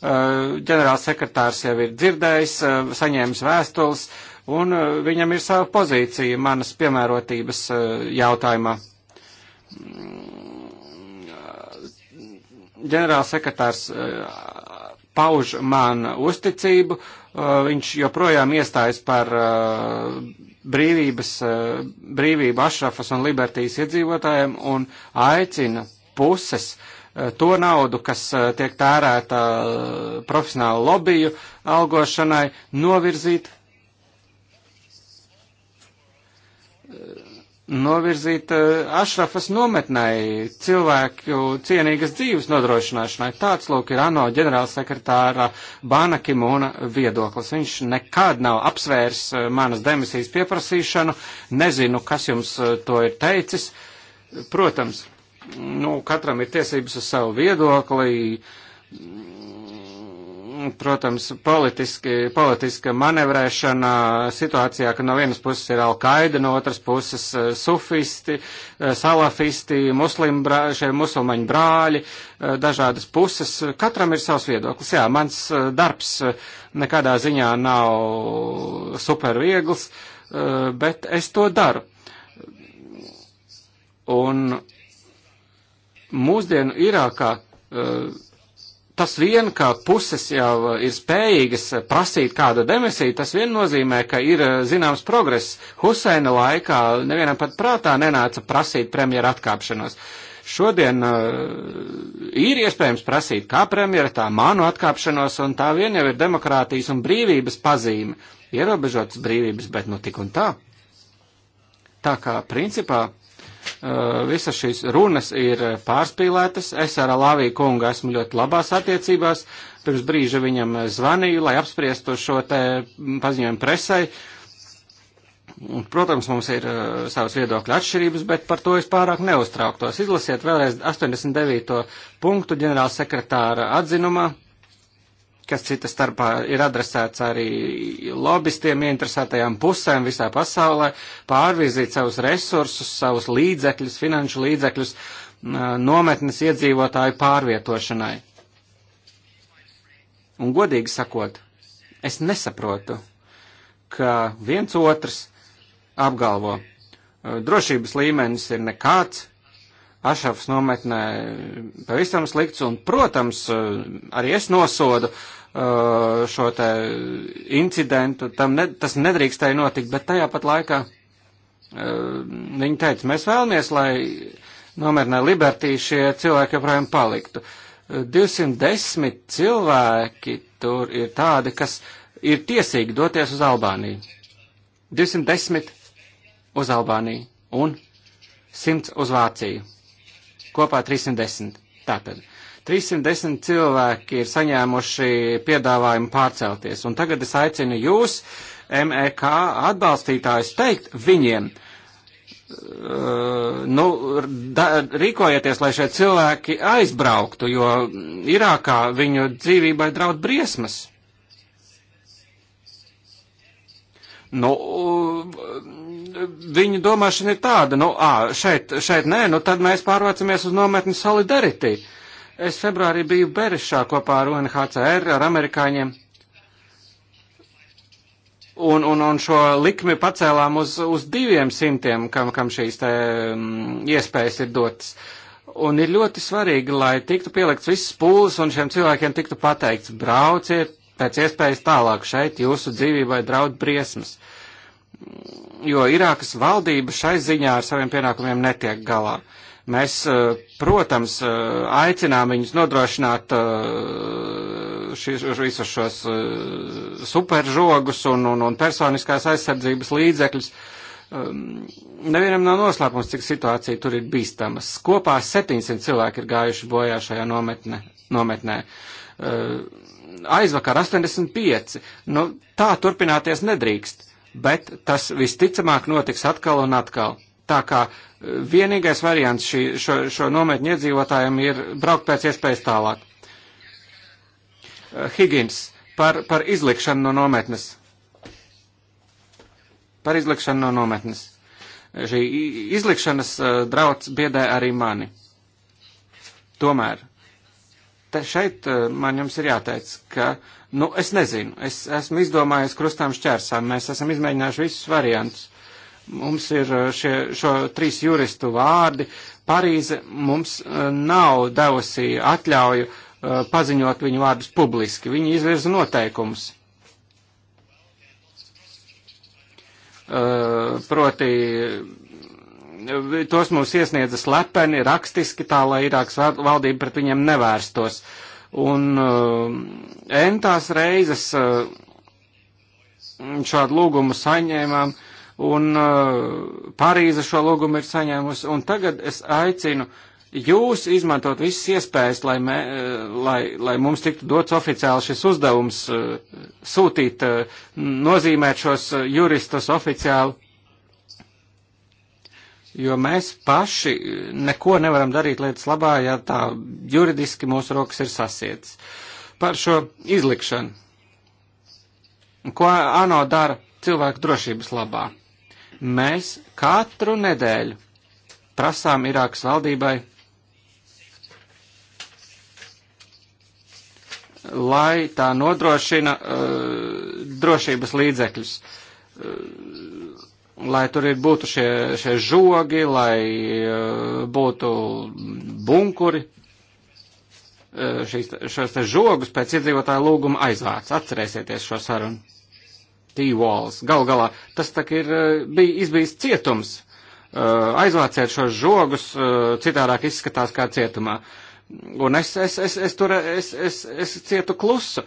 ģenerālsekretārs jau ir dzirdējis, saņēmis vēstules un eh, viņam ir sava pozīcija manas piemērotības eh, jautājumā. Mm, ģenerālsekretārs eh, pauž man uzticību, viņš joprojām iestājas par brīvības, brīvību Ašrafas un Libertijas iedzīvotājiem un aicina puses to naudu, kas tiek tērēta profesionālu lobiju algošanai, novirzīt novirzīt eh, Ašrafas nometnei cilvēku cienīgas dzīves nodrošināšanai. Tāds lūk ir ANO ģenerālsekretāra Bāna Kimūna viedoklis. Viņš nekad nav apsvērs eh, manas demisijas pieprasīšanu, nezinu, kas jums eh, to ir teicis. Protams, nu, katram ir tiesības uz savu viedokli protams, politiski, politiska manevrēšana situācijā, ka no vienas puses ir Al-Qaida, no otras puses eh, sufisti, eh, salafisti, muslim, šie musulmaņu brāļi, eh, dažādas puses. Katram ir savs viedoklis. Jā, mans darbs nekādā ziņā nav super viegls, bet es to daru. Un mūsdienu Irākā tas vien, ka puses jau ir spējīgas prasīt kādu demisiju, tas vien nozīmē, ka ir eh, zināms progress. Huseina laikā nevienam pat prātā nenāca prasīt premjera atkāpšanos. Šodien uh, ir iespējams prasīt kā premjera, tā manu atkāpšanos, un tā vien jau ir demokrātijas un brīvības pazīme. Ierobežotas brīvības, bet nu tik un tā. Tā kā principā Eh, visas šīs runas ir eh, pārspīlētas. Es ar Laviju kungu esmu ļoti labās attiecībās. Pirms brīža viņam eh, zvanīju, lai apspriestu šo te mm, paziņojumu presai. Protams, mums ir savas viedokļa atšķirības, bet par to es pārāk neuztrauktos. Izlasiet vēlreiz 89. punktu ģenerāla sekretāra atzinumā kas cita starpā ir adresēts arī lobbystiem, interesētajām pusēm visā pasaulē, pārvizīt savus resursus, savus līdzekļus, finanšu līdzekļus nometnes iedzīvotāju pārvietošanai. Un godīgi sakot, es nesaprotu, ka viens otrs apgalvo, drošības līmenis ir nekāds, Ašafs nometnē pavisam slikts, un, protams, arī es nosodu Uh, šo te incidentu, tam ne, tas nedrīkstēja notikt, bet tajā pat laikā uh, viņi teica, mēs vēlamies, lai nomierinē Libertī šie cilvēki joprojām paliktu. 210 uh, cilvēki tur ir tādi, kas ir tiesīgi doties uz Albāniju. 210 uz Albāniju un 100 uz Vāciju. Kopā 310. Tātad. Uh, 310 cilvēki ir saņēmuši piedāvājumu pārcelties, un tagad es aicinu jūs, MEK atbalstītājus, teikt viņiem, Uh, nu, da, rīkojieties, lai šie cilvēki aizbrauktu, jo Irākā viņu dzīvībai draud briesmas. Nu, viņu domāšana ir tāda, nu, ā, šeit, šeit nē, nu tad mēs pārvācamies uz nometni Solidarity. Uh, Es februārī biju Berešā kopā ar UNHCR, ar amerikāņiem. Un, un, un šo likmi pacēlām uz, uz diviem simtiem, kam, kam šīs te, m, mm, iespējas ir dotas. Un ir ļoti svarīgi, lai tiktu pielikts viss pūles un šiem cilvēkiem tiktu pateikts, brauciet pēc iespējas tālāk šeit, jūsu dzīvībai draud briesmas. Jo Irākas valdība šai ziņā ar saviem pienākumiem netiek galā. Uh, Mēs, eh, protams, eh, aicinām viņus nodrošināt eh, šis, visus šos superžogus un, un, un personiskās aizsardzības līdzekļus. Ehm, nevienam nav noslēpums, cik situācija tur ir bīstamas. Kopā 700 cilvēki ir gājuši bojā šajā nometne, nometnē. Ehm, aizvakar 85. Nu, tā turpināties nedrīkst, bet tas visticamāk notiks atkal un atkal Tā kā e, vienīgais variants šī, šo, šo nometņu iedzīvotājiem ir braukt pēc iespējas tālāk. E, Higgins par, par izlikšanu no nometnes. Par izlikšanu no nometnes. E, šī izlikšanas drauds biedē arī mani. Tomēr Te šeit man jums ir jāteic, ka, nu, es nezinu, es esmu izdomājis krustām šķērsām, mēs esam izmēģinājuši visus variantus mums ir uh, šie, šo trīs juristu vārdi. Parīze mums uh, nav devusi atļauju uh, paziņot viņu vārdus publiski. Viņi izvirza noteikumus. Proti, tos mums iesniedza slepeni, rakstiski, tā lai Irākas valdība pret viņiem nevērstos. Un entās reizes šādu lūgumu saņēmām uh, un uh, Parīze šo lūgumu ir saņēmusi, un tagad es aicinu jūs izmantot visas iespējas, lai, mē, uh, lai, lai mums tiktu dots oficiāli šis uzdevums uh, sūtīt, uh, nozīmēt šos uh, juristus oficiāli, jo mēs paši uh, neko nevaram darīt lietas labā, ja tā juridiski mūsu rokas ir sasietas. Par šo izlikšanu. Ko ANO dara cilvēku drošības labā? Mēs katru nedēļu prasām Irākas valdībai, lai tā nodrošina uh, drošības līdzekļus, uh, lai tur ir būtu šie, šie žogi, lai uh, būtu bunkuri, uh, šīs, šos te žogus pēc iedzīvotāju lūguma aizvāc. Atcerēsieties šo sarunu. T-Walls. Gal galā tas tā ir eh, bija izbijis cietums. Eh, aizvāciet šos žogus, eh, citādāk izskatās kā cietumā. Un es, es, es, es tur, es, es, es cietu klusu.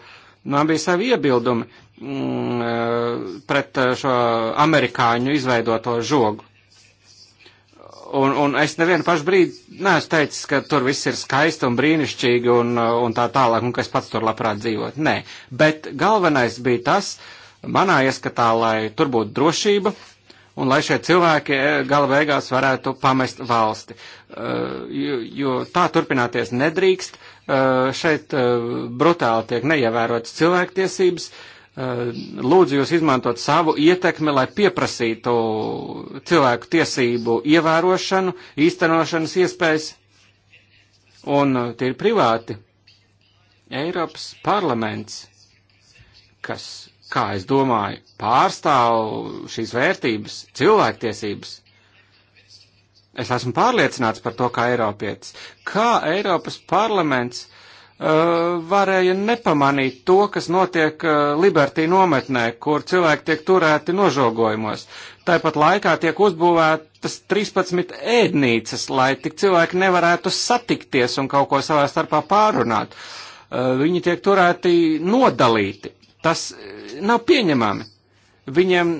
Man bija savi iebildumi mm, pret šo amerikāņu izveidoto žogu. Un, un es nevienu pašu brīdi neesmu teicis, ka tur viss ir skaisti un brīnišķīgi un, un tā tālāk, un ka es pats tur labprāt dzīvotu. Nē, bet galvenais bija tas, uh, manā ieskatā, lai tur būtu drošība un lai šie cilvēki eh, gala beigās varētu pamest valsti. Eh, jo, jo tā turpināties nedrīkst, eh, šeit brutāli tiek neievērotas cilvēktiesības. Lūdzu jūs izmantot savu ietekmi, lai pieprasītu cilvēku tiesību ievērošanu, īstenošanas iespējas, un tie ir privāti. Eiropas parlaments, kas kā es domāju, pārstāv šīs vērtības, cilvēktiesības. Es esmu pārliecināts par to, kā Eiropietis. Kā Eiropas parlaments uh, varēja nepamanīt to, kas notiek uh, Libertī nometnē, kur cilvēki tiek turēti nožogojumos. Tāpat laikā tiek uzbūvētas 13 ēdnīcas, lai tik cilvēki nevarētu satikties un kaut ko savā starpā pārunāt. Uh, viņi tiek turēti nodalīti Tas e, nav pieņemami. Viņiem,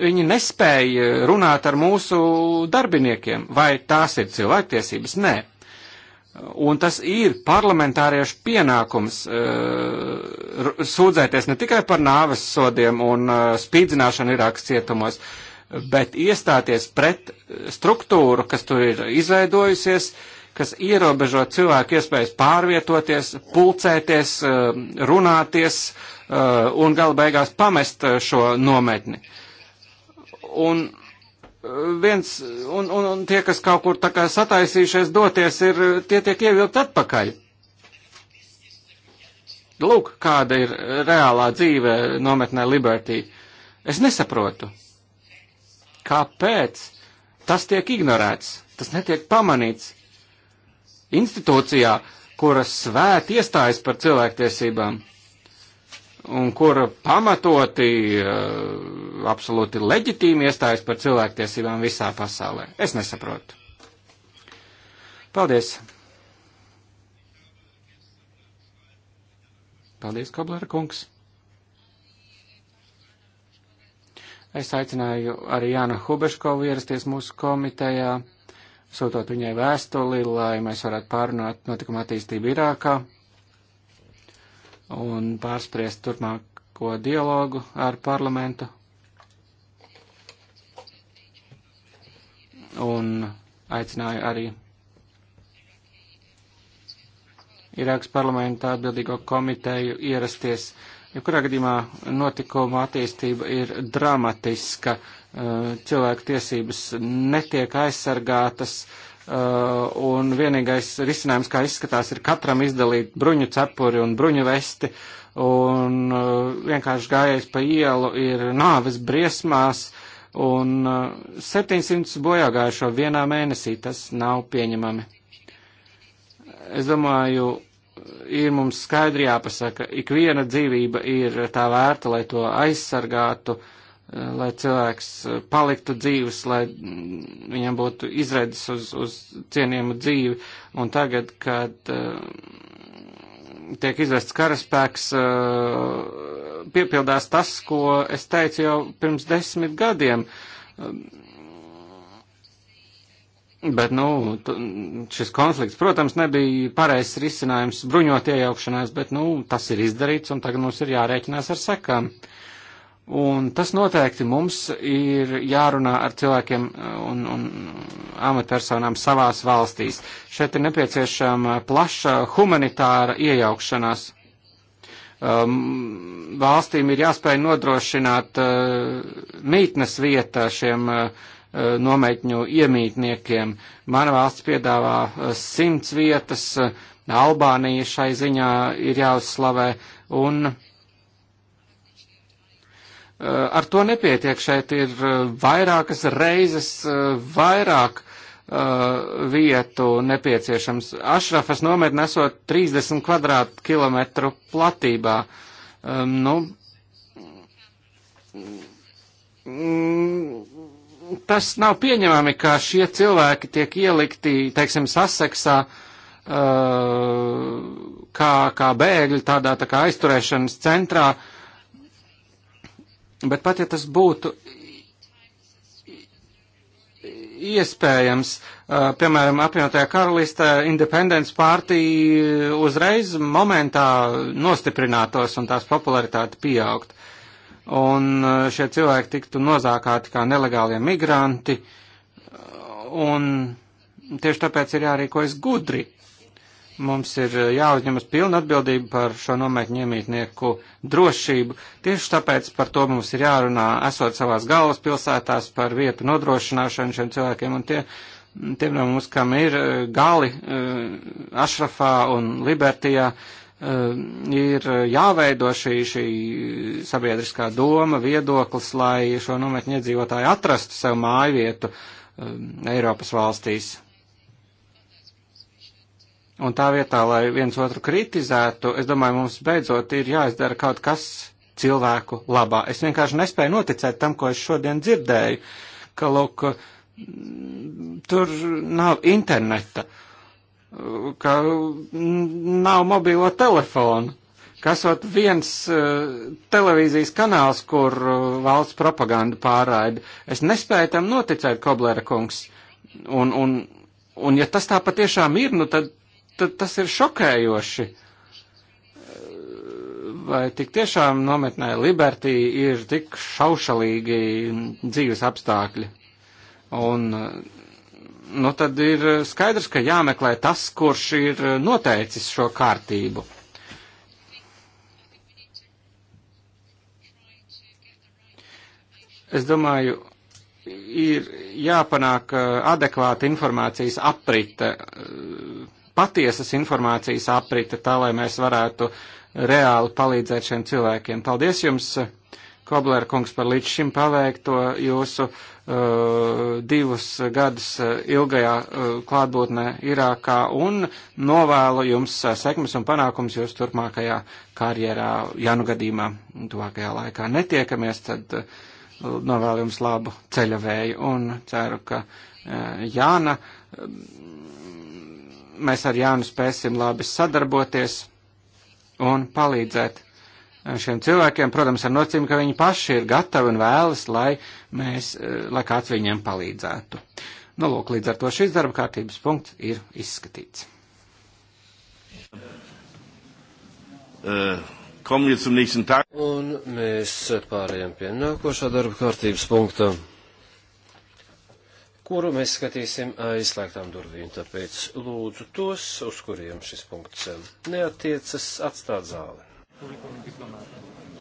viņi nespēja runāt ar mūsu darbiniekiem, vai tās ir cilvēktiesības? Nē. Un tas ir parlamentāriešu pienākums uh, sūdzēties ne tikai par nāves sodiem un uh, spīdzināšanu Irākas cietumos, bet iestāties pret struktūru, kas tur ir izveidojusies, kas ierobežo cilvēku iespējas pārvietoties, pulcēties, uh, runāties, uh, Uh, un gala beigās pamest uh, šo nometni. Un uh, viens, un, un, un tie, kas kaut kur tā kā sataisījušies doties, ir, tie tiek ievilkt atpakaļ. Lūk, kāda ir reālā dzīve nometnē Liberty. Es nesaprotu, kāpēc tas tiek ignorēts, tas netiek pamanīts. Institūcijā, kuras svēt iestājas par cilvēktiesībām, un kur pamatoti eh, absolūti leģitīmi iestājas par cilvēktiesībām visā pasaulē. Es nesaprotu. Paldies! Paldies, Kablera kungs! Es aicināju arī Jānu Hubeškovu ierasties mūsu komitejā, sūtot viņai vēstuli, lai mēs varētu pārunāt notikuma attīstību Irākā un pārspriest turpmāko dialogu ar parlamentu. Un aicināju arī Irākas parlamenta atbildīgo komiteju ierasties. Jebkurā gadījumā notikuma attīstība ir dramatiska. Cilvēku tiesības netiek aizsargātas. Uh, Uh, un vienīgais risinājums, kā izskatās, ir katram izdalīt bruņu cepuri un bruņu vesti, un uh, vienkārši gājējis pa ielu ir nāves briesmās, un 700 uh, bojāgājušo vienā mēnesī tas nav pieņemami. Es domāju, ir mums skaidri jāpasaka, ikviena dzīvība ir tā vērta, lai to aizsargātu. Uh, Eh, lai cilvēks eh, paliktu dzīves, lai mm, viņam būtu izredzes uz, uz cienījumu dzīvi. Un tagad, kad eh, tiek izvests karaspēks, piepildās tas, ko es teicu jau pirms desmit gadiem. Bet, nu, šis konflikts, protams, nebija pareizs risinājums bruņot iejaukšanās, bet, nu, tas ir izdarīts un tagad mums ir jārēķinās ar sekām. Uh, Un tas noteikti mums ir jārunā ar cilvēkiem un, un amatpersonām savās valstīs. Šeit ir nepieciešama plaša humanitāra iejaukšanās. Um, valstīm ir jāspēj nodrošināt uh, mītnes vieta šiem uh, nometņu iemītniekiem. Mana valsts piedāvā uh, simts vietas, uh, Albānija šai ziņā ir jāuzslavē. Un, uh, Eh, ar to nepietiek, šeit ir eh, vairākas reizes eh, vairāk vietu nepieciešams. Ašrafas nometne esot 30 kvadrātkilometru platībā. Nu, mm, tas nav pieņemami, ka šie cilvēki tiek ielikti, teiksim, saseksā kā, kā bēgļi tādā tā kā aizturēšanas centrā, uh, Bet pat ja tas būtu iespējams, piemēram, apvienotajā karalistē Independence partija uzreiz momentā nostiprinātos un tās popularitāte pieaugt. Un šie cilvēki tiktu nozākāti kā nelegālie migranti. Un tieši tāpēc ir jārīkojas gudri. Mums ir eh, jāuzņemas pilna atbildība par šo nometņu iemītnieku drošību. Tieši tāpēc par to mums ir jārunā, esot savās galvas pilsētās, par vietu nodrošināšanu šiem cilvēkiem. Un tie, tiem no mums, kam ir eh, gali eh, Ašrafā un Libertijā, ir jāveido šī, šī sabiedriskā doma, viedoklis, lai šo nometņu iedzīvotāju atrastu sev mājvietu Eiropas valstīs. Un tā vietā, lai viens otru kritizētu, es domāju, mums beidzot ir jāizdara kaut kas cilvēku labā. Es vienkārši nespēju noticēt tam, ko es šodien dzirdēju, ka, lūk, mm, tur nav interneta, ka nav mobilo telefonu, kas ot viens e, televīzijas kanāls, kur e, valsts propaganda pārraida. Es nespēju tam noticēt, Koblera kungs. Un, un, un ja tas tā patiešām ir, nu tad tad tas ir šokējoši. Vai tik tiešām nometnē Liberty ir tik šaušalīgi dzīves apstākļi? Un, nu, tad ir skaidrs, ka jāmeklē tas, kurš ir noteicis šo kārtību. Es domāju, ir jāpanāk uh, adekvāta informācijas aprite uh, patiesas informācijas aprita, tā lai mēs varētu reāli palīdzēt šiem cilvēkiem. Paldies jums, Koblēra kungs, par līdz šim paveikto jūsu uh, divus gadus uh, ilgajā uh, klātbūtnē Irākā un novēlu jums uh, sekmes un panākums jūsu turpmākajā karjerā, ja nu gadījumā tuvākajā laikā netiekamies, tad uh, novēlu jums labu ceļavēju un ceru, ka uh, Jāna. Uh, mēs ar Jānu spēsim labi sadarboties un palīdzēt eh, šiem cilvēkiem, protams, ar nocīm, ka viņi paši ir gatavi un vēlas, lai mēs, eh, lai kāds viņiem palīdzētu. Nu, lūk, līdz ar to šis darba kārtības punkts ir izskatīts. Eh, un mēs pārējām pie nākošā darba kārtības punkta kuru mēs skatīsim aizslēgtām durvīm. Tāpēc lūdzu tos, uz kuriem šis punkts neatiecas, atstāt zāli. Publikum diplomātiem.